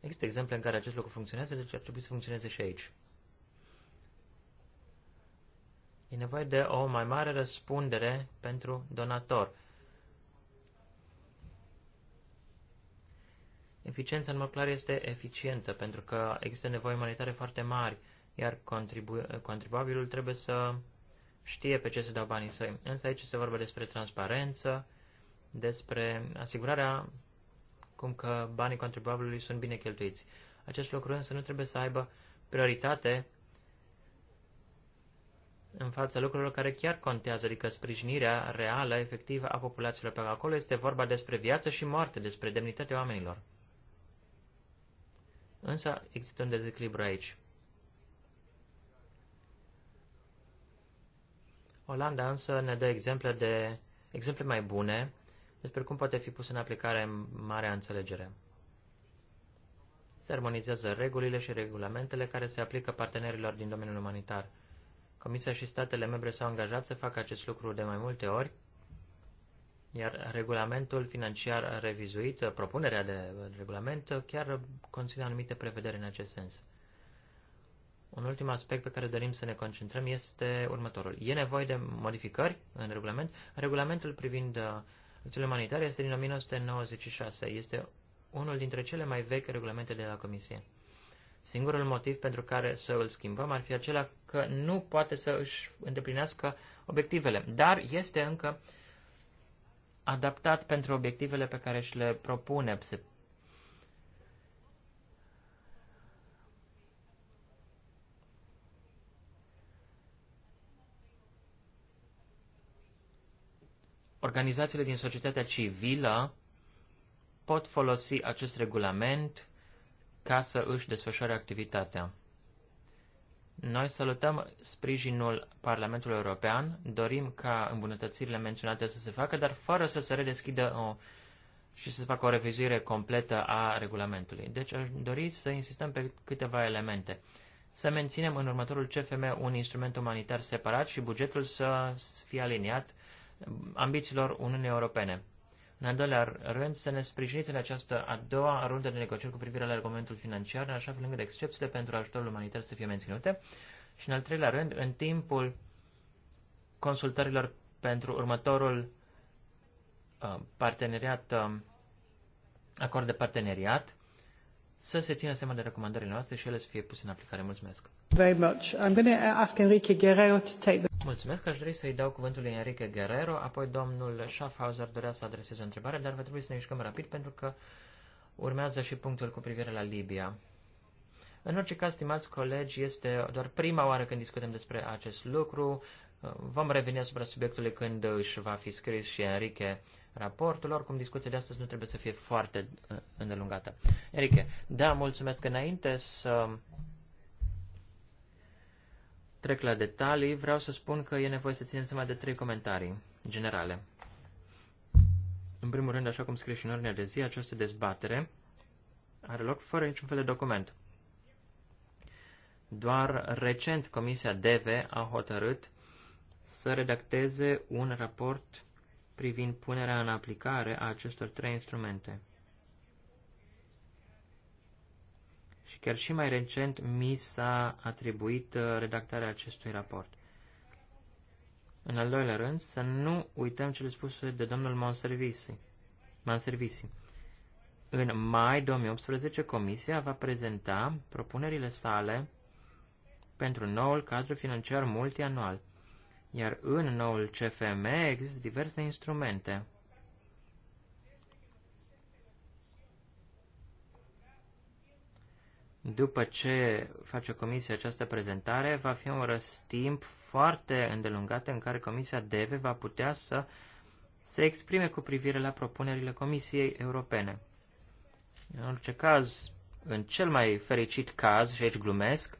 Există exemple în care acest lucru funcționează, deci ar trebui să funcționeze și aici. E nevoie de o mai mare răspundere pentru donator. Eficiența, în mod clar, este eficientă, pentru că există nevoi umanitare foarte mari, iar contribu contribuabilul trebuie să știe pe ce se dau banii săi. Însă aici se vorbește despre transparență, despre asigurarea cum că banii contribuabilului sunt bine cheltuiți. Acest lucru însă nu trebuie să aibă prioritate în fața lucrurilor care chiar contează, adică sprijinirea reală, efectivă a populațiilor pe acolo. Este vorba despre viață și moarte, despre demnitatea oamenilor. Însă există un dezechilibru aici. Olanda însă ne dă exemple, de, exemple mai bune despre cum poate fi pus în aplicare marea înțelegere. Se armonizează regulile și regulamentele care se aplică partenerilor din domeniul umanitar – Comisia și statele membre s-au angajat să facă acest lucru de mai multe ori, iar regulamentul financiar revizuit, propunerea de regulament, chiar conține anumite prevederi în acest sens. Un ultim aspect pe care dorim să ne concentrăm este următorul. E nevoie de modificări în regulament. Regulamentul privind uh, acțiunile umanitare este din 1996. Este unul dintre cele mai vechi regulamente de la Comisie. Singurul motiv pentru care să îl schimbăm ar fi acela că nu poate să își îndeplinească obiectivele, dar este încă adaptat pentru obiectivele pe care își le propune. Se Organizațiile din societatea civilă pot folosi acest regulament ca să își desfășoare activitatea. Noi salutăm sprijinul Parlamentului European, dorim ca îmbunătățirile menționate să se facă, dar fără să se redeschidă o, și să se facă o revizuire completă a regulamentului. Deci aș dori să insistăm pe câteva elemente. Să menținem în următorul CFM un instrument umanitar separat și bugetul să fie aliniat ambițiilor Uniunii Europene. În al doilea rând, să ne sprijiniți în această a doua rundă de negocieri cu privire la argumentul financiar, în așa fel încât excepțiile pentru ajutorul umanitar să fie menținute. Și în al treilea rând, în timpul consultărilor pentru următorul uh, parteneriat, uh, acord de parteneriat, să se țină seama de recomandările noastre și ele să fie puse în aplicare. Mulțumesc! Very much. I'm going to uh, ask Enrique Guerrero to take the Mulțumesc, aș dori să-i dau cuvântul lui Enrique Guerrero, apoi domnul Schaffhauser dorea să adreseze o întrebare, dar va trebui să ne mișcăm rapid pentru că urmează și punctul cu privire la Libia. În orice caz, stimați colegi, este doar prima oară când discutăm despre acest lucru. Vom reveni asupra subiectului când își va fi scris și Enrique raportul. Oricum, discuția de astăzi nu trebuie să fie foarte uh, îndelungată. Enrique, da, mulțumesc. Înainte să trec la detalii, vreau să spun că e nevoie să ținem seama de trei comentarii generale. În primul rând, așa cum scrie și în ordinea de zi, această dezbatere are loc fără niciun fel de document. Doar recent Comisia DEVE a hotărât să redacteze un raport privind punerea în aplicare a acestor trei instrumente. și chiar și mai recent mi s-a atribuit uh, redactarea acestui raport. În al doilea rând, să nu uităm cele spuse de domnul Manservisi. Manservisi. În mai 2018, Comisia va prezenta propunerile sale pentru noul cadru financiar multianual, iar în noul CFM există diverse instrumente După ce face comisia această prezentare, va fi un răstimp foarte îndelungat în care comisia DEVE va putea să se exprime cu privire la propunerile Comisiei Europene. În orice caz, în cel mai fericit caz, și aici glumesc,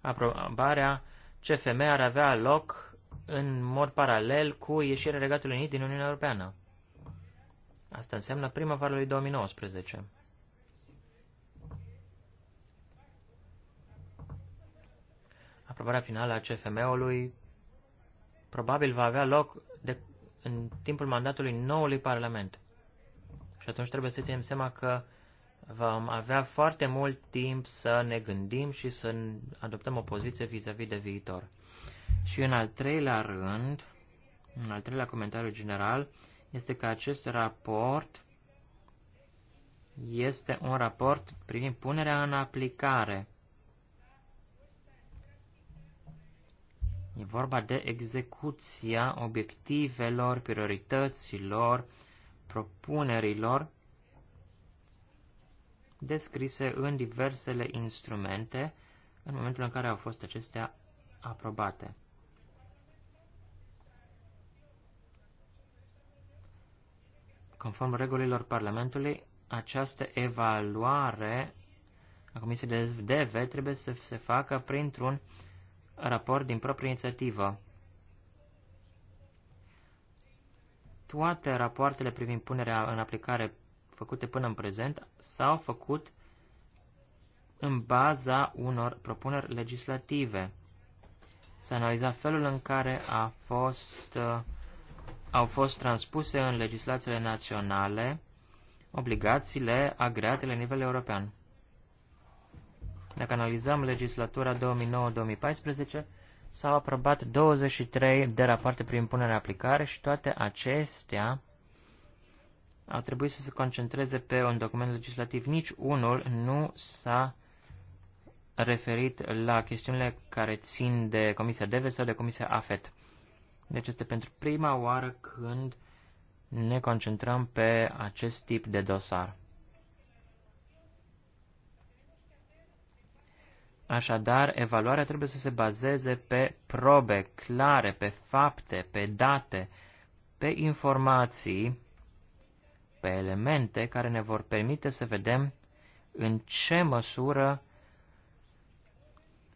aprobarea CFM ar avea loc în mod paralel cu ieșirea Regatului Unit din Uniunea Europeană. Asta înseamnă primăvara lui 2019. aprobarea finală a CFM-ului probabil va avea loc de, în timpul mandatului noului Parlament. Și atunci trebuie să ținem seama că vom avea foarte mult timp să ne gândim și să adoptăm o poziție vis-a-vis -vis de viitor. Și în al treilea rând, în al treilea comentariu general, este că acest raport este un raport privind punerea în aplicare E vorba de execuția obiectivelor, priorităților, propunerilor descrise în diversele instrumente în momentul în care au fost acestea aprobate. Conform regulilor Parlamentului, această evaluare a Comisiei de SVDV trebuie să se facă printr-un uh, raport din proprie inițiativă. Toate rapoartele privind punerea în aplicare făcute până în prezent s-au făcut în baza unor propuneri legislative. S-a analizat felul în care a fost, uh, au fost transpuse în legislațiile naționale obligațiile agreate la nivel european. Dacă analizăm legislatura 2009-2014, s-au aprobat 23 de rapoarte prin punere aplicare și toate acestea au trebuit să se concentreze pe un document legislativ. Nici unul nu s-a referit la chestiunile care țin de Comisia DEVE sau de Comisia AFET. Deci este pentru prima oară când ne concentrăm pe acest tip de dosar. Așadar, evaluarea trebuie să se bazeze pe probe clare, pe fapte, pe date, pe informații, pe elemente care ne vor permite să vedem în ce măsură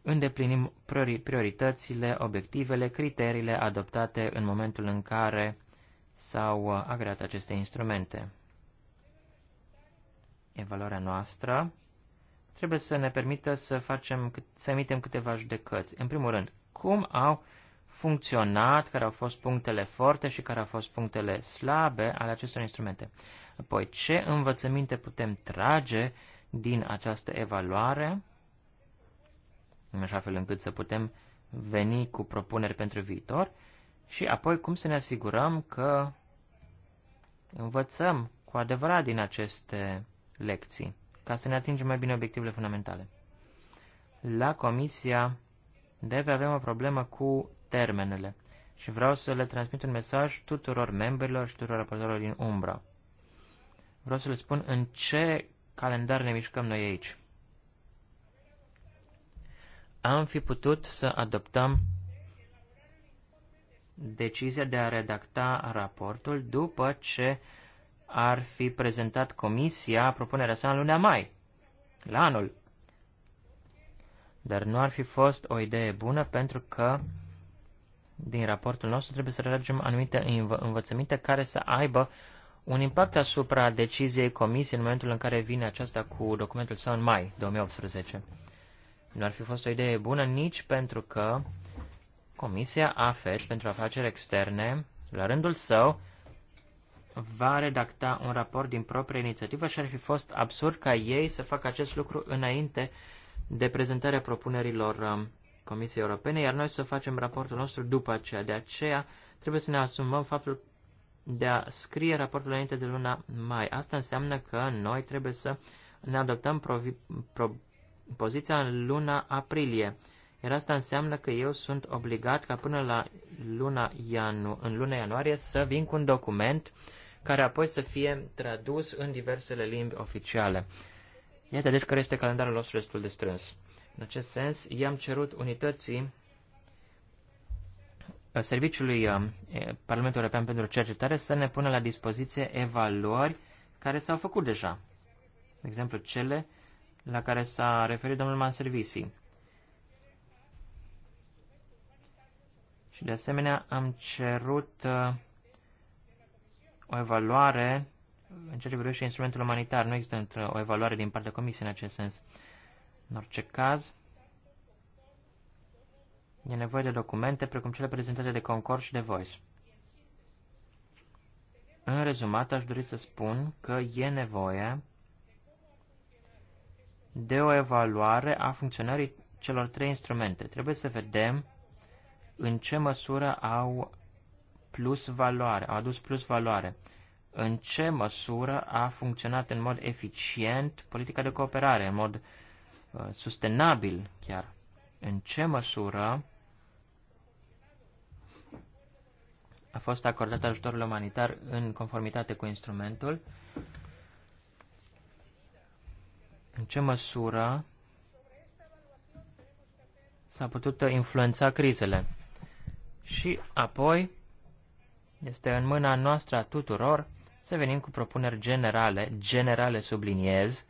îndeplinim priori prioritățile, obiectivele, criteriile adoptate în momentul în care s-au uh, agreat aceste instrumente. Evaluarea noastră trebuie să ne permită să, facem, să emitem câteva judecăți. În primul rând, cum au funcționat, care au fost punctele forte și care au fost punctele slabe ale acestor instrumente. Apoi, ce învățăminte putem trage din această evaluare, în așa fel încât să putem veni cu propuneri pentru viitor, și apoi cum să ne asigurăm că învățăm cu adevărat din aceste lecții ca să ne atingem mai bine obiectivele fundamentale. La Comisia DEVE avem o problemă cu termenele și vreau să le transmit un mesaj tuturor membrilor și tuturor raportorilor din Umbra. Vreau să le spun în ce calendar ne mișcăm noi aici. Am fi putut să adoptăm decizia de a redacta raportul după ce uh, ar fi prezentat comisia propunerea sa în luna mai, la anul. Dar nu ar fi fost o idee bună pentru că din raportul nostru trebuie să retragem anumite înv- învățăminte care să aibă un impact asupra deciziei comisiei în momentul în care vine aceasta cu documentul său în mai 2018. Nu ar fi fost o idee bună nici pentru că Comisia AFET pentru afaceri externe, la rândul său, va redacta un raport din proprie inițiativă și ar fi fost absurd ca ei să facă acest lucru înainte de prezentarea propunerilor um, Comisiei Europene, iar noi să facem raportul nostru după aceea. De aceea trebuie să ne asumăm faptul de a scrie raportul înainte de luna mai. Asta înseamnă că noi trebuie să ne adoptăm poziția în luna aprilie. Iar asta înseamnă că eu sunt obligat ca până la luna ianu- în luna ianuarie să vin cu un document care apoi să fie tradus în diversele limbi oficiale. Iată deci care este calendarul nostru destul de strâns. În acest sens, i-am cerut unității uh, Serviciului uh, Parlamentului European pentru Cercetare să ne pună la dispoziție evaluări care s-au făcut deja. De exemplu, cele la care s-a referit domnul Manservisi. Și de asemenea am cerut uh, o evaluare în ceea ce privește instrumentul umanitar. Nu există o evaluare din partea Comisiei în acest sens. În orice caz, e nevoie de documente precum cele prezentate de Concord și de Voice. În rezumat, aș dori să spun că e nevoie de o evaluare a funcționării celor trei instrumente. Trebuie să vedem în ce măsură au plus valoare, au adus plus valoare. În ce măsură a funcționat în mod eficient politica de cooperare, în mod uh, sustenabil chiar? În ce măsură a fost acordat ajutorul umanitar în conformitate cu instrumentul? În ce măsură s-a putut influența crizele? Și apoi este în mâna noastră a tuturor să venim cu propuneri generale, generale subliniez,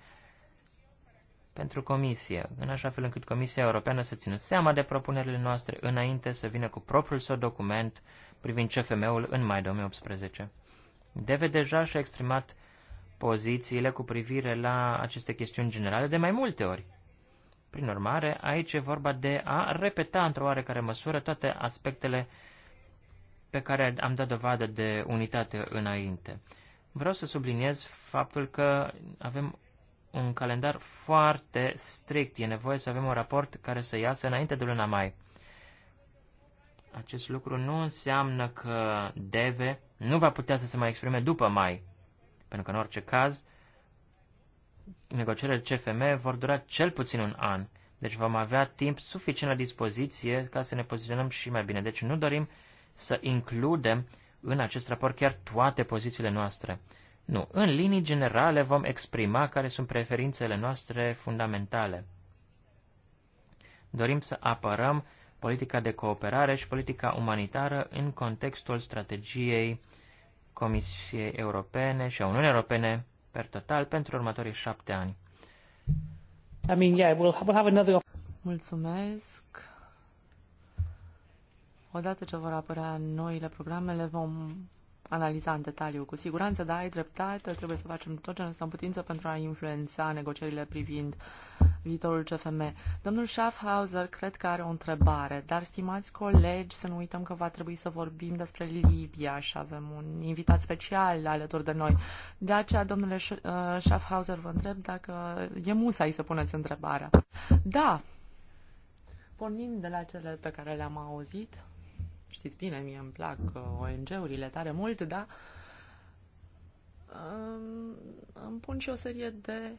pentru Comisie, în așa fel încât Comisia Europeană să țină seama de propunerile noastre înainte să vină cu propriul său document privind CFM-ul în mai 2018. Deve deja și-a exprimat pozițiile cu privire la aceste chestiuni generale de mai multe ori. Prin urmare, aici e vorba de a repeta într-o oarecare măsură toate aspectele uh, pe care am dat dovadă de unitate înainte. Vreau să subliniez faptul că avem un calendar foarte strict. E nevoie să avem un raport care să iasă înainte de luna mai. Acest lucru nu înseamnă că deve nu va putea să se mai exprime după mai. Pentru că, în orice caz, negocierile CFM vor dura cel puțin un an. Deci vom avea timp suficient la dispoziție ca să ne poziționăm și mai bine. Deci nu dorim să includem în acest raport chiar toate pozițiile noastre. Nu, în linii generale vom exprima care sunt preferințele noastre fundamentale. Dorim să apărăm politica de cooperare și politica umanitară în contextul strategiei Comisiei Europene și a Uniunii Europene per total pentru următorii șapte ani. I mean, yeah, we'll, have another... Mulțumesc. Odată ce vor apărea noile programe, le vom analiza în detaliu. Cu siguranță, da, ai dreptate, trebuie să facem tot ce ne stă în putință pentru a influența negocierile privind viitorul CFM. Domnul Schaffhauser cred că are o întrebare, dar stimați colegi, să nu uităm că va trebui să vorbim despre Libia și avem un invitat special alături de noi. De aceea, domnule uh, Schaffhauser, vă întreb dacă e musai să puneți întrebarea. Da, pornind de la cele pe care le-am auzit, Știți bine, mie îmi plac uh, ONG-urile tare mult, dar um, îmi pun și o serie de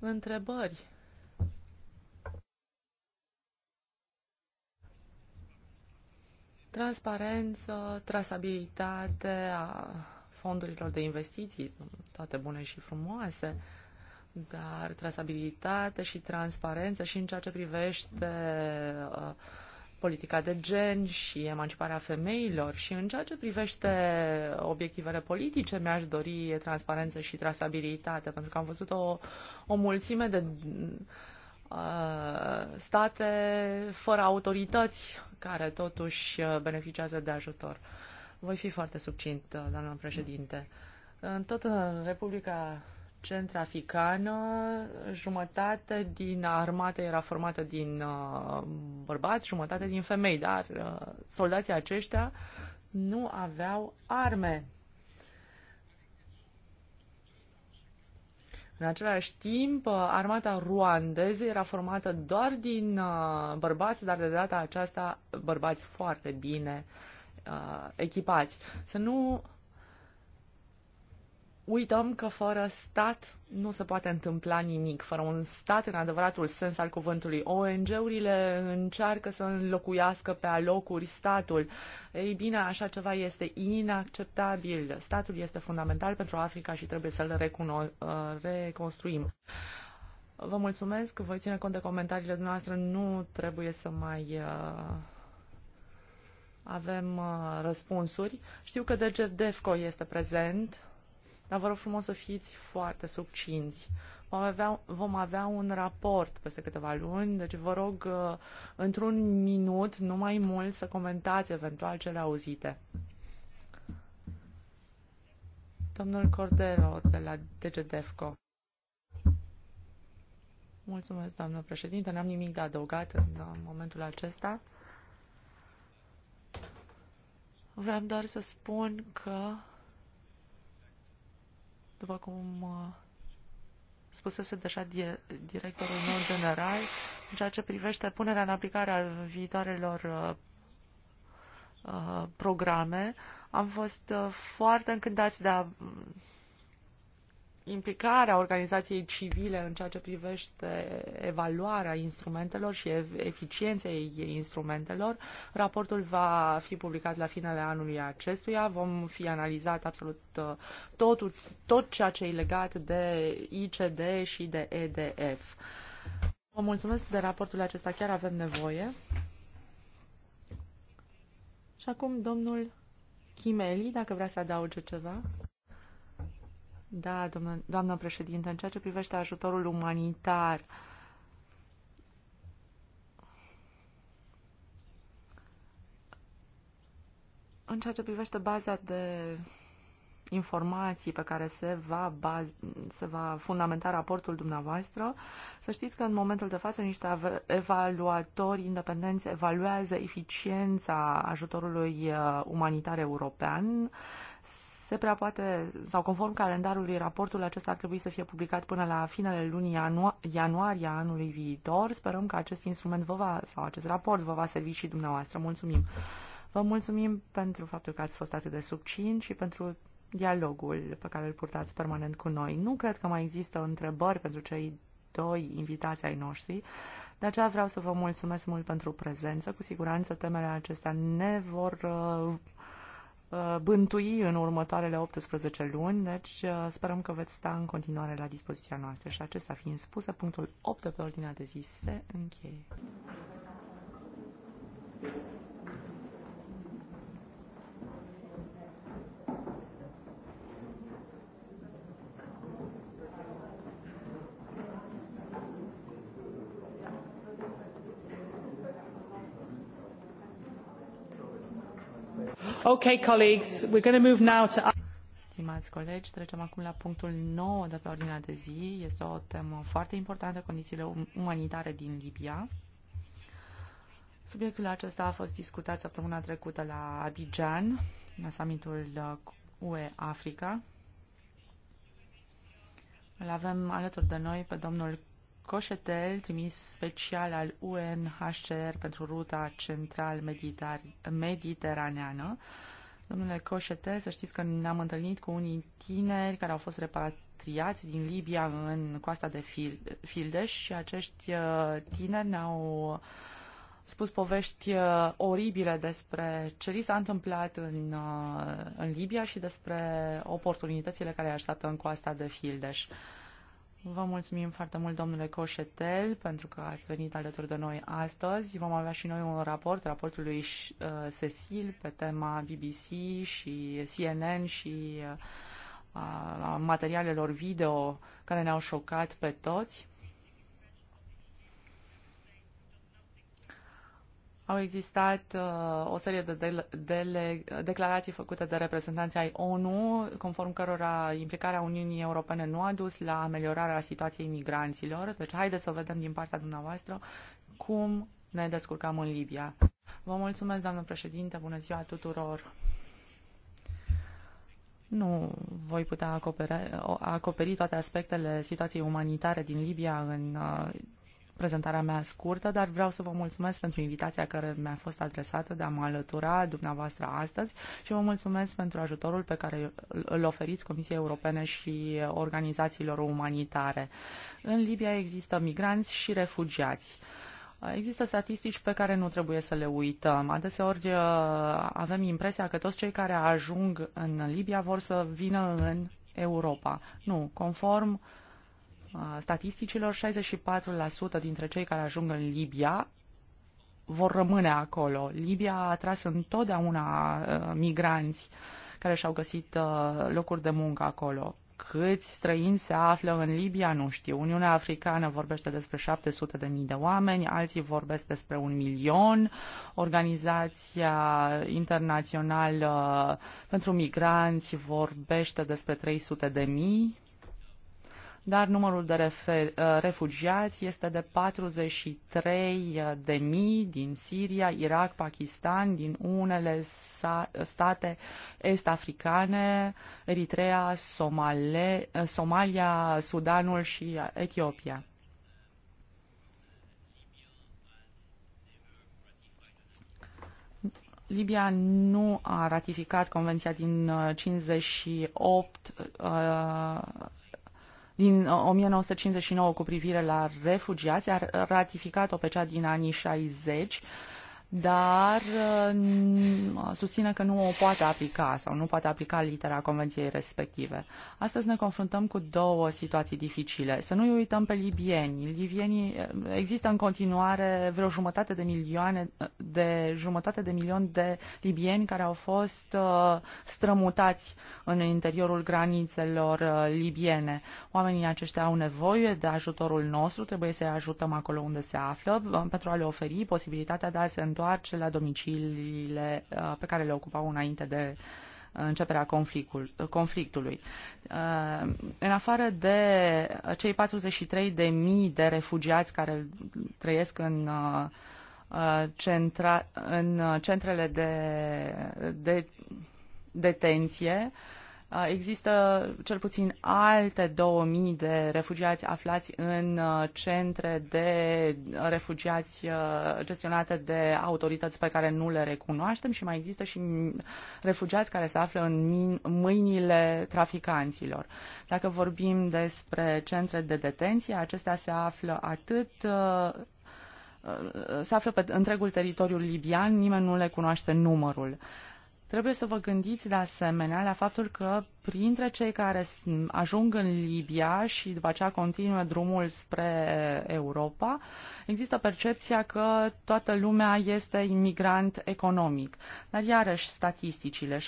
întrebări. Transparență, trasabilitate a fondurilor de investiții, toate bune și frumoase, dar trasabilitate și transparență și în ceea ce privește uh, politica de gen și emanciparea femeilor și în ceea ce privește obiectivele politice mi-aș dori transparență și trasabilitate, pentru că am văzut o, o mulțime de uh, state fără autorități care totuși uh, beneficiază de ajutor. Voi fi foarte subțint, uh, doamna În Tot în uh, Republica centrafricană, jumătate din armată era formată din uh, bărbați, jumătate din femei, dar uh, soldații aceștia nu aveau arme. În același timp, uh, armata ruandeză era formată doar din bărbați, dar de data aceasta bărbați foarte bine echipați. Să nu uităm că fără stat nu se poate întâmpla nimic. Fără un stat, în adevăratul sens al cuvântului, ONG-urile încearcă să înlocuiască pe alocuri statul. Ei bine, așa ceva este inacceptabil. Statul este fundamental pentru Africa și trebuie să-l uh, reconstruim. Vă mulțumesc, voi ține cont de comentariile noastre, nu trebuie să mai uh, avem uh, răspunsuri. Știu că DGDFCO este prezent dar vă rog frumos să fiți foarte subcinți. Vom avea, vom avea un raport peste câteva luni, deci vă rog uh, într-un minut, nu mai mult, să comentați eventual cele auzite. Domnul Cordero de la DGDEFCO. Mulțumesc, doamnă președinte. N-am nimic de adăugat în momentul acesta. Vreau doar să spun că după cum uh, spusese deja directorul meu general, în ceea ce privește punerea în aplicare a viitoarelor uh, uh, programe, am fost foarte încântați de a, implicarea organizației civile în ceea ce privește evaluarea instrumentelor și eficienței instrumentelor. Raportul va fi publicat la finele anului acestuia. Vom fi analizat absolut uh, totul, tot ceea ce e legat de ICD și de EDF. Vă mulțumesc de raportul acesta, chiar avem nevoie. Și acum domnul Chimeli, dacă vrea să adauge ceva. Da, doamnă, doamnă președinte, în ceea ce privește ajutorul umanitar, în ceea ce privește baza de informații pe care se va, baz, se va fundamenta raportul dumneavoastră, să știți că în momentul de față niște evaluatori independenți evaluează eficiența ajutorului uh, umanitar european se prea poate, sau conform calendarului, raportul acesta ar trebui să fie publicat până la finele lunii ianu- ianuarie anului viitor. Sperăm că acest instrument vă va, sau acest raport vă va servi și dumneavoastră. Mulțumim! Vă mulțumim pentru faptul că ați fost atât de subțin și pentru dialogul pe care îl purtați permanent cu noi. Nu cred că mai există întrebări pentru cei doi invitați ai noștri. De aceea vreau să vă mulțumesc mult pentru prezență. Cu siguranță temele acestea ne vor uh, Uh, bântui în următoarele 18 luni, deci uh, sperăm că veți sta în continuare la dispoziția noastră. Și acesta fiind spusă, punctul 8 pe ordinea de zi se încheie. Okay, colleagues, we're going to move now to... Stimați colegi, trecem acum la punctul 9 de pe ordinea de zi. Este o temă foarte importantă, condițiile um- umanitare din Libia. Subiectul acesta a fost discutat săptămâna trecută la Abidjan, la summitul UE-Africa. Uh, Îl avem alături de noi pe domnul Coșetel, trimis special al UNHCR pentru ruta central-mediteraneană. Domnule Coșetel, să știți că ne-am întâlnit cu unii tineri care au fost repatriați din Libia în coasta de Fildeș și acești uh, tineri ne-au spus povești uh, oribile despre ce li s-a întâmplat în, uh, în Libia și despre oportunitățile care îi așteaptă în coasta de Fildeș. Vă mulțumim foarte mult, domnule Coșetel, pentru că ați venit alături de noi astăzi. Vom avea și noi un raport, raportul lui uh, Cecil, pe tema BBC și CNN și uh, a materialelor video care ne-au șocat pe toți. Au existat uh, o serie de, dele, dele, declarații făcute de reprezentanții ai ONU, conform cărora implicarea Uniunii Europene nu a dus la ameliorarea situației migranților. Deci haideți să vedem din partea dumneavoastră cum ne descurcam în Libia. Vă mulțumesc, doamnă președinte, bună ziua tuturor! Nu voi putea acoperi, acoperi toate aspectele situației umanitare din Libia în uh, prezentarea mea scurtă, dar vreau să vă mulțumesc pentru invitația care mi-a fost adresată de a mă alătura dumneavoastră astăzi și vă mulțumesc pentru ajutorul pe care îl oferiți Comisiei Europene și organizațiilor umanitare. În Libia există migranți și refugiați. Există statistici pe care nu trebuie să le uităm. Adeseori uh, avem impresia că toți cei care ajung în Libia vor să vină în Europa. Nu, conform uh, statisticilor, 64% dintre cei care ajung în Libia vor rămâne acolo. Libia a atras întotdeauna migranți care și-au găsit locuri de muncă acolo. Câți străini se află în Libia, nu știu. Uniunea Africană vorbește despre 700 de mii de oameni, alții vorbesc despre un milion. Organizația internațională pentru migranți vorbește despre 300 de mii dar numărul de refer- uh, refugiați este de 43 de mii din Siria, Irak, Pakistan, din unele state est-africane, Eritrea, Somale, uh, Somalia, Sudanul și Etiopia. Libia nu a ratificat convenția din 58 uh, din 1959 uh, cu privire la refugiați, a ratificat-o pe cea din anii 60 dar uh, susține că nu o poate aplica sau nu poate aplica litera convenției respective. Astăzi ne confruntăm cu două situații dificile. Să nu uităm pe libieni. Libienii uh, există în continuare vreo jumătate de milioane uh, de jumătate de milion de libieni care au fost strămutați în interiorul granițelor libiene. Oamenii aceștia au nevoie de ajutorul nostru, trebuie să-i ajutăm acolo unde se află pentru a le oferi posibilitatea de a se întoarce întoarce la domiciliile uh, pe care le ocupau înainte de uh, începerea uh, conflictului. În afară de cei 43.000 de mii de refugiați care trăiesc în, centra, în centrele de, de detenție, Există cel puțin alte 2000 de refugiați aflați în uh, centre de uh, refugiați uh, gestionate de autorități pe care nu le recunoaștem și mai există și mm, refugiați care se află în mâinile traficanților. Dacă vorbim despre centre de detenție, acestea se află atât se află pe întregul teritoriu libian, nimeni nu le cunoaște numărul. Trebuie să vă gândiți de asemenea la faptul că printre cei care ajung în Libia și după aceea continuă drumul spre Europa, există percepția că toată lumea este imigrant economic. Dar iarăși statisticile, 74%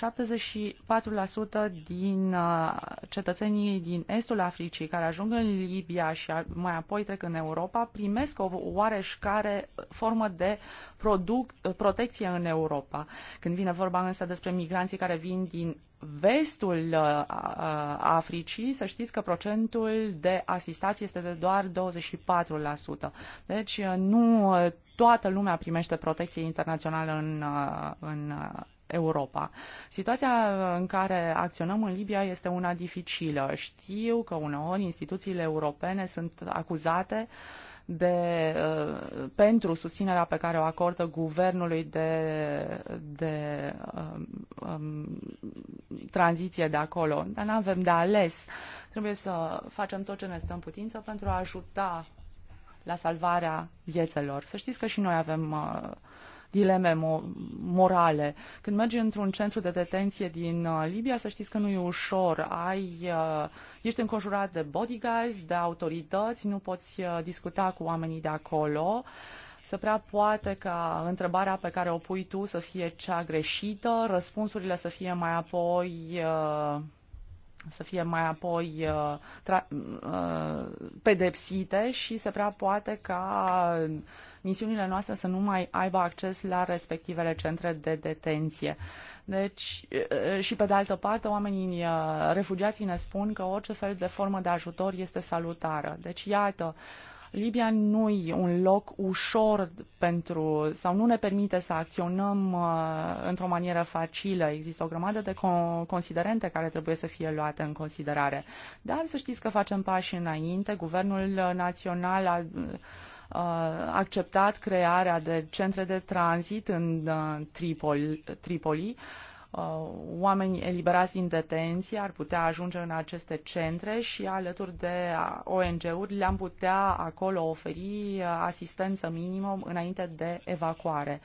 din uh, cetățenii din estul Africii care ajung în Libia și mai apoi trec în Europa primesc o oareșcare uh, formă de product, uh, protecție în Europa. Când vine vorba însă despre migranții care vin din vestul uh, Africii, să știți că procentul de asistați este de doar 24%. Deci uh, nu uh, toată lumea primește protecție internațională în, în Europa. Situația în care acționăm în Libia este una dificilă. Știu că uneori instituțiile europene sunt acuzate uh, de, uh, pentru susținerea pe care o acordă guvernului de, de um, um, tranziție de acolo. Dar nu avem de ales. Trebuie să facem tot ce ne stă în putință pentru a ajuta la salvarea viețelor. Să știți că și noi avem uh, dileme mo- morale. Când mergi într-un centru de detenție din uh, Libia, să știți că nu e ușor. Ai, uh, ești înconjurat de bodyguards, de autorități, nu poți uh, discuta cu oamenii de acolo să prea poate ca întrebarea pe care o pui tu să fie cea greșită, răspunsurile să fie mai apoi să fie mai apoi pedepsite și se prea poate ca misiunile noastre să nu mai aibă acces la respectivele centre de detenție. Deci, și pe de altă parte, oamenii refugiații ne spun că orice fel de formă de ajutor este salutară. Deci, iată, Libia nu e un loc ușor pentru sau nu ne permite să acționăm uh, într-o manieră facilă. Există o grămadă de co- considerente care trebuie să fie luate în considerare. Dar să știți că facem pași înainte. Guvernul național a, Uh, acceptat crearea de centre de tranzit în uh, Tripoli, Tripoli uh, oamenii eliberați din detenție ar putea ajunge în aceste centre și alături de ONG-uri le-am putea acolo oferi asistență minimum înainte de evacuare.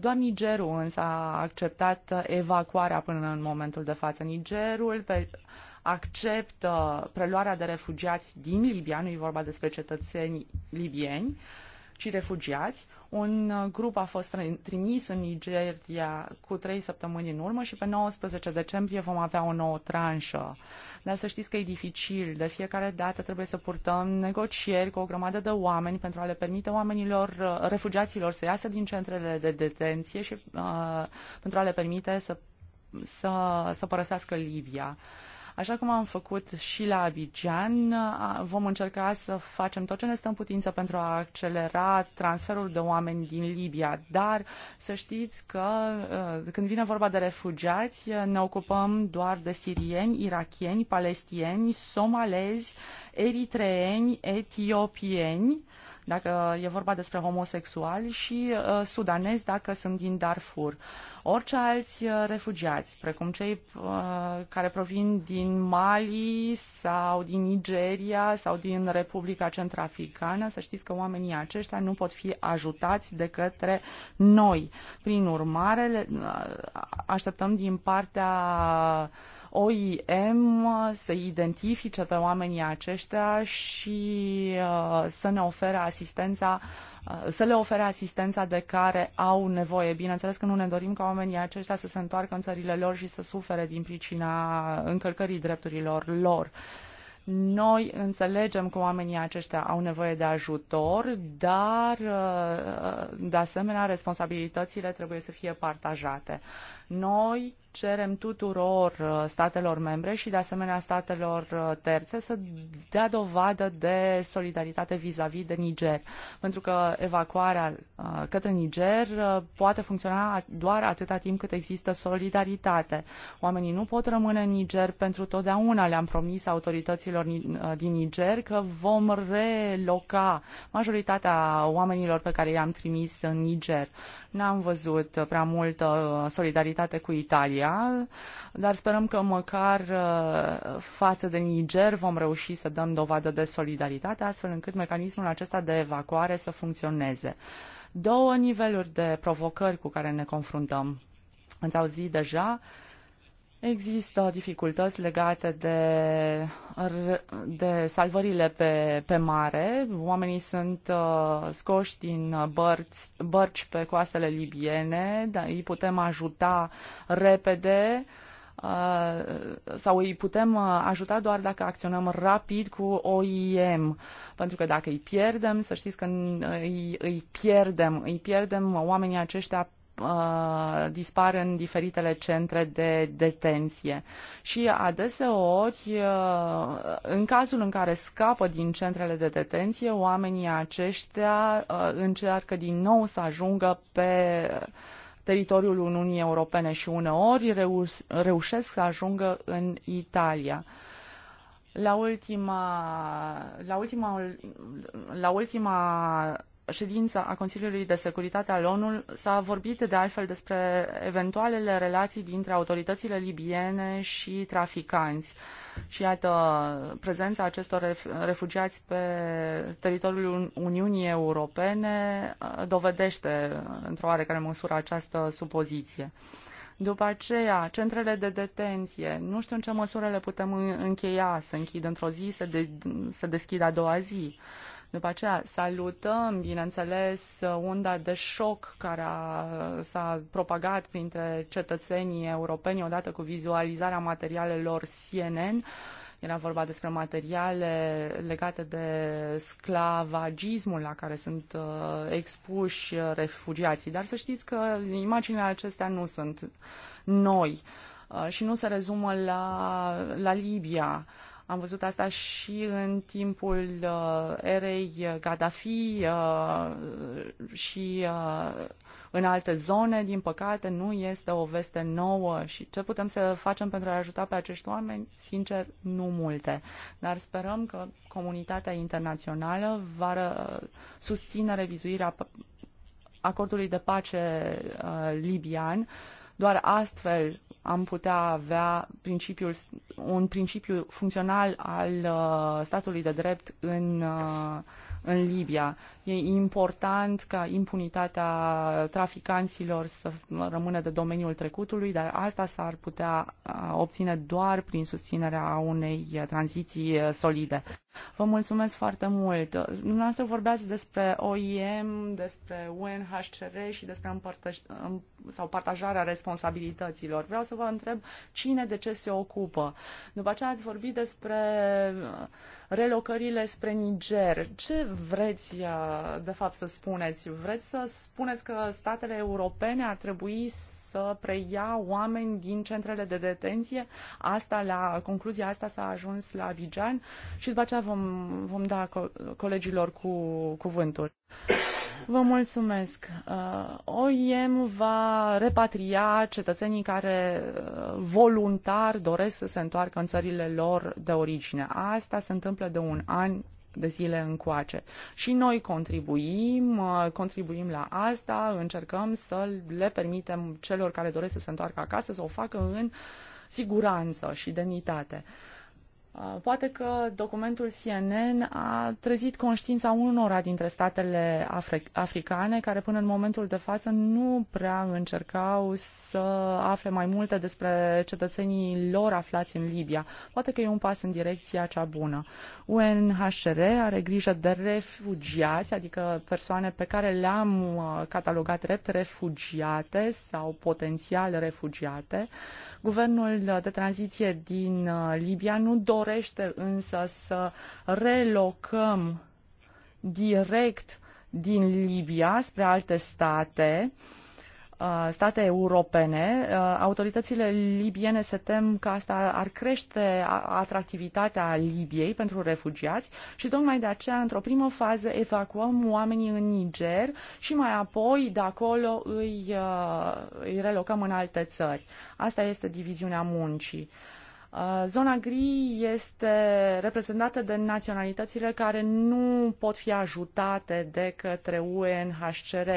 Doar Nigerul însă a acceptat evacuarea până în momentul de față. Nigerul pe acceptă preluarea de refugiați din Libia, nu e vorba despre cetățeni libieni, ci refugiați. Un grup a fost trimis în Nigeria cu trei săptămâni în urmă și pe 19 decembrie vom avea o nouă tranșă. Dar să știți că e dificil. De fiecare dată trebuie să purtăm negocieri cu o grămadă de oameni pentru a le permite oamenilor, refugiaților să iasă din centrele de detenție și uh, pentru a le permite să, să, să părăsească Libia. Așa cum am făcut și la Abidjan, vom încerca să facem tot ce ne stă în putință pentru a accelera transferul de oameni din Libia, dar să știți că când vine vorba de refugiați, ne ocupăm doar de sirieni, irachieni, palestieni, somalezi, eritreeni, etiopieni, dacă e vorba despre homosexuali, și uh, sudanezi, dacă sunt din Darfur. Orice alți uh, refugiați, precum cei uh, care provin din Mali sau din Nigeria sau din Republica Centrafricană, să știți că oamenii aceștia nu pot fi ajutați de către noi. Prin urmare, le, uh, așteptăm din partea uh, OIM să identifice pe oamenii aceștia și uh, să ne ofere asistența uh, să le ofere asistența de care au nevoie. Bineînțeles că nu ne dorim ca oamenii aceștia să se întoarcă în țările lor și să sufere din pricina încălcării drepturilor lor. Noi înțelegem că oamenii aceștia au nevoie de ajutor, dar uh, de asemenea responsabilitățile trebuie să fie partajate. Noi cerem tuturor uh, statelor membre și de asemenea statelor uh, terțe să dea dovadă de solidaritate vis-a-vis -vis de Niger, pentru că evacuarea uh, către Niger poate funcționa doar atâta timp cât există solidaritate. Oamenii nu pot rămâne în Niger pentru totdeauna. Le-am promis autorităților din Niger că vom reloca majoritatea oamenilor pe care i-am trimis în Niger. N-am văzut uh, prea multă uh, solidaritate cu Italia, dar sperăm că măcar uh, față de Niger vom reuși să dăm dovadă de solidaritate, astfel încât mecanismul acesta de evacuare să funcționeze. Două niveluri de provocări cu care ne confruntăm. Ați auzit deja Există dificultăți legate de, de salvările pe, pe mare. Oamenii sunt uh, scoși din bărți, bărci pe coastele libiene, dar îi putem ajuta repede uh, sau îi putem uh, ajuta doar dacă acționăm rapid cu OIM. Pentru că dacă îi pierdem, să știți că uh, îi, îi pierdem, îi pierdem oamenii aceștia Uh, dispar în diferitele centre de detenție. Și adeseori, uh, în cazul în care scapă din centrele de detenție, oamenii aceștia uh, încearcă din nou să ajungă pe teritoriul Uniunii Europene și uneori reu reușesc să ajungă în Italia. La ultima, la ultima, la ultima ședință a Consiliului de Securitate al ONU s-a vorbit de altfel despre eventualele relații dintre autoritățile libiene și traficanți. Și iată, prezența acestor refugiați pe teritoriul Uniunii Europene uh, dovedește într-o oarecare măsură această supoziție. După aceea, centrele de detenție, nu știu în ce măsură le putem încheia, să închid într-o zi, să, de, să deschid a doua zi. Uh, după aceea salutăm, bineînțeles, unda de șoc care a, s-a propagat printre cetățenii europeni odată cu vizualizarea materialelor CNN. Era vorba despre materiale legate de sclavagismul la care sunt uh, expuși refugiații. Dar să știți că imaginile acestea nu sunt noi uh, și nu se rezumă la, la Libia. Uh, am văzut asta și în timpul uh, erei Gaddafi uh, și uh, în alte zone, din păcate, nu este o veste nouă și ce putem să facem pentru a ajuta pe acești oameni? Sincer, nu multe. Dar sperăm că comunitatea internațională va uh, susține revizuirea acordului de pace uh, libian. Doar astfel am putea avea principiul, un principiu funcțional al uh, statului de drept în, uh, în Libia. E important ca impunitatea traficanților să rămână de domeniul trecutului, dar asta s-ar putea obține doar prin susținerea unei tranziții solide. Vă mulțumesc foarte mult. Dumneavoastră vorbeați despre OIM, despre UNHCR și despre împărtăș- sau partajarea responsabilităților. Vreau să vă întreb cine de ce se ocupă. După aceea ați vorbit despre relocările spre Niger. Ce vreți de fapt să spuneți? Vreți să spuneți că statele europene ar trebui să preia oameni din centrele de detenție? Asta la concluzia asta s-a ajuns la Abidjan și după aceea vom, vom da co colegilor cu cuvântul. Vă mulțumesc. Uh, OIM va repatria cetățenii care uh, voluntar doresc să se întoarcă în țările lor de origine. Asta se întâmplă de un an de zile încoace. Și noi contribuim, uh, contribuim la asta, încercăm să le permitem celor care doresc să se întoarcă acasă să o facă în siguranță și demnitate. Uh, Uh, poate că documentul CNN a trezit conștiința unora dintre statele africane care până în momentul de față nu prea încercau să afle mai multe despre cetățenii lor aflați în Libia. Poate că e un pas în direcția cea bună. UNHCR are grijă de refugiați, adică persoane pe care le-am uh, catalogat drept refugiate sau potențial refugiate. Guvernul de tranziție din uh, Libia nu dorește însă să relocăm direct din Libia spre alte state uh, Uh, state europene, uh, autoritățile libiene se tem că asta ar crește atractivitatea Libiei pentru refugiați și tocmai de aceea, într-o primă fază, evacuăm oamenii în Niger și mai apoi de acolo îi, uh, îi relocăm în alte țări. Asta este diviziunea muncii. Uh, Uh, zona gri este reprezentată de naționalitățile care nu pot fi ajutate de către UNHCR.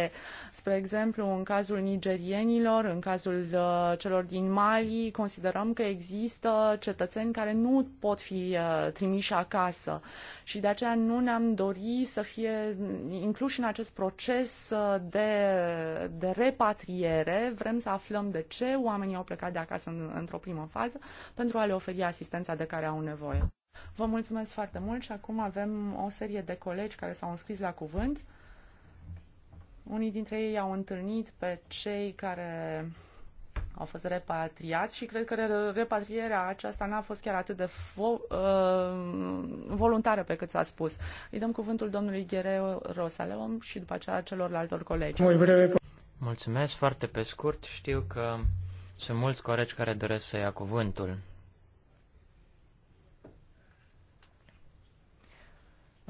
Spre exemplu, în cazul nigerienilor, în cazul uh, celor din Mali, considerăm că există cetățeni care nu pot fi uh, trimiși acasă și de aceea nu ne-am dori să fie incluși în acest proces de, de repatriere. Vrem să aflăm de ce oamenii au plecat de acasă într-o primă fază pentru a le oferi asistența de care au nevoie. Vă mulțumesc foarte mult și acum avem o serie de colegi care s-au înscris la cuvânt. Unii dintre ei au întâlnit pe cei care au fost repatriați și cred că repatrierea aceasta n-a fost chiar atât de fo- uh, voluntară pe cât s-a spus. Îi dăm cuvântul domnului Ghereu Rosaleom și după aceea celorlaltor colegi. Mulțumesc foarte pe scurt. Știu că sunt mulți colegi care doresc să ia cuvântul.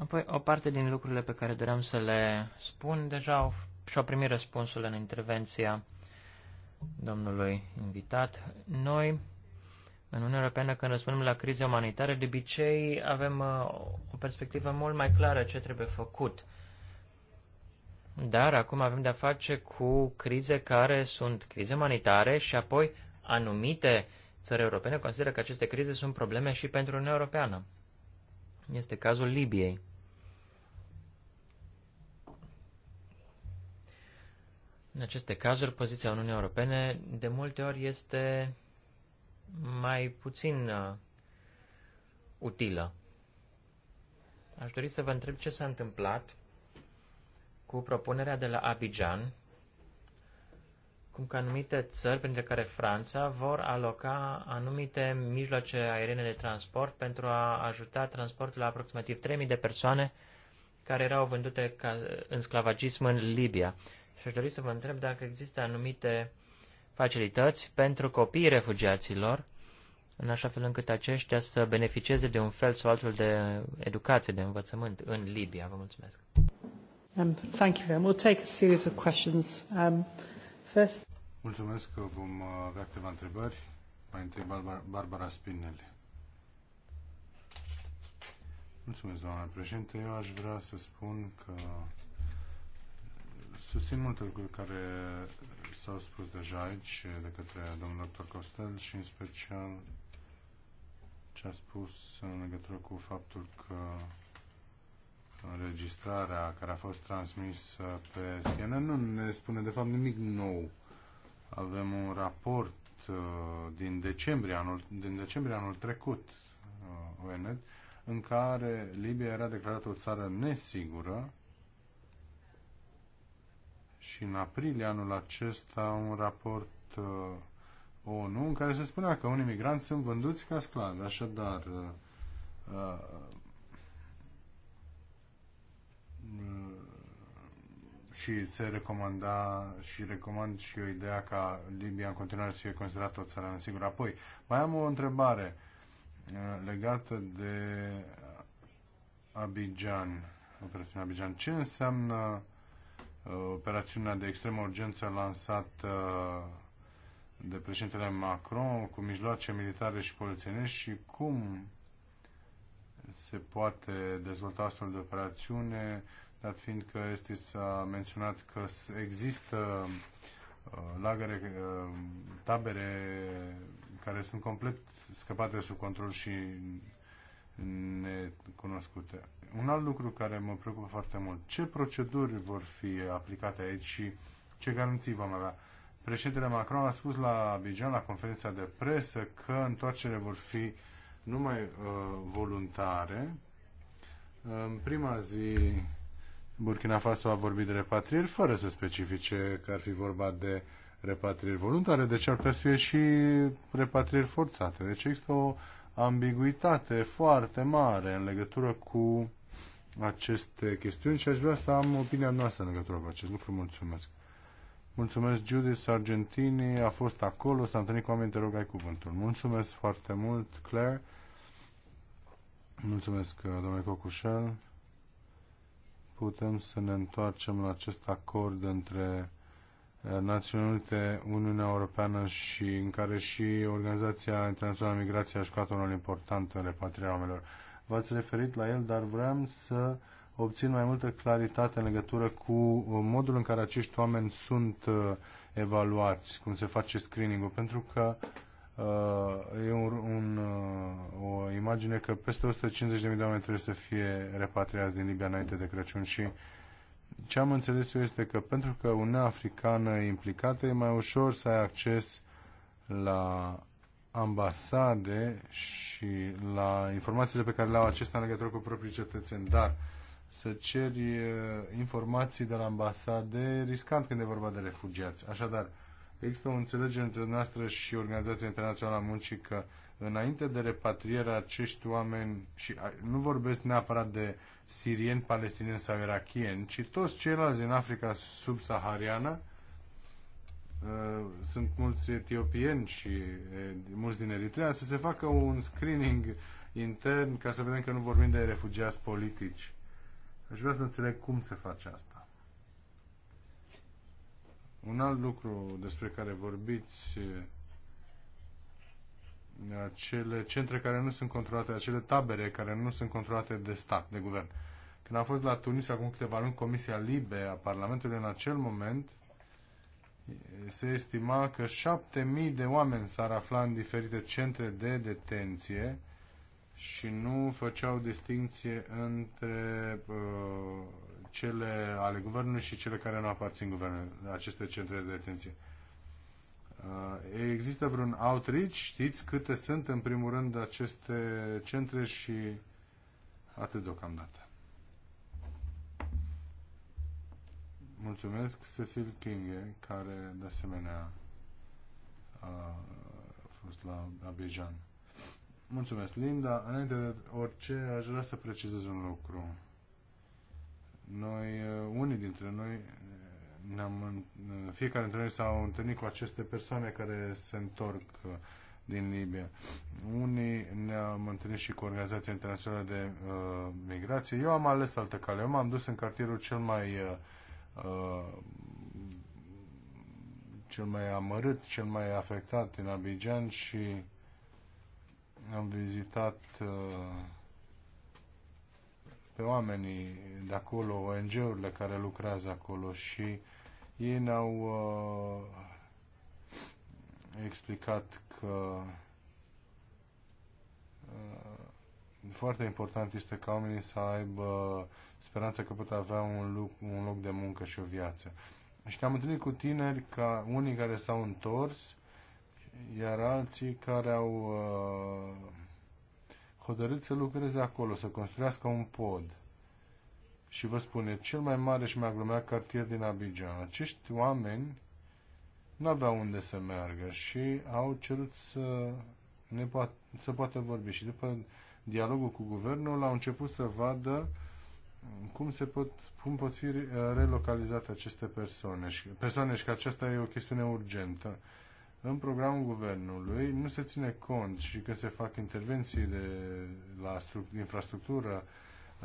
Apoi, o parte din lucrurile pe care doream să le spun deja au, și-au primit răspunsul în intervenția domnului invitat. Noi, în Uniunea Europeană, când răspundem la crize umanitare, de obicei avem uh, o perspectivă mult mai clară ce trebuie făcut. Dar acum avem de-a face cu crize care sunt crize umanitare și apoi anumite țări europene consideră că aceste crize sunt probleme și pentru Uniunea Europeană. Este cazul Libiei. În aceste cazuri, poziția Uniunii Europene de multe ori este mai puțin uh, utilă. Aș dori să vă întreb ce s-a întâmplat cu propunerea de la Abidjan cum că anumite țări, printre care Franța, vor aloca anumite mijloace aeriene de transport pentru a ajuta transportul la aproximativ 3.000 de persoane care erau vândute ca, în sclavagism în Libia. Și aș dori să vă întreb dacă există anumite facilități pentru copiii refugiaților, în așa fel încât aceștia să beneficieze de un fel sau altul de educație, de învățământ în Libia. Vă mulțumesc. Um, thank you. we'll take a series of questions. Um, first... Mulțumesc că vom avea câteva întrebări. Mai întâi Barbara, Spinelli. Mulțumesc, doamna președinte. Eu aș vrea să spun că susțin multe lucruri care s-au spus deja aici de către domnul doctor Costel și în special ce a spus în legătură cu faptul că înregistrarea care a fost transmisă pe CNN nu ne spune de fapt nimic nou. Avem un raport uh, din decembrie anul, din decembrie anul trecut, UNED, uh, în care Libia era declarată o țară nesigură și în aprilie anul acesta un raport uh, ONU în care se spunea că unii migranți sunt vânduți ca sclavi. Așadar, uh, uh, și se recomanda și recomand și eu ideea ca Libia în continuare să fie considerată o țară în sigur. Apoi, mai am o întrebare uh, legată de Abidjan, operațiunea Abidjan. Ce înseamnă uh, operațiunea de extremă urgență lansată uh, de președintele Macron cu mijloace militare și polițienești și cum se poate dezvolta astfel de operațiune, dat fiind că s a menționat că există uh, lagăre, uh, tabere care sunt complet scăpate sub control și necunoscute. Un alt lucru care mă preocupă foarte mult, ce proceduri vor fi aplicate aici și ce garanții vom avea? Președintele Macron a spus la Abidjan, la conferința de presă, că întoarcere vor fi numai uh, voluntare. În prima zi Burkina Faso a vorbit de repatrieri fără să specifice că ar fi vorba de repatrieri voluntare, deci ar putea să fie și repatrieri forțate. Deci există o ambiguitate foarte mare în legătură cu aceste chestiuni și aș vrea să am opinia noastră în legătură cu acest lucru. Mulțumesc! Mulțumesc, Judith Sargentini, a fost acolo, s-a întâlnit cu oameni, te rog, ai cuvântul. Mulțumesc foarte mult, Claire. Mulțumesc, domnule Cocușel putem să ne întoarcem la acest acord între eh, Națiunile Unite, Uniunea Europeană și în care și Organizația Internațională a Migrației a jucat un rol important în repatrierea oamenilor. V-ați referit la el, dar vreau să obțin mai multă claritate în legătură cu eh, modul în care acești oameni sunt eh, evaluați, cum se face screening-ul, pentru că Uh, e un, un, uh, o imagine că peste 150.000 de oameni trebuie să fie repatriați din Libia înainte de Crăciun și ce am înțeles eu este că pentru că Uniunea Africană e implicată, e mai ușor să ai acces la ambasade și la informațiile pe care le au acestea în legătură cu proprii cetățeni, dar să ceri uh, informații de la ambasade riscant când e vorba de refugiați. Așadar, uh, Există o înțelegere între noastră și Organizația Internațională a Muncii că înainte de repatriere acești oameni, și nu vorbesc neapărat de sirieni, palestinieni sau irachieni, ci toți ceilalți din Africa subsahariană, uh, sunt mulți etiopieni și mulți din Eritrea, să se facă un screening intern ca să vedem că nu vorbim de refugiați politici. Aș vrea să înțeleg cum se face asta. Un alt lucru despre care vorbiți, acele centre care nu sunt controlate, acele tabere care nu sunt controlate de stat, de guvern. Când am fost la Tunis acum câteva luni, Comisia Libe a Parlamentului, în acel moment, se estima că 7.000 de oameni s-ar afla în diferite centre de detenție și nu făceau distinție între uh, cele ale guvernului și cele care nu aparțin guvernului, aceste centre de detenție. Uh, există vreun outreach? Știți câte sunt, în primul rând, aceste centre și atât deocamdată. Mulțumesc Cecil Kinge, care de asemenea a fost la Abidjan. Mulțumesc, Linda. Înainte de orice, aș vrea să precizez un lucru. Noi, uh, unii dintre noi, uh, ne-am, uh, fiecare dintre noi s-au întâlnit cu aceste persoane care se întorc din Libia. Unii ne-am întâlnit și cu Organizația Internațională de uh, Migrație. Eu am ales altă cale. Eu m-am dus în cartierul cel mai uh, cel mai amărât, cel mai afectat din Abidjan și am vizitat uh, pe oamenii de acolo, ONG-urile care lucrează acolo și ei ne-au uh, explicat că uh, foarte important este ca oamenii să aibă speranța că pot avea un loc, un loc de muncă și o viață. Și ne-am întâlnit cu tineri, ca unii care s-au întors, iar alții care au uh, hotărât să lucreze acolo, să construiască un pod. Și vă spune, cel mai mare și mai aglomerat cartier din Abidjan. Acești oameni nu aveau unde să meargă și au cerut să, ne po- să poată vorbi. Și după dialogul cu guvernul au început să vadă cum, se pot, cum pot fi uh, relocalizate aceste persoane și, persoane și că aceasta e o chestiune urgentă în programul guvernului nu se ține cont și când se fac intervenții de la infrastructură,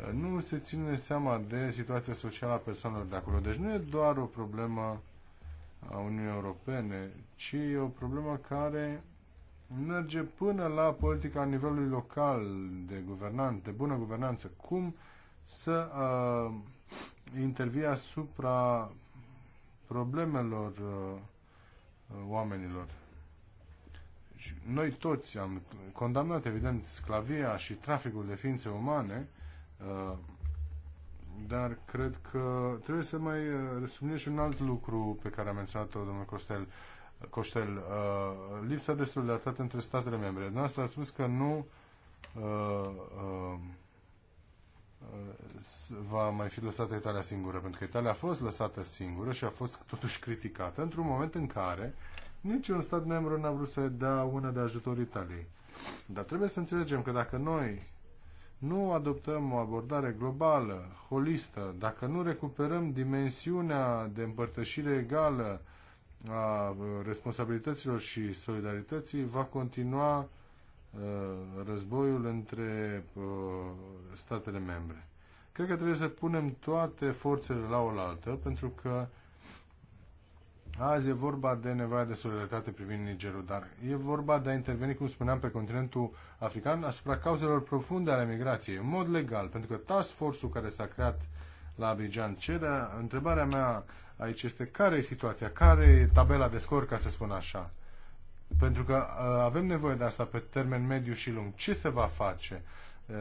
uh, nu se ține seama de situația socială a persoanelor de acolo. Deci nu e doar o problemă a Uniunii Europene, ci e o problemă care merge până la politica nivelului local de guvernant, de bună guvernanță. Cum să uh, intervii asupra problemelor uh, Uh, oamenilor. Și noi toți am condamnat, evident, sclavia și traficul de ființe umane, uh, dar cred că trebuie să mai uh, subliniez și un alt lucru pe care a menționat-o domnul Costel. Costel lipsa de solidaritate între statele membre. Noastră a spus că nu uh, uh, va mai fi lăsată Italia singură, pentru că Italia a fost lăsată singură și a fost totuși criticată într-un moment în care niciun stat membru n-a vrut să dea una de ajutor Italiei. Dar trebuie să înțelegem că dacă noi nu adoptăm o abordare globală, holistă, dacă nu recuperăm dimensiunea de împărtășire egală a uh, responsabilităților și solidarității, va continua Uh, războiul între uh, statele membre. Cred că trebuie să punem toate forțele la oaltă, pentru că azi e vorba de nevoia de solidaritate privind Nigerul, dar e vorba de a interveni, cum spuneam, pe continentul african asupra cauzelor profunde ale migrației, în mod legal, pentru că task force-ul care s-a creat la Abidjan cere, întrebarea mea aici este care e situația, care e tabela de scor, ca să spun așa pentru că uh, avem nevoie de asta pe termen mediu și lung. Ce se va face? Uh,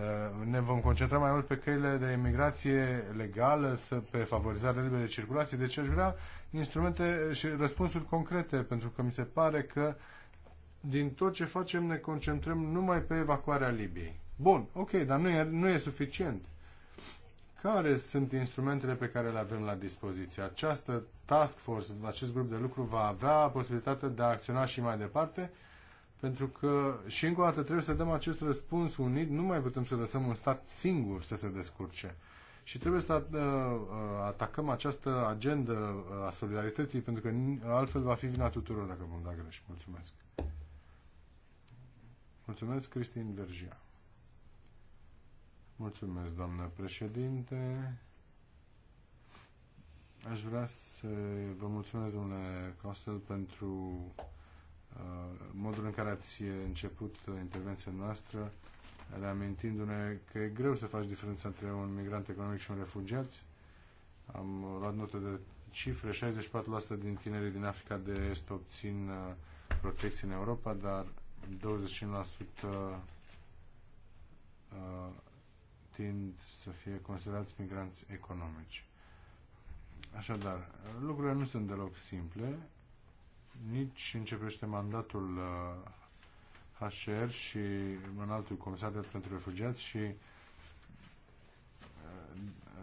ne vom concentra mai mult pe căile de emigrație legală, pe favorizarea liberei circulații. Deci aș vrea instrumente și răspunsuri concrete, pentru că mi se pare că din tot ce facem ne concentrăm numai pe evacuarea Libiei. Bun, ok, dar nu e, nu e suficient care sunt instrumentele pe care le avem la dispoziție. Această task force, acest grup de lucru va avea posibilitatea de a acționa și mai departe, pentru că și încă o dată trebuie să dăm acest răspuns unit, nu mai putem să lăsăm un stat singur să se descurce. Și trebuie să uh, uh, atacăm această agendă uh, a solidarității, pentru că altfel va fi vina tuturor dacă vom da greș. Mulțumesc. Mulțumesc, Cristin Vergia. Mulțumesc, doamnă președinte. Aș vrea să vă mulțumesc, domnule Costel, pentru uh, modul în care ați început intervenția noastră, reamintindu-ne că e greu să faci diferența între un migrant economic și un refugiat. Am luat notă de cifre, 64% din tinerii din Africa de Est obțin uh, protecție în Europa, dar 25% tind să fie considerați migranți economici. Așadar, lucrurile nu sunt deloc simple, nici începește mandatul HR uh, și altul comisariat pentru refugiați și uh,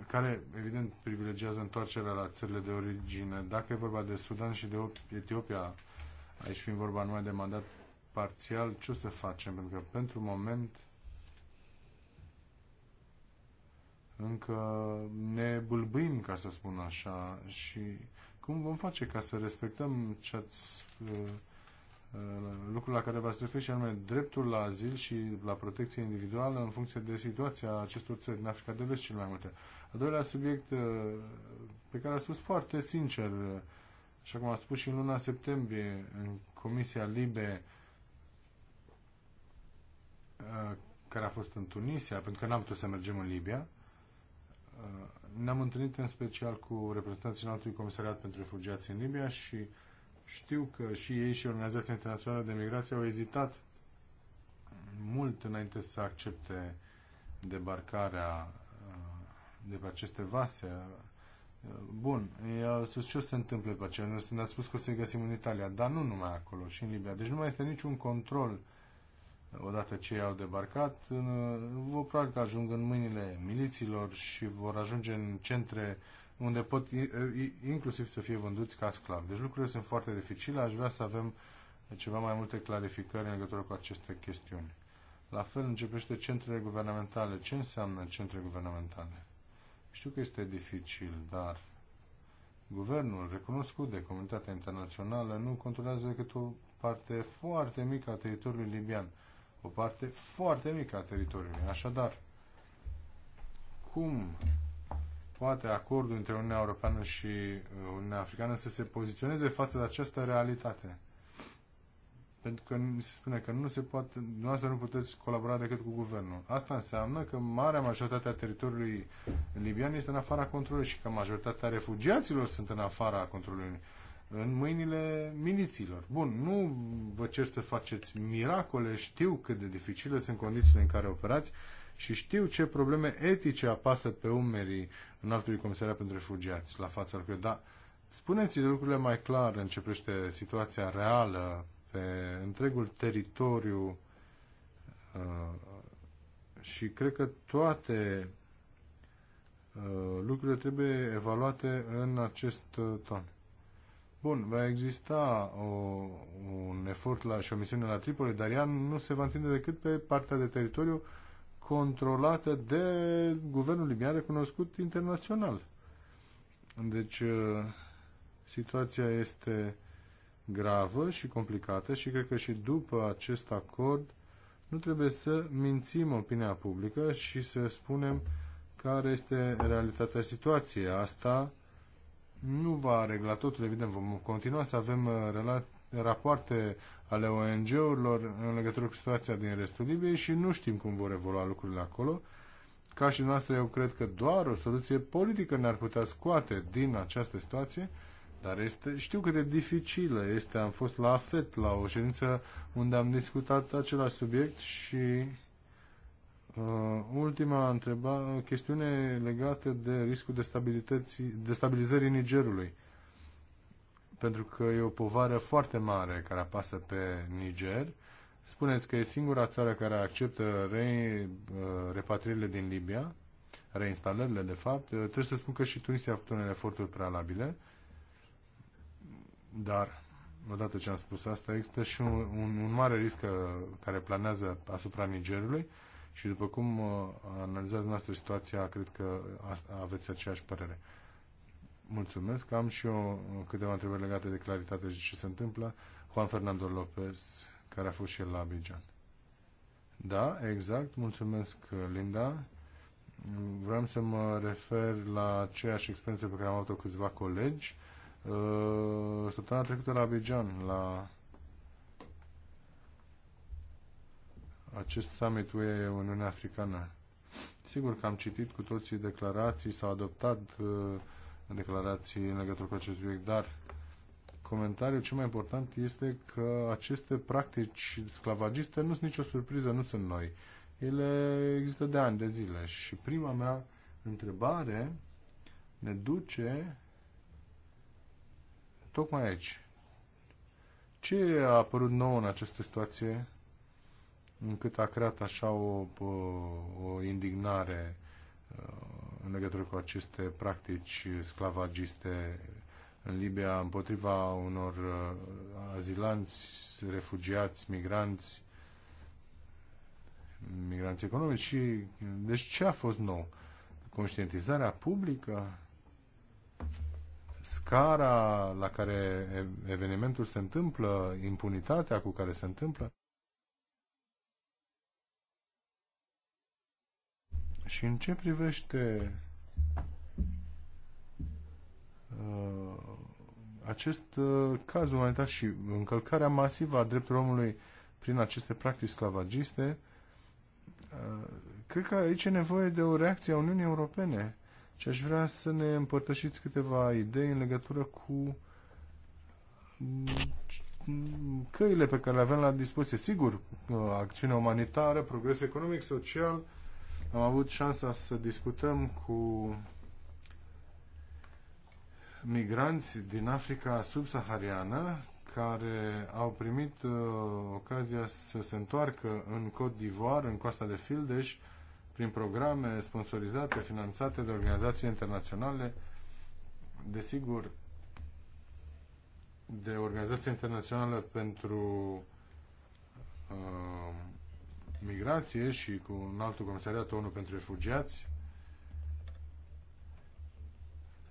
care, evident, privilegiază întoarcerea la țările de origine. Dacă e vorba de Sudan și de Etiopia, aici fiind vorba numai de mandat parțial, ce o să facem? Pentru că, pentru moment, încă ne bâlbâim, ca să spun așa, și cum vom face ca să respectăm ce ați, uh, uh, lucrul la care v-ați referit și anume dreptul la azil și la protecție individuală în funcție de situația acestor țări în Africa de Vest cel mai multe. Al doilea subiect uh, pe care a spus foarte sincer, așa cum a spus și în luna septembrie în Comisia Libe, care a fost în Tunisia, pentru că n-am putut să mergem în Libia, Uh, ne-am întâlnit în special cu reprezentanții altui comisariat pentru refugiați în Libia și știu că și ei și Organizația Internațională de Migrație au ezitat mult înainte să accepte debarcarea uh, de pe aceste vase. Uh, bun, eu sus ce se întâmplă pe aceea? Ne-a spus că o să găsim în Italia, dar nu numai acolo, și în Libia. Deci nu mai este niciun control uh, odată ce au debarcat, vor probabil că ajung în mâinile miliților și vor ajunge în centre unde pot inclusiv să fie vânduți ca sclav. Deci lucrurile sunt foarte dificile, aș vrea să avem ceva mai multe clarificări în legătură cu aceste chestiuni. La fel începește centrele guvernamentale. Ce înseamnă centre guvernamentale? Știu că este dificil, dar guvernul recunoscut de comunitatea internațională nu controlează decât o parte foarte mică a teritoriului libian o parte foarte mică a teritoriului. Așadar, cum poate acordul între Uniunea Europeană și uh, Uniunea Africană să se poziționeze față de această realitate? Pentru că se spune că nu se poate, dumneavoastră nu puteți colabora decât cu guvernul. Asta înseamnă că marea majoritatea teritoriului libian este în afara controlului și că majoritatea refugiaților sunt în afara controlului în mâinile miliților. Bun, nu vă cer să faceți miracole, știu cât de dificile sunt condițiile în care operați și știu ce probleme etice apasă pe umerii altul comisariat pentru refugiați la fața lui, Dar spuneți lucrurile mai clar, începește situația reală pe întregul teritoriu uh, și cred că toate uh, lucrurile trebuie evaluate în acest uh, ton. Bun, va exista o, un efort la, și o misiune la Tripoli, dar ea nu se va întinde decât pe partea de teritoriu controlată de guvernul libian recunoscut internațional. Deci, uh, situația este gravă și complicată și cred că și după acest acord nu trebuie să mințim opinia publică și să spunem care este realitatea situației. Asta nu va regla totul, evident, vom continua să avem uh, rapoarte ale ONG-urilor în legătură cu situația din restul Libiei și nu știm cum vor evolua lucrurile acolo. Ca și noastră, eu cred că doar o soluție politică ne-ar putea scoate din această situație, dar este, știu cât de dificilă este. Am fost la FET, la o ședință unde am discutat același subiect și Uh, ultima întreba, chestiune legată de riscul de destabilizării Nigerului. Pentru că e o povară foarte mare care apasă pe Niger. Spuneți că e singura țară care acceptă re, uh, repatrierile din Libia, reinstalările, de fapt. Uh, trebuie să spun că și Tunisia a făcut unele eforturi prealabile, dar odată ce am spus asta, există și un, un, un mare risc care planează asupra Nigerului și după cum uh, analizați noastră situația, cred că aveți aceeași părere. Mulțumesc. Am și eu uh, câteva întrebări legate de claritate și ce se întâmplă. Juan Fernando Lopez, care a fost și el la Abidjan. Da, exact. Mulțumesc, uh, Linda. Vreau să mă refer la aceeași experiență pe care am avut-o câțiva colegi. Săptămâna trecută la Abidjan, la acest summit UE-Uniunea Africană. Sigur că am citit cu toții declarații, s-au adoptat uh, declarații în legătură cu acest subiect, dar comentariul cel mai important este că aceste practici sclavagiste nu sunt nicio surpriză, nu sunt noi. Ele există de ani de zile și prima mea întrebare ne duce tocmai aici. Ce a apărut nou în această situație încât a creat așa o, o, indignare uh, în legătură cu aceste practici sclavagiste în Libia împotriva unor uh, azilanți, refugiați, migranți, migranți economici și deci ce a fost nou? Conștientizarea publică, scara la care evenimentul se întâmplă, impunitatea cu care se întâmplă, Și în ce privește uh, acest uh, caz umanitar și încălcarea masivă a drepturilor omului prin aceste practici sclavagiste, uh, cred că aici e nevoie de o reacție a Uniunii Europene și aș vrea să ne împărtășiți câteva idei în legătură cu mm, căile pe care le avem la dispoziție. Sigur, uh, acțiune umanitară, progres economic, social, am avut șansa să discutăm cu migranți din Africa subsahariană care au primit uh, ocazia să se întoarcă în Côte d'Ivoire, în coasta de Fildeș, prin programe sponsorizate, finanțate de organizații internaționale, desigur, de Organizația Internațională pentru uh, migrație și cu un altul comisariat ONU pentru refugiați.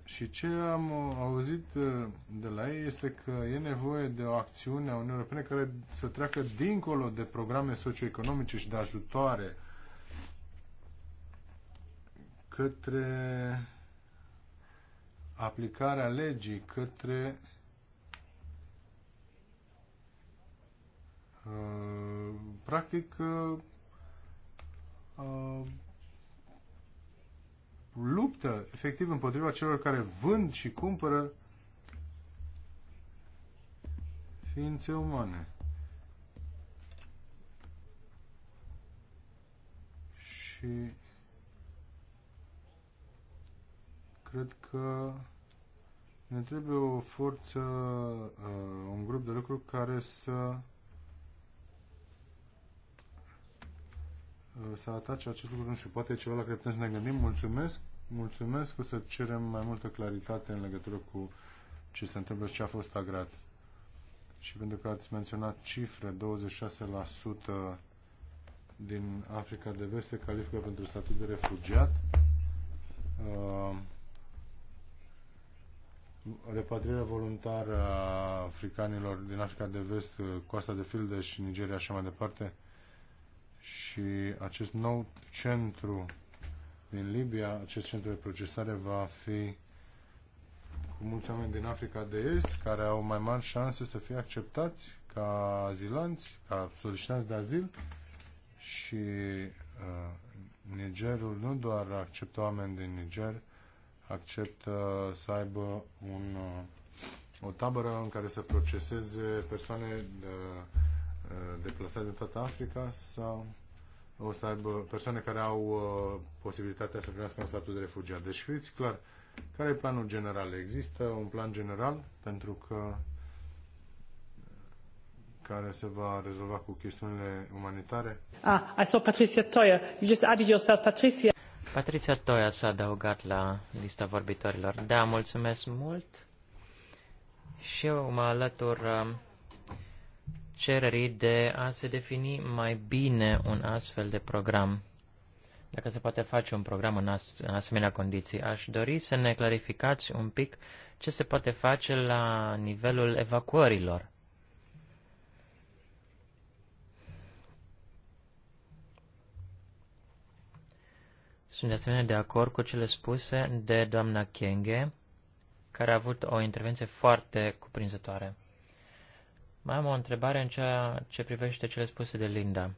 Și ce am auzit uh, de la ei este că e nevoie de o acțiune a Uniunii Europene care să treacă dincolo de programe socioeconomice și de ajutoare către aplicarea legii, către Uh, practic, uh, uh, luptă efectiv împotriva celor care vând și cumpără ființe umane. Și cred că ne trebuie o forță, un grup de lucru care să Uh, să atace acest lucru, nu știu, poate e ceva la care putem să ne gândim. Mulțumesc, mulțumesc, o să cerem mai multă claritate în legătură cu ce se întâmplă și ce a fost agrat. Și pentru că ați menționat cifre, 26% din Africa de Vest se califică pentru statut de refugiat. Uh, repatrierea voluntară a africanilor din Africa de Vest, uh, Coasta de Filde și Nigeria și așa mai departe, și acest nou centru din Libia, acest centru de procesare va fi cu mulți oameni din Africa de Est care au mai mari șanse să fie acceptați ca azilanți, ca solicitanți de azil și uh, Nigerul nu doar acceptă oameni din Niger, acceptă să aibă un, uh, o tabără în care să proceseze persoane uh, Uh, deplasați din toată Africa sau o să aibă persoane care au uh, posibilitatea să primească un statut de refugiat. Deci fiți clar, care e planul general? Există un plan general pentru că care se va rezolva cu chestiunile umanitare? Ah, I saw Patricia Toia. You just added yourself, Patricia. Patricia Toia s-a adăugat la lista vorbitorilor. Da, mulțumesc mult. Și eu mă alătur um, cererii de a se defini mai bine un astfel de program. Dacă se poate face un program în, as- în asemenea condiții, aș dori să ne clarificați un pic ce se poate face la nivelul evacuărilor. Sunt de asemenea de acord cu cele spuse de doamna Kenge, care a avut o intervenție foarte cuprinzătoare. Mai am o întrebare în ceea ce privește cele spuse de Linda.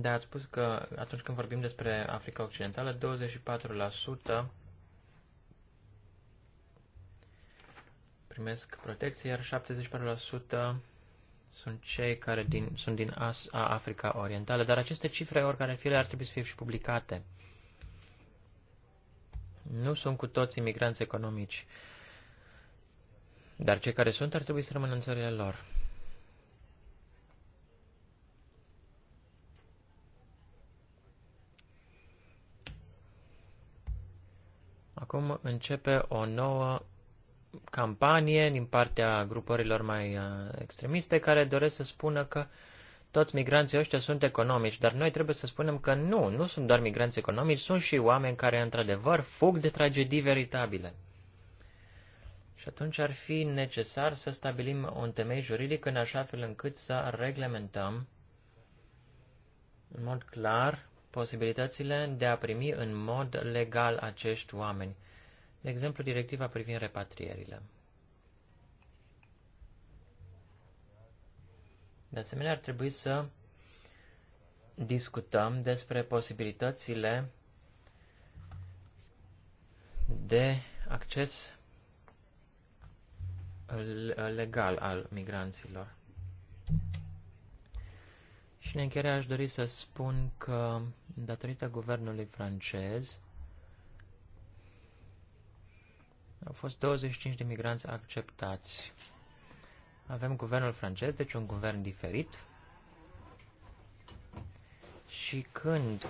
Da, ați spus că atunci când vorbim despre Africa Occidentală, 24% primesc protecție, iar 74% sunt cei care din, sunt din As, a Africa Orientală, dar aceste cifre, oricare fie, ar trebui să fie și publicate. Nu sunt cu toți imigranți economici. Uh, dar cei care sunt ar trebui să rămână în țările lor. Acum începe o nouă campanie din partea grupărilor mai uh, extremiste care doresc să spună că toți migranții ăștia sunt economici, dar noi trebuie să spunem că nu, nu sunt doar migranți economici, sunt și oameni care într-adevăr fug de tragedii veritabile. Și atunci ar fi necesar să stabilim un temei juridic în așa fel încât să reglementăm în mod clar posibilitățile de a primi în mod legal acești oameni. De exemplu, directiva privind repatrierile. De asemenea, ar trebui să discutăm despre posibilitățile de acces legal al migranților. Și în încheiere aș dori să spun că, datorită guvernului francez, au fost 25 de migranți acceptați. Avem guvernul francez, deci un guvern diferit. Și când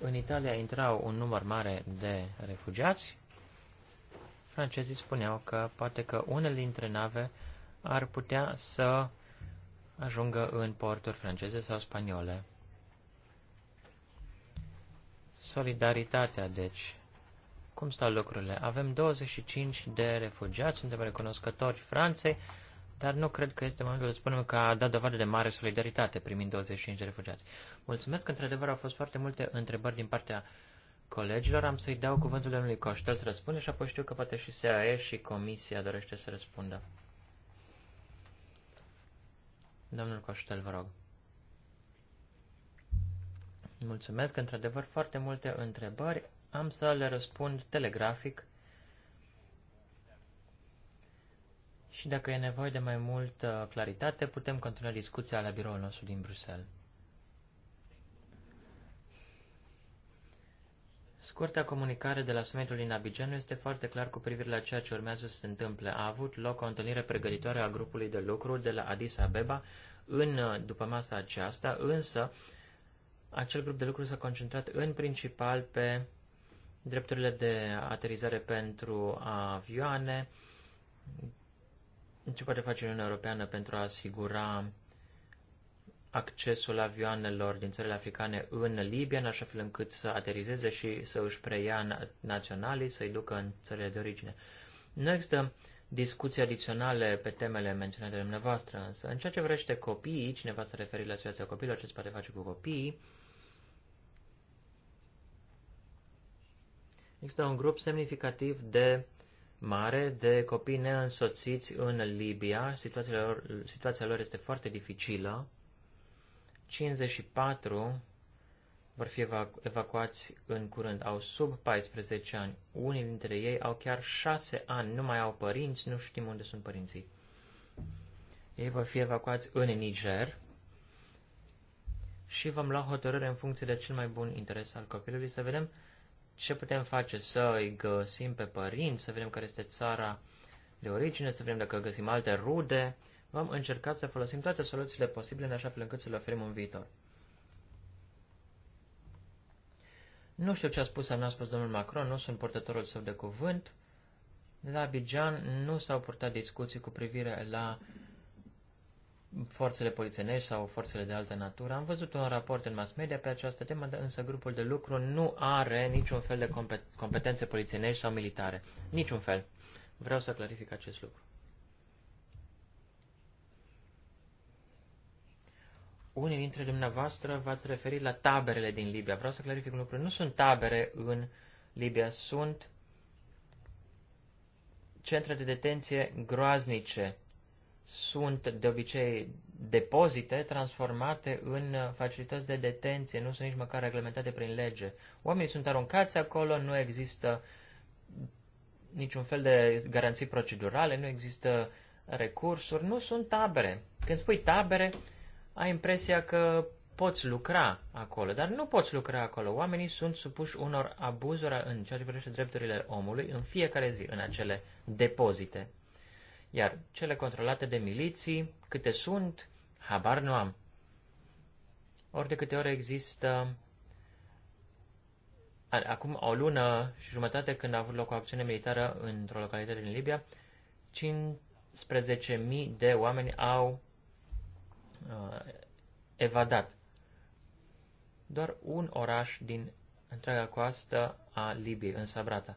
în Italia intrau un număr mare de refugiați, francezii spuneau că poate că unele dintre nave ar putea să ajungă în porturi franceze sau spaniole. Solidaritatea, deci. Cum stau lucrurile? Avem 25 de refugiați, suntem recunoscători Franței, dar nu cred că este momentul să spunem că a dat dovadă de mare solidaritate primind 25 de refugiați. Mulțumesc, într-adevăr au fost foarte multe întrebări din partea uh, colegilor. Am să-i dau cuvântul domnului Coștel să răspunde și apoi știu că poate și SAE și Comisia dorește să răspundă. Domnul Coștel, vă rog. Mulțumesc, într-adevăr, foarte multe întrebări. Am să le răspund telegrafic și dacă e nevoie de mai multă claritate, putem continua discuția la biroul nostru din Bruxelles. Scurta comunicare de la summitul din Abidjan nu este foarte clar cu privire la ceea ce urmează să se întâmple. A avut loc o întâlnire pregătitoare a grupului de lucru de la Addis Abeba în după masa aceasta, însă acel grup de lucru s-a concentrat în principal pe drepturile de aterizare pentru avioane, ce poate face Uniunea Europeană pentru a asigura accesul avioanelor din țările africane în Libia, în așa fel încât să aterizeze și să își preia naționalii, să-i ducă în țările de origine. Nu există discuții adiționale pe temele menționate de dumneavoastră, însă în ceea ce vrește copiii, cineva să referi la situația copiilor, ce se poate face cu copiii, există un grup semnificativ de mare de copii neînsoțiți în Libia, situația lor, situația lor este foarte dificilă, 54 vor fi evacuați în curând. Au sub 14 ani. Unii dintre ei au chiar 6 ani. Nu mai au părinți, nu știm unde sunt părinții. Ei vor fi evacuați în Niger și vom lua hotărâre în funcție de cel mai bun interes al copilului să vedem ce putem face, să îi găsim pe părinți, să vedem care este țara de origine, să vedem dacă găsim alte rude, Vom încerca să folosim toate soluțiile posibile în așa fel încât să le oferim în viitor. Nu știu ce a spus sau nu a spus domnul Macron, nu sunt portătorul său de cuvânt. La Abidjan nu s-au purtat discuții cu privire la forțele polițienești sau forțele de altă natură. Am văzut un raport în mass media pe această temă, însă grupul de lucru nu are niciun fel de competențe polițienești sau militare. Niciun fel. Vreau să clarific acest lucru. Unii dintre dumneavoastră v-ați referit la taberele din Libia. Vreau să clarific un lucru. Nu sunt tabere în Libia, sunt centre de detenție groaznice. Sunt de obicei depozite transformate în facilități de detenție, nu sunt nici măcar reglementate prin lege. Oamenii sunt aruncați acolo, nu există niciun fel de garanții procedurale, nu există recursuri, nu sunt tabere. Când spui tabere, ai impresia că poți lucra acolo, dar nu poți lucra acolo. Oamenii sunt supuși unor abuzuri în ceea ce privește drepturile omului în fiecare zi în acele depozite. Iar cele controlate de miliții, câte sunt, habar nu am. Ori de câte ori există... Acum o lună și jumătate când a avut loc o acțiune militară într-o localitate din Libia, 15.000 de oameni au Uh, evadat. Doar un oraș din întreaga coastă a Libiei, în Sabrata.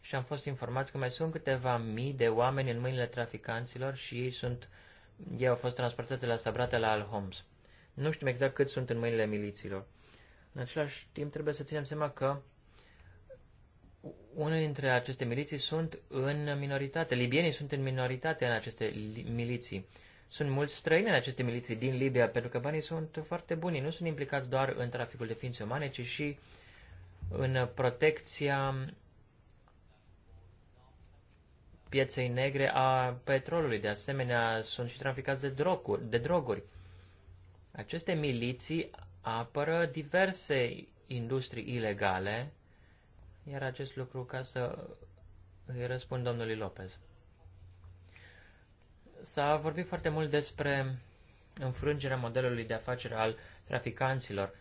Și am fost informați că mai sunt câteva mii de oameni în mâinile traficanților și ei sunt, ei au fost transportați la Sabrata la Al-Homs. Nu știm exact cât sunt în mâinile miliților. În același timp, trebuie să ținem seama că unele dintre aceste miliții sunt în minoritate. Libienii sunt în minoritate în aceste miliții. Sunt mulți străini în aceste miliții din Libia, pentru că banii sunt foarte buni. Nu sunt implicați doar în traficul de ființe umane, ci și în protecția pieței negre a petrolului. De asemenea, sunt și traficați de droguri. De droguri. Aceste miliții apără diverse industrii ilegale, iar acest lucru, ca să îi răspund domnului Lopez. S-a vorbit foarte mult despre înfrângerea modelului de afacere al traficanților.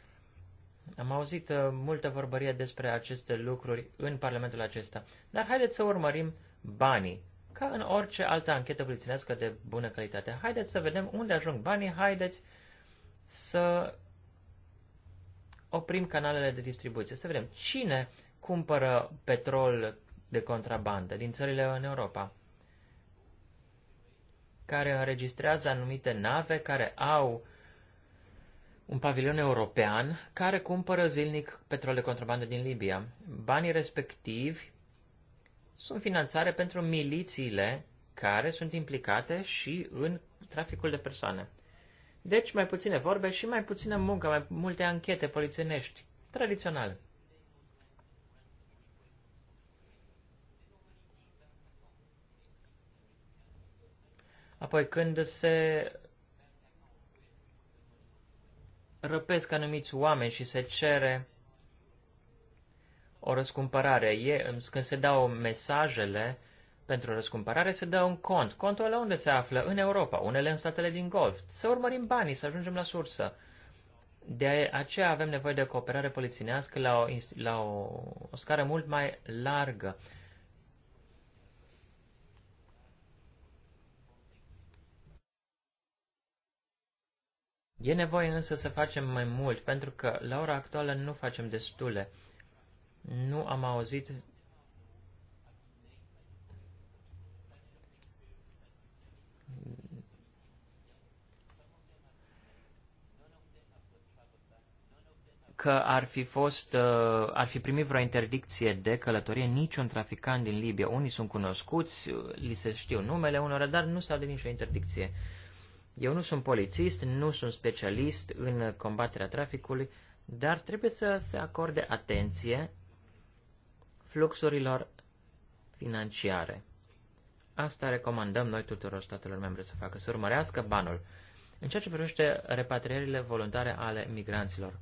Am auzit uh, multă vorbărie despre aceste lucruri în Parlamentul acesta, dar haideți să urmărim banii, ca în orice altă anchetă polițienească de bună calitate. Haideți să vedem unde ajung banii, haideți să oprim canalele de distribuție, să vedem cine cumpără petrol de contrabandă din țările în Europa care înregistrează anumite nave care au un pavilion european care cumpără zilnic petrol de contrabandă din Libia. Banii respectivi sunt finanțare pentru milițiile care sunt implicate și în traficul de persoane. Deci mai puține vorbe și mai puține muncă, mai multe anchete polițienești, tradițional. Apoi, când se răpesc anumiți oameni și se cere o răscumpărare, e, când se dau mesajele pentru răscumpărare, se dă un cont. Contul ăla unde se află? În Europa, unele în statele din Golf. Să urmărim banii, să ajungem la sursă. De aceea avem nevoie de cooperare polițienească la o, la o, o scară mult mai largă. E nevoie însă să facem mai mult, pentru că la ora actuală nu facem destule. Nu am auzit că ar fi fost, uh, ar fi primit vreo interdicție de călătorie niciun traficant din Libia. Unii sunt cunoscuți, li se știu numele unora, dar nu s-a dat nicio interdicție. Uh, eu nu sunt polițist, nu sunt specialist în combaterea traficului, dar trebuie să se acorde atenție fluxurilor financiare. Asta recomandăm noi tuturor statelor membre să facă, să urmărească banul. În ceea ce privește repatrierile voluntare ale migranților,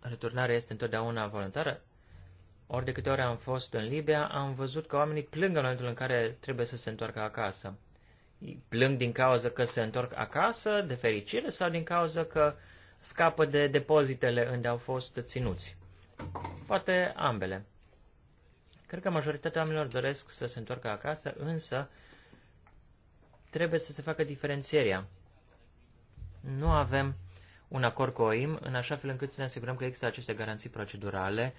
returnarea este întotdeauna voluntară? Ori de câte ori am fost în Libia, am văzut că oamenii plâng în momentul în care trebuie să se întoarcă acasă. Plâng din cauza că se întorc acasă, de fericire, sau din cauza că scapă de depozitele unde au fost ținuți? Poate ambele. Cred că majoritatea oamenilor doresc să se întoarcă acasă, însă trebuie să se facă diferențierea. Nu avem un acord cu OIM în așa fel încât să ne asigurăm că există aceste garanții procedurale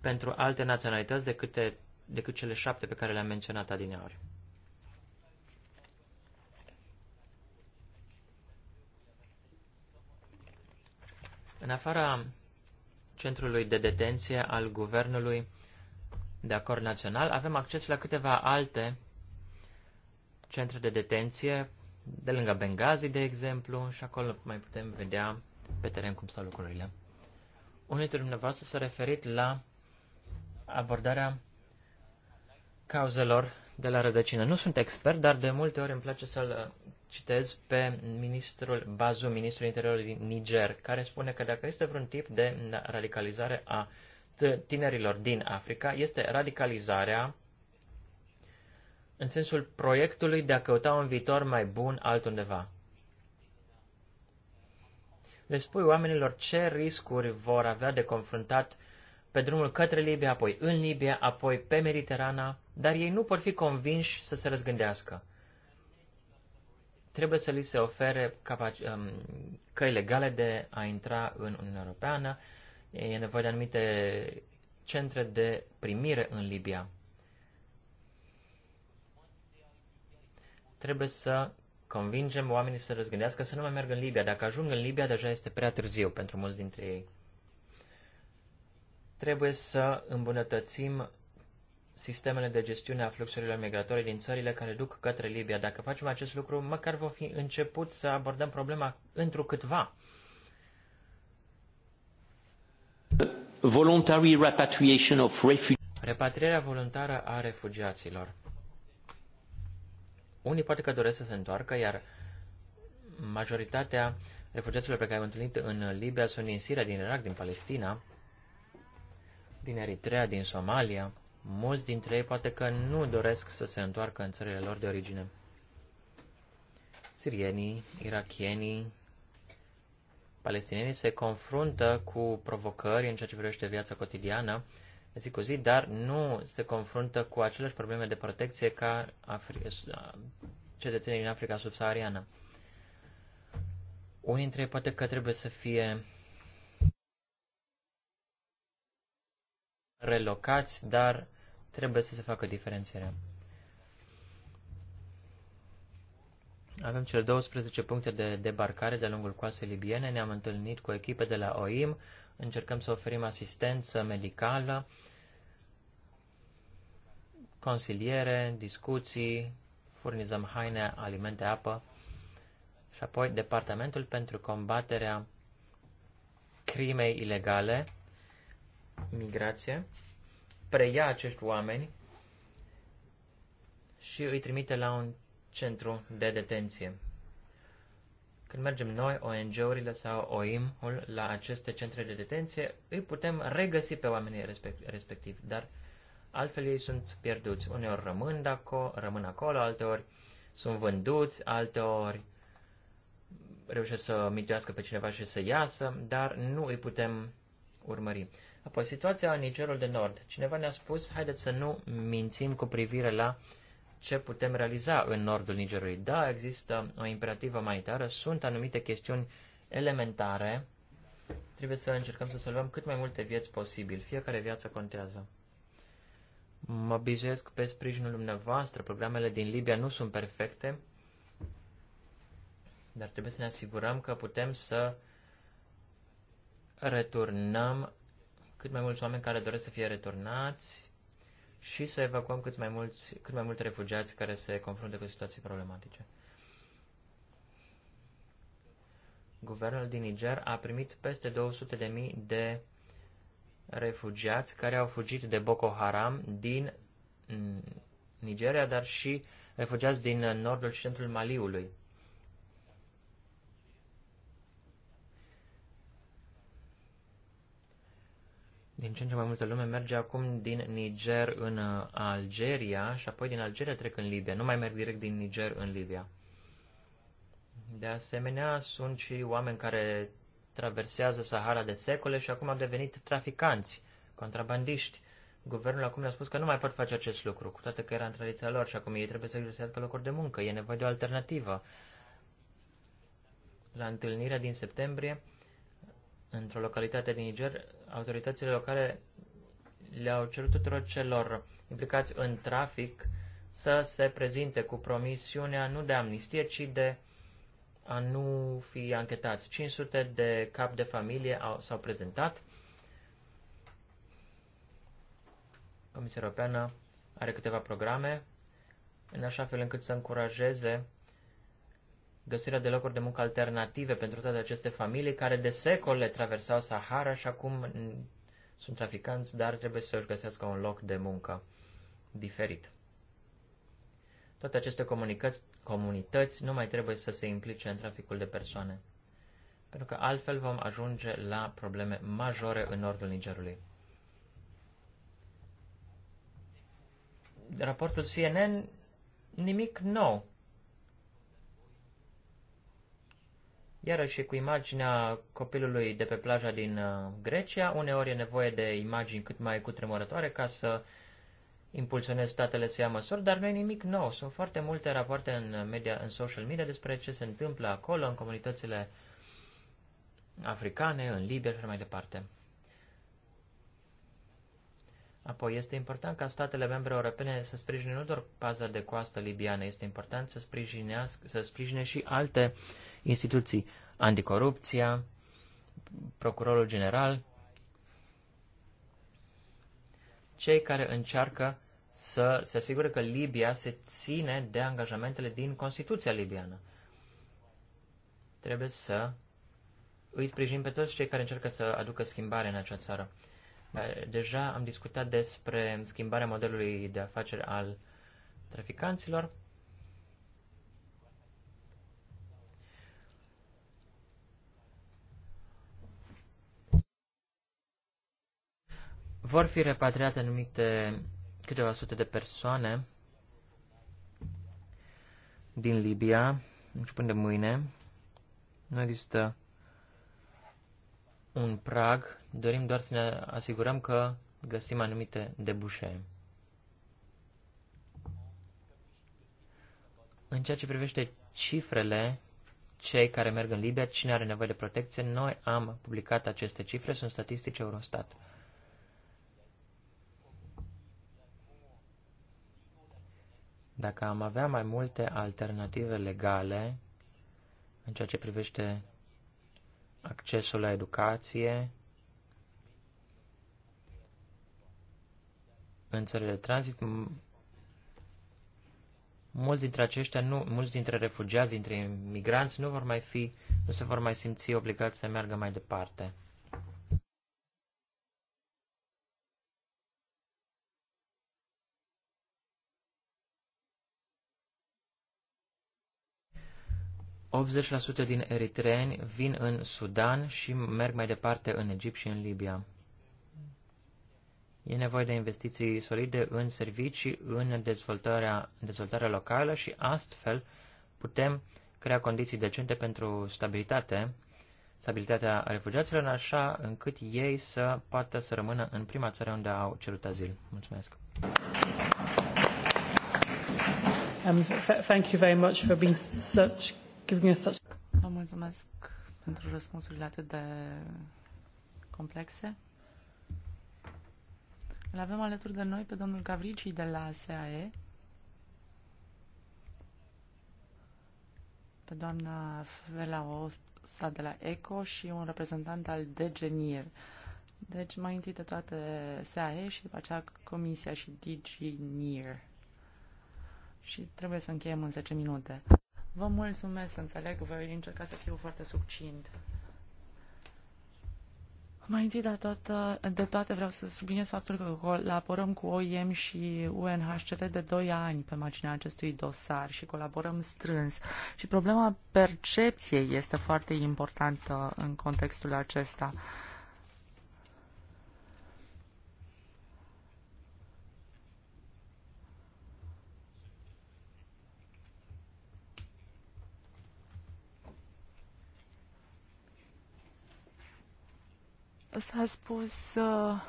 pentru alte naționalități decât, decât cele șapte pe care le-am menționat adineori. În afara centrului de detenție al guvernului de acord național, avem acces la câteva alte centre de detenție, de lângă Benghazi, de exemplu, și acolo mai putem vedea pe teren cum stau lucrurile. Unul dintre dumneavoastră s-a referit la abordarea cauzelor de la rădăcină. Nu sunt expert, dar de multe ori îmi place să-l citez pe ministrul Bazu, ministrul interiorului din Niger, care spune că dacă este vreun tip de radicalizare a tinerilor din Africa, este radicalizarea în sensul proiectului de a căuta un viitor mai bun altundeva. Le spui oamenilor ce riscuri vor avea de confruntat pe drumul către Libia, apoi în Libia, apoi pe Mediterana, dar ei nu pot fi convinși să se răzgândească trebuie să li se ofere um, căi legale de a intra în Uniunea Europeană. E nevoie de anumite centre de primire în Libia. Trebuie să convingem oamenii să răzgândească să nu mai meargă în Libia. Dacă ajung în Libia, deja este prea târziu pentru mulți dintre ei. Trebuie să îmbunătățim sistemele de gestiune a fluxurilor migratorii din țările care duc către Libia. Dacă facem acest lucru, măcar vom fi început să abordăm problema întrucâtva. Voluntary repatriation of refugees. Repatrierea voluntară a refugiaților. Unii poate că doresc să se întoarcă, iar majoritatea refugiaților pe care am întâlnit în Libia sunt din Siria, din Irak, din Palestina, din Eritrea, din Somalia, Mulți dintre ei poate că nu doresc să se întoarcă în țările lor de origine. Sirienii, irachienii, palestinienii se confruntă cu provocări în ceea ce privește viața cotidiană, zi cu zi, dar nu se confruntă cu aceleași probleme de protecție ca Afri- cetățenii din Africa subsahariană. Unii dintre ei poate că trebuie să fie relocați, dar trebuie să se facă diferențierea. Avem cele 12 puncte de debarcare de-a lungul coastei libiene, ne-am întâlnit cu echipe de la OIM, încercăm să oferim asistență medicală, consiliere, discuții, furnizăm haine, alimente, apă și apoi Departamentul pentru combaterea crimei ilegale, migrație, preia acești oameni și îi trimite la un centru de detenție. Când mergem noi, ONG-urile sau OIM-ul, la aceste centre de detenție, îi putem regăsi pe oamenii respectivi, dar altfel ei sunt pierduți. Uneori rămân, daco, rămân acolo, alteori sunt vânduți, alteori reușesc să mituiască pe cineva și să iasă, dar nu îi putem urmări. Apoi, situația în Nigerul de Nord. Cineva ne-a spus, haideți să nu mințim cu privire la ce putem realiza în nordul Nigerului. Da, există o imperativă umanitară, sunt anumite chestiuni elementare. Trebuie să încercăm să salvăm cât mai multe vieți posibil. Fiecare viață contează. Mă bizuiesc pe sprijinul dumneavoastră. Programele din Libia nu sunt perfecte, dar trebuie să ne asigurăm că putem să returnăm cât mai mulți oameni care doresc să fie returnați și să evacuăm cât mai, mulți, cât mai mulți refugiați care se confruntă cu situații problematice. Guvernul din Niger a primit peste 200.000 de refugiați care au fugit de Boko Haram din Nigeria, dar și refugiați din nordul și centrul Maliului. Din ce în ce mai multă lume merge acum din Niger în uh, Algeria și apoi din Algeria trec în Libia. Nu mai merg direct din Niger în Libia. De asemenea, sunt și oameni care traversează Sahara de secole și acum au devenit traficanți, contrabandiști. Guvernul acum le-a spus că nu mai pot face acest lucru, cu toate că era în tradiția lor și acum ei trebuie să găsească locuri de muncă. E nevoie de o alternativă. La întâlnirea din septembrie, într-o localitate din Niger, autoritățile locale le-au cerut tuturor celor implicați în trafic să se prezinte cu promisiunea nu de amnistie, ci de a nu fi anchetați. 500 de cap de familie au, s-au prezentat. Comisia Europeană are câteva programe în așa fel încât să încurajeze găsirea de locuri de muncă alternative pentru toate aceste familii care de secole traversau Sahara și acum sunt traficanți, dar trebuie să își găsească un loc de muncă diferit. Toate aceste comunități nu mai trebuie să se implice în traficul de persoane, pentru că altfel vom ajunge la probleme majore în nordul Nigerului. Raportul CNN, nimic nou Iarăși cu imaginea copilului de pe plaja din uh, Grecia, uneori e nevoie de imagini cât mai cutremurătoare ca să impulsionez statele să ia măsuri, dar nu e nimic nou. Sunt foarte multe rapoarte în, media, în social media despre ce se întâmplă acolo, în comunitățile africane, în Libia și mai departe. Apoi, este important ca statele membre europene să sprijine nu doar paza de coastă libiană, este important să, să sprijine și alte instituții, anticorupția, procurorul general, cei care încearcă să se asigure că Libia se ține de angajamentele din Constituția libiană. Trebuie să îi sprijin pe toți cei care încearcă să aducă schimbare în acea țară. Deja am discutat despre schimbarea modelului de afaceri al traficanților. Vor fi repatriate anumite câteva sute de persoane din Libia, începând de mâine. Nu există un prag, dorim doar să ne asigurăm că găsim anumite debușe. În ceea ce privește cifrele, cei care merg în Libia, cine are nevoie de protecție, noi am publicat aceste cifre, sunt statistici Eurostat. Dacă am avea mai multe alternative legale în ceea ce privește accesul la educație în țările de tranzit, mulți dintre aceștia, nu, mulți dintre refugiați, dintre imigranți, nu vor mai fi, nu se vor mai simți obligați să meargă mai departe. 80% din eritreni vin în Sudan și merg mai departe în Egipt și în Libia. E nevoie de investiții solide în servicii, în dezvoltarea, dezvoltarea locală și astfel putem crea condiții decente pentru stabilitate, stabilitatea refugiaților, în așa încât ei să poată să rămână în prima țară unde au cerut azil. Mulțumesc! Um, thank you very much for being such giving us such... Vă mulțumesc pentru răspunsurile atât de complexe. Îl avem alături de noi pe domnul Gavrici de la SAE, pe doamna Vela Osta de la ECO și un reprezentant al DGNIR. Deci mai întâi de toate SAE și după aceea Comisia și DGNIR. Și trebuie să încheiem în 10 minute. Vă mulțumesc, înțeleg, voi încerca să fiu foarte succint. Mai întâi de, toate, de toate vreau să subliniez faptul că colaborăm cu OIM și UNHCR de 2 ani pe marginea acestui dosar și colaborăm strâns. Și problema percepției este foarte importantă în contextul acesta. Uh, S-a spus uh,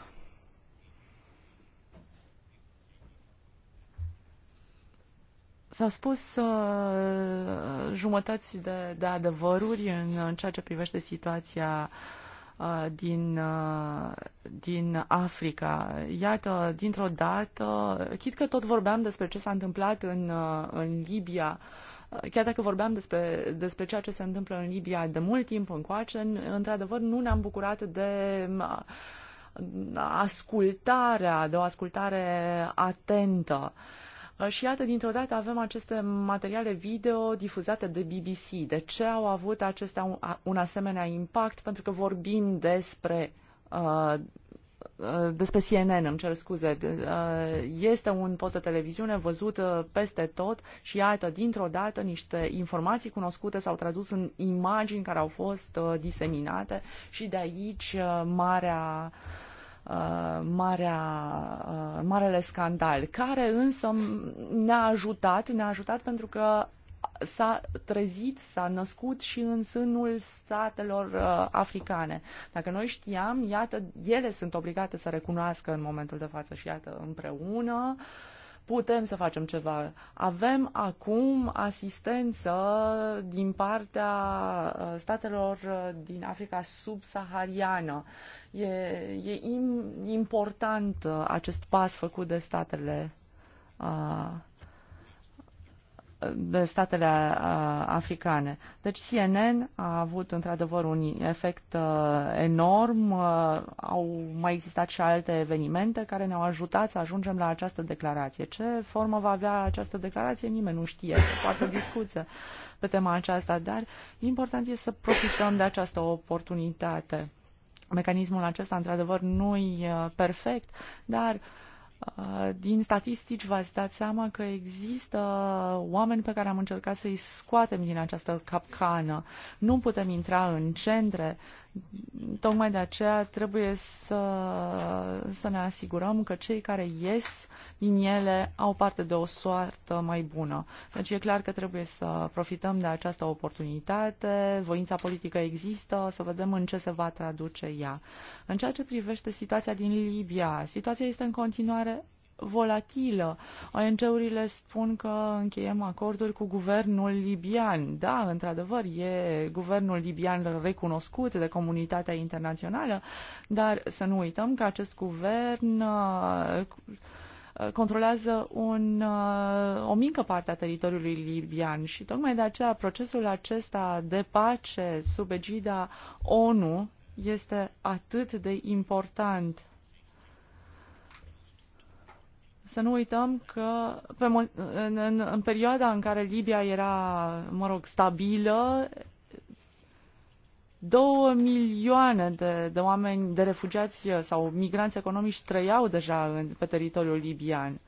s a spus uh, jumătăți de, de adevăruri în, în ceea ce privește situația uh, din, uh, din Africa. Iată, dintr-o dată, chit că tot vorbeam despre ce s-a întâmplat în, uh, în Libia, uh, chiar dacă vorbeam despre, despre ceea ce se întâmplă în Libia de mult timp încoace, într-adevăr nu ne-am bucurat de ascultarea, de o ascultare atentă. Și iată, dintr-o dată avem aceste materiale video difuzate de BBC. De ce au avut acestea un, un asemenea impact? Pentru că vorbim despre uh, Uh, despre CNN, îmi cer scuze, uh, este un post de televiziune văzut uh, peste tot și iată, dintr-o dată, niște informații cunoscute s-au tradus în imagini care au fost diseminate și de aici marea marea, marele scandal, care însă ne-a ajutat, ne-a ajutat pentru că s-a trezit, s-a născut și în sânul statelor uh, africane. Dacă noi știam, iată, ele sunt obligate să recunoască în momentul de față și iată, împreună putem să facem ceva. Avem acum asistență din partea uh, statelor uh, din Africa subsahariană. E, e im, important uh, acest pas făcut de statele uh, de statele africane. Deci CNN a avut într-adevăr un efect enorm, au mai existat și alte evenimente care ne-au ajutat să ajungem la această declarație. Ce formă va avea această declarație, nimeni nu știe, poate discuță pe tema aceasta, dar important este să profităm de această oportunitate. Mecanismul acesta, într-adevăr, nu i perfect, dar uh, Uh, din statistici v-ați dat seama că există oameni pe care am încercat să-i scoatem din această capcană. Nu putem intra în centre, tocmai de aceea trebuie să, să ne asigurăm că cei care ies din ele au parte de o soartă mai bună. Deci e clar că trebuie să profităm de această oportunitate, voința politică există, să vedem în ce se va traduce ea. În ceea ce privește situația din Libia, situația este în continuare volatilă. ONG-urile spun că încheiem acorduri cu guvernul libian. Da, într-adevăr, e guvernul libian recunoscut de comunitatea internațională, dar să nu uităm că acest guvern Uh, controlează un, uh, o mică parte a teritoriului libian și tocmai de aceea procesul acesta de pace sub egida ONU este atât de important. Să nu uităm că pe, în, în, în perioada în care Libia era, mă rog, stabilă, Două milioane de, de oameni, de refugiați uh, sau migranți economici trăiau deja în, pe teritoriul libian.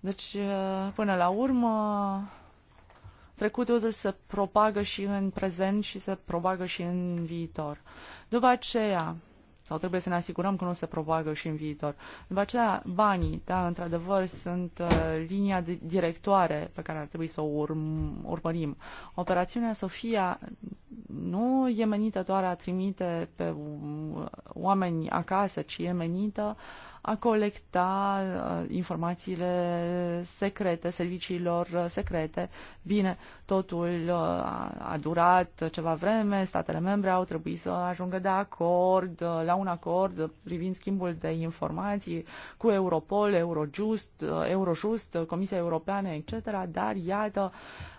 Deci, uh, până la urmă, trecutul se propagă și în prezent și se propagă și în viitor. După aceea, sau trebuie să ne asigurăm că nu se propagă și în viitor. După aceea, banii, da, într-adevăr, sunt uh, linia de directoare pe care ar trebui să o urm- urmărim. Operațiunea Sofia nu e menită doar a trimite pe um, oameni acasă, ci e menită uh, a colecta uh, informațiile secrete, serviciilor secrete. Bine, totul uh, a durat ceva vreme, statele membre au trebuit să ajungă de acord, uh, la un acord privind schimbul de informații cu Europol, Eurojust, Eurojust Comisia Europeană, etc., dar iată,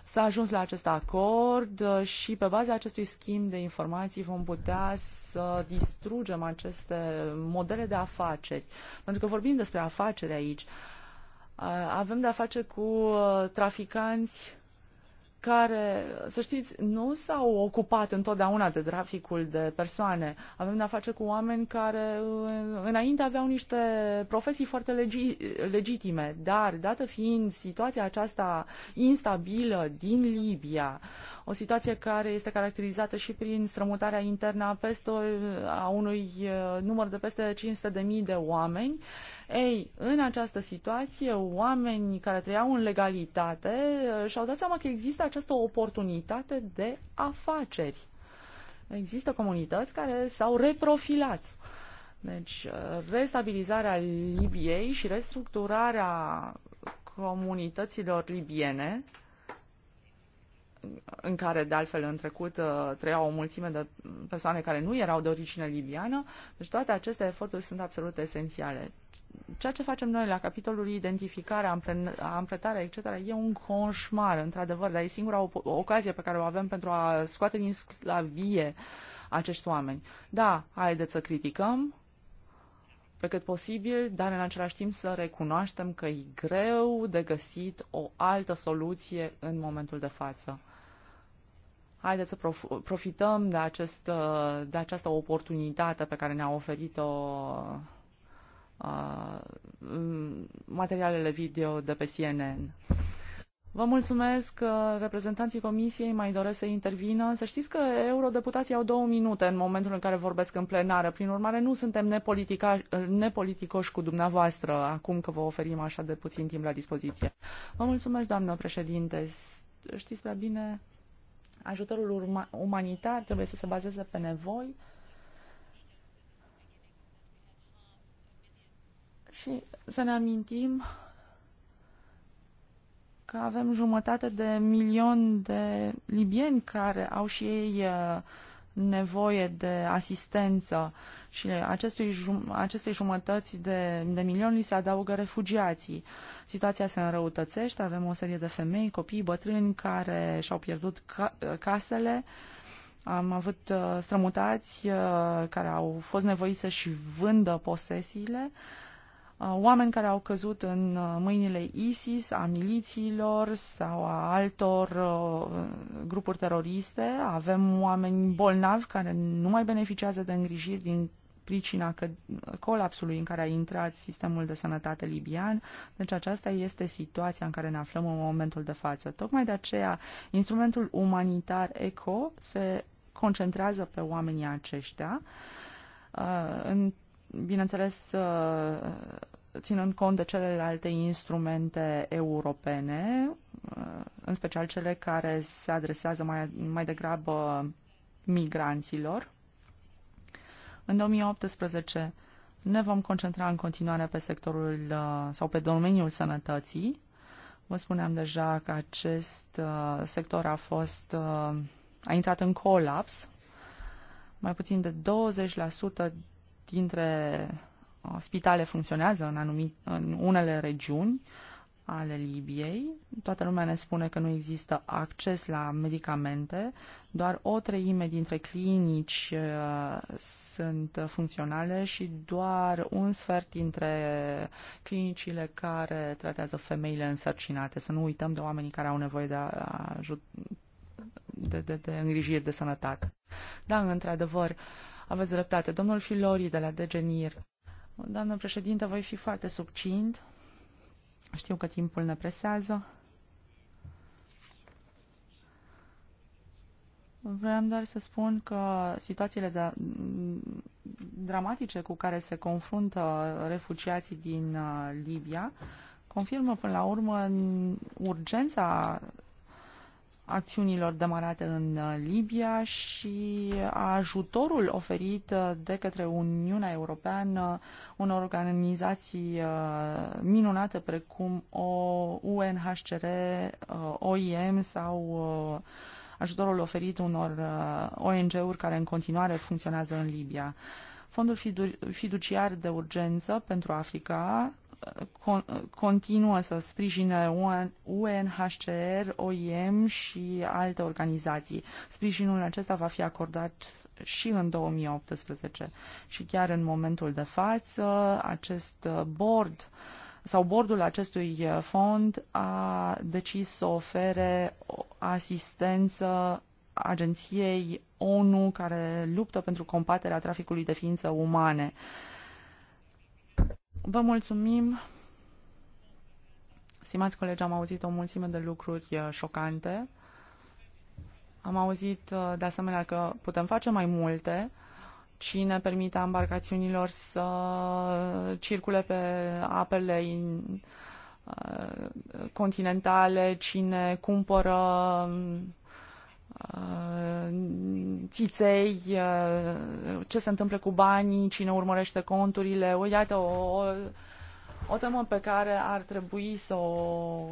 S-a ajuns la acest acord uh, și pe baza acestui schimb de informații vom putea să distrugem aceste modele de afaceri. Pentru că vorbim despre afaceri aici. Uh, avem de a face cu uh, traficanți care, să știți, nu s-au ocupat întotdeauna de traficul de persoane. Avem de-a face cu oameni care înainte aveau niște profesii foarte legi- legitime, dar, dată fiind situația aceasta instabilă din Libia, o situație care este caracterizată și prin strămutarea internă a, peste, a unui uh, număr de peste 500.000 de oameni, ei, în această situație, oameni care trăiau în legalitate uh, și-au dat seama că există această oportunitate de afaceri. Există comunități care s-au reprofilat. Deci, uh, restabilizarea Libiei și restructurarea comunităților libiene, în care, de altfel, în trecut uh, trăiau o mulțime de persoane care nu erau de origine libiană, deci toate aceste eforturi sunt absolut esențiale ceea ce facem noi la capitolul identificare, ampren, ampretare, etc., e un conșmar, într-adevăr, dar e singura ocazie pe care o avem pentru a scoate din sclavie acești oameni. Da, haideți să criticăm pe cât posibil, dar în același timp să recunoaștem că e greu de găsit o altă soluție în momentul de față. Haideți să prof- profităm de, acest, de această oportunitate pe care ne-a oferit-o uh, materialele video de pe CNN. Vă mulțumesc uh, reprezentanții comisiei mai doresc să intervină. Să știți că eurodeputații au două minute în momentul în care vorbesc în plenară. Prin urmare, nu suntem uh, nepoliticoși cu dumneavoastră acum că vă oferim așa de puțin timp la dispoziție. Vă mulțumesc, doamnă președinte. Știți prea bine, ajutorul umanitar trebuie să se bazeze pe nevoi Și să ne amintim că avem jumătate de milion de libieni care au și ei uh, nevoie de asistență și acestui, acestei jumătăți de, de milion li se adaugă refugiații. Situația se înrăutățește, avem o serie de femei, copii, bătrâni care și-au pierdut ca, casele, am avut uh, strămutați uh, care au fost nevoiți să-și vândă posesiile, Uh, oameni care au căzut în uh, mâinile ISIS, a milițiilor sau a altor uh, grupuri teroriste. Avem oameni bolnavi care nu mai beneficiază de îngrijiri din pricina că, colapsului în care a intrat sistemul de sănătate libian. Deci aceasta este situația în care ne aflăm în momentul de față. Tocmai de aceea, instrumentul umanitar ECO se concentrează pe oamenii aceștia. În bineînțeles, uh, ținând cont de celelalte instrumente europene, uh, în special cele care se adresează mai, mai degrabă migranților. În 2018 ne vom concentra în continuare pe sectorul uh, sau pe domeniul sănătății. Vă spuneam deja că acest sector a fost a intrat în colaps. Mai puțin de 20% dintre uh, spitale funcționează în, anumit, în unele regiuni ale Libiei. Toată lumea ne spune că nu există acces la medicamente. Doar o treime dintre clinici uh, sunt funcționale și doar un sfert dintre clinicile care tratează femeile însărcinate. Să nu uităm de oamenii care au nevoie de ajut de, de, de îngrijiri de sănătate. Da, într-adevăr, uh, aveți dreptate. Domnul Filori de la Degenir. Doamnă președinte, voi fi foarte succint. Știu că timpul ne presează. Vreau doar să spun că situațiile de, da, dramatice cu care se confruntă refugiații din uh, Libia confirmă până la urmă urgența acțiunilor demarate în uh, Libia și a ajutorul oferit uh, de către Uniunea Europeană unor organizații uh, minunate precum o UNHCR, OIM sau ajutorul oferit unor ONG-uri care în continuare funcționează în Libia. Fondul fiduciar de urgență pentru Africa continuă să sprijine UNHCR, OIM și alte organizații. Sprijinul acesta va fi acordat și în 2018 și chiar în momentul de față acest board sau bordul acestui fond a decis să ofere asistență agenției ONU care luptă pentru combaterea traficului de ființe umane. Uh, Vă mulțumim. Stimați colegi, am auzit o mulțime de lucruri șocante. Am auzit de asemenea că putem face mai multe. Cine permite embarcațiunilor să circule pe apele continentale, cine cumpără Uh, țiței, uh, ce se întâmplă cu banii, cine urmărește conturile. O, iată, o, o, o temă pe care ar trebui să o,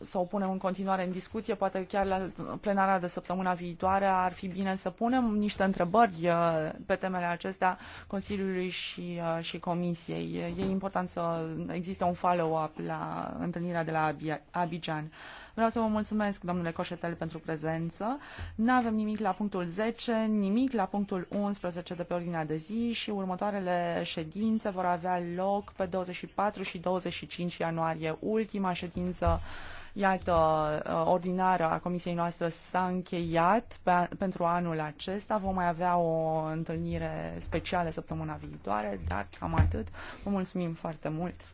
să o punem în continuare în discuție, poate chiar la plenara de săptămâna viitoare ar fi bine să punem niște întrebări uh, pe temele acestea Consiliului și, și Comisiei. E important să existe un follow-up la întâlnirea de la Abidjan. Vreau să vă mulțumesc, domnule Coșetel, pentru prezență. Nu avem nimic la punctul 10, nimic la punctul 11 de pe ordinea de zi și următoarele ședințe vor avea loc pe 24 și 25 ianuarie. Ultima ședință iată, ordinară a comisiei noastre s-a încheiat pe, pentru anul acesta. Vom mai avea o întâlnire specială săptămâna viitoare, dar cam atât. Vă mulțumim foarte mult!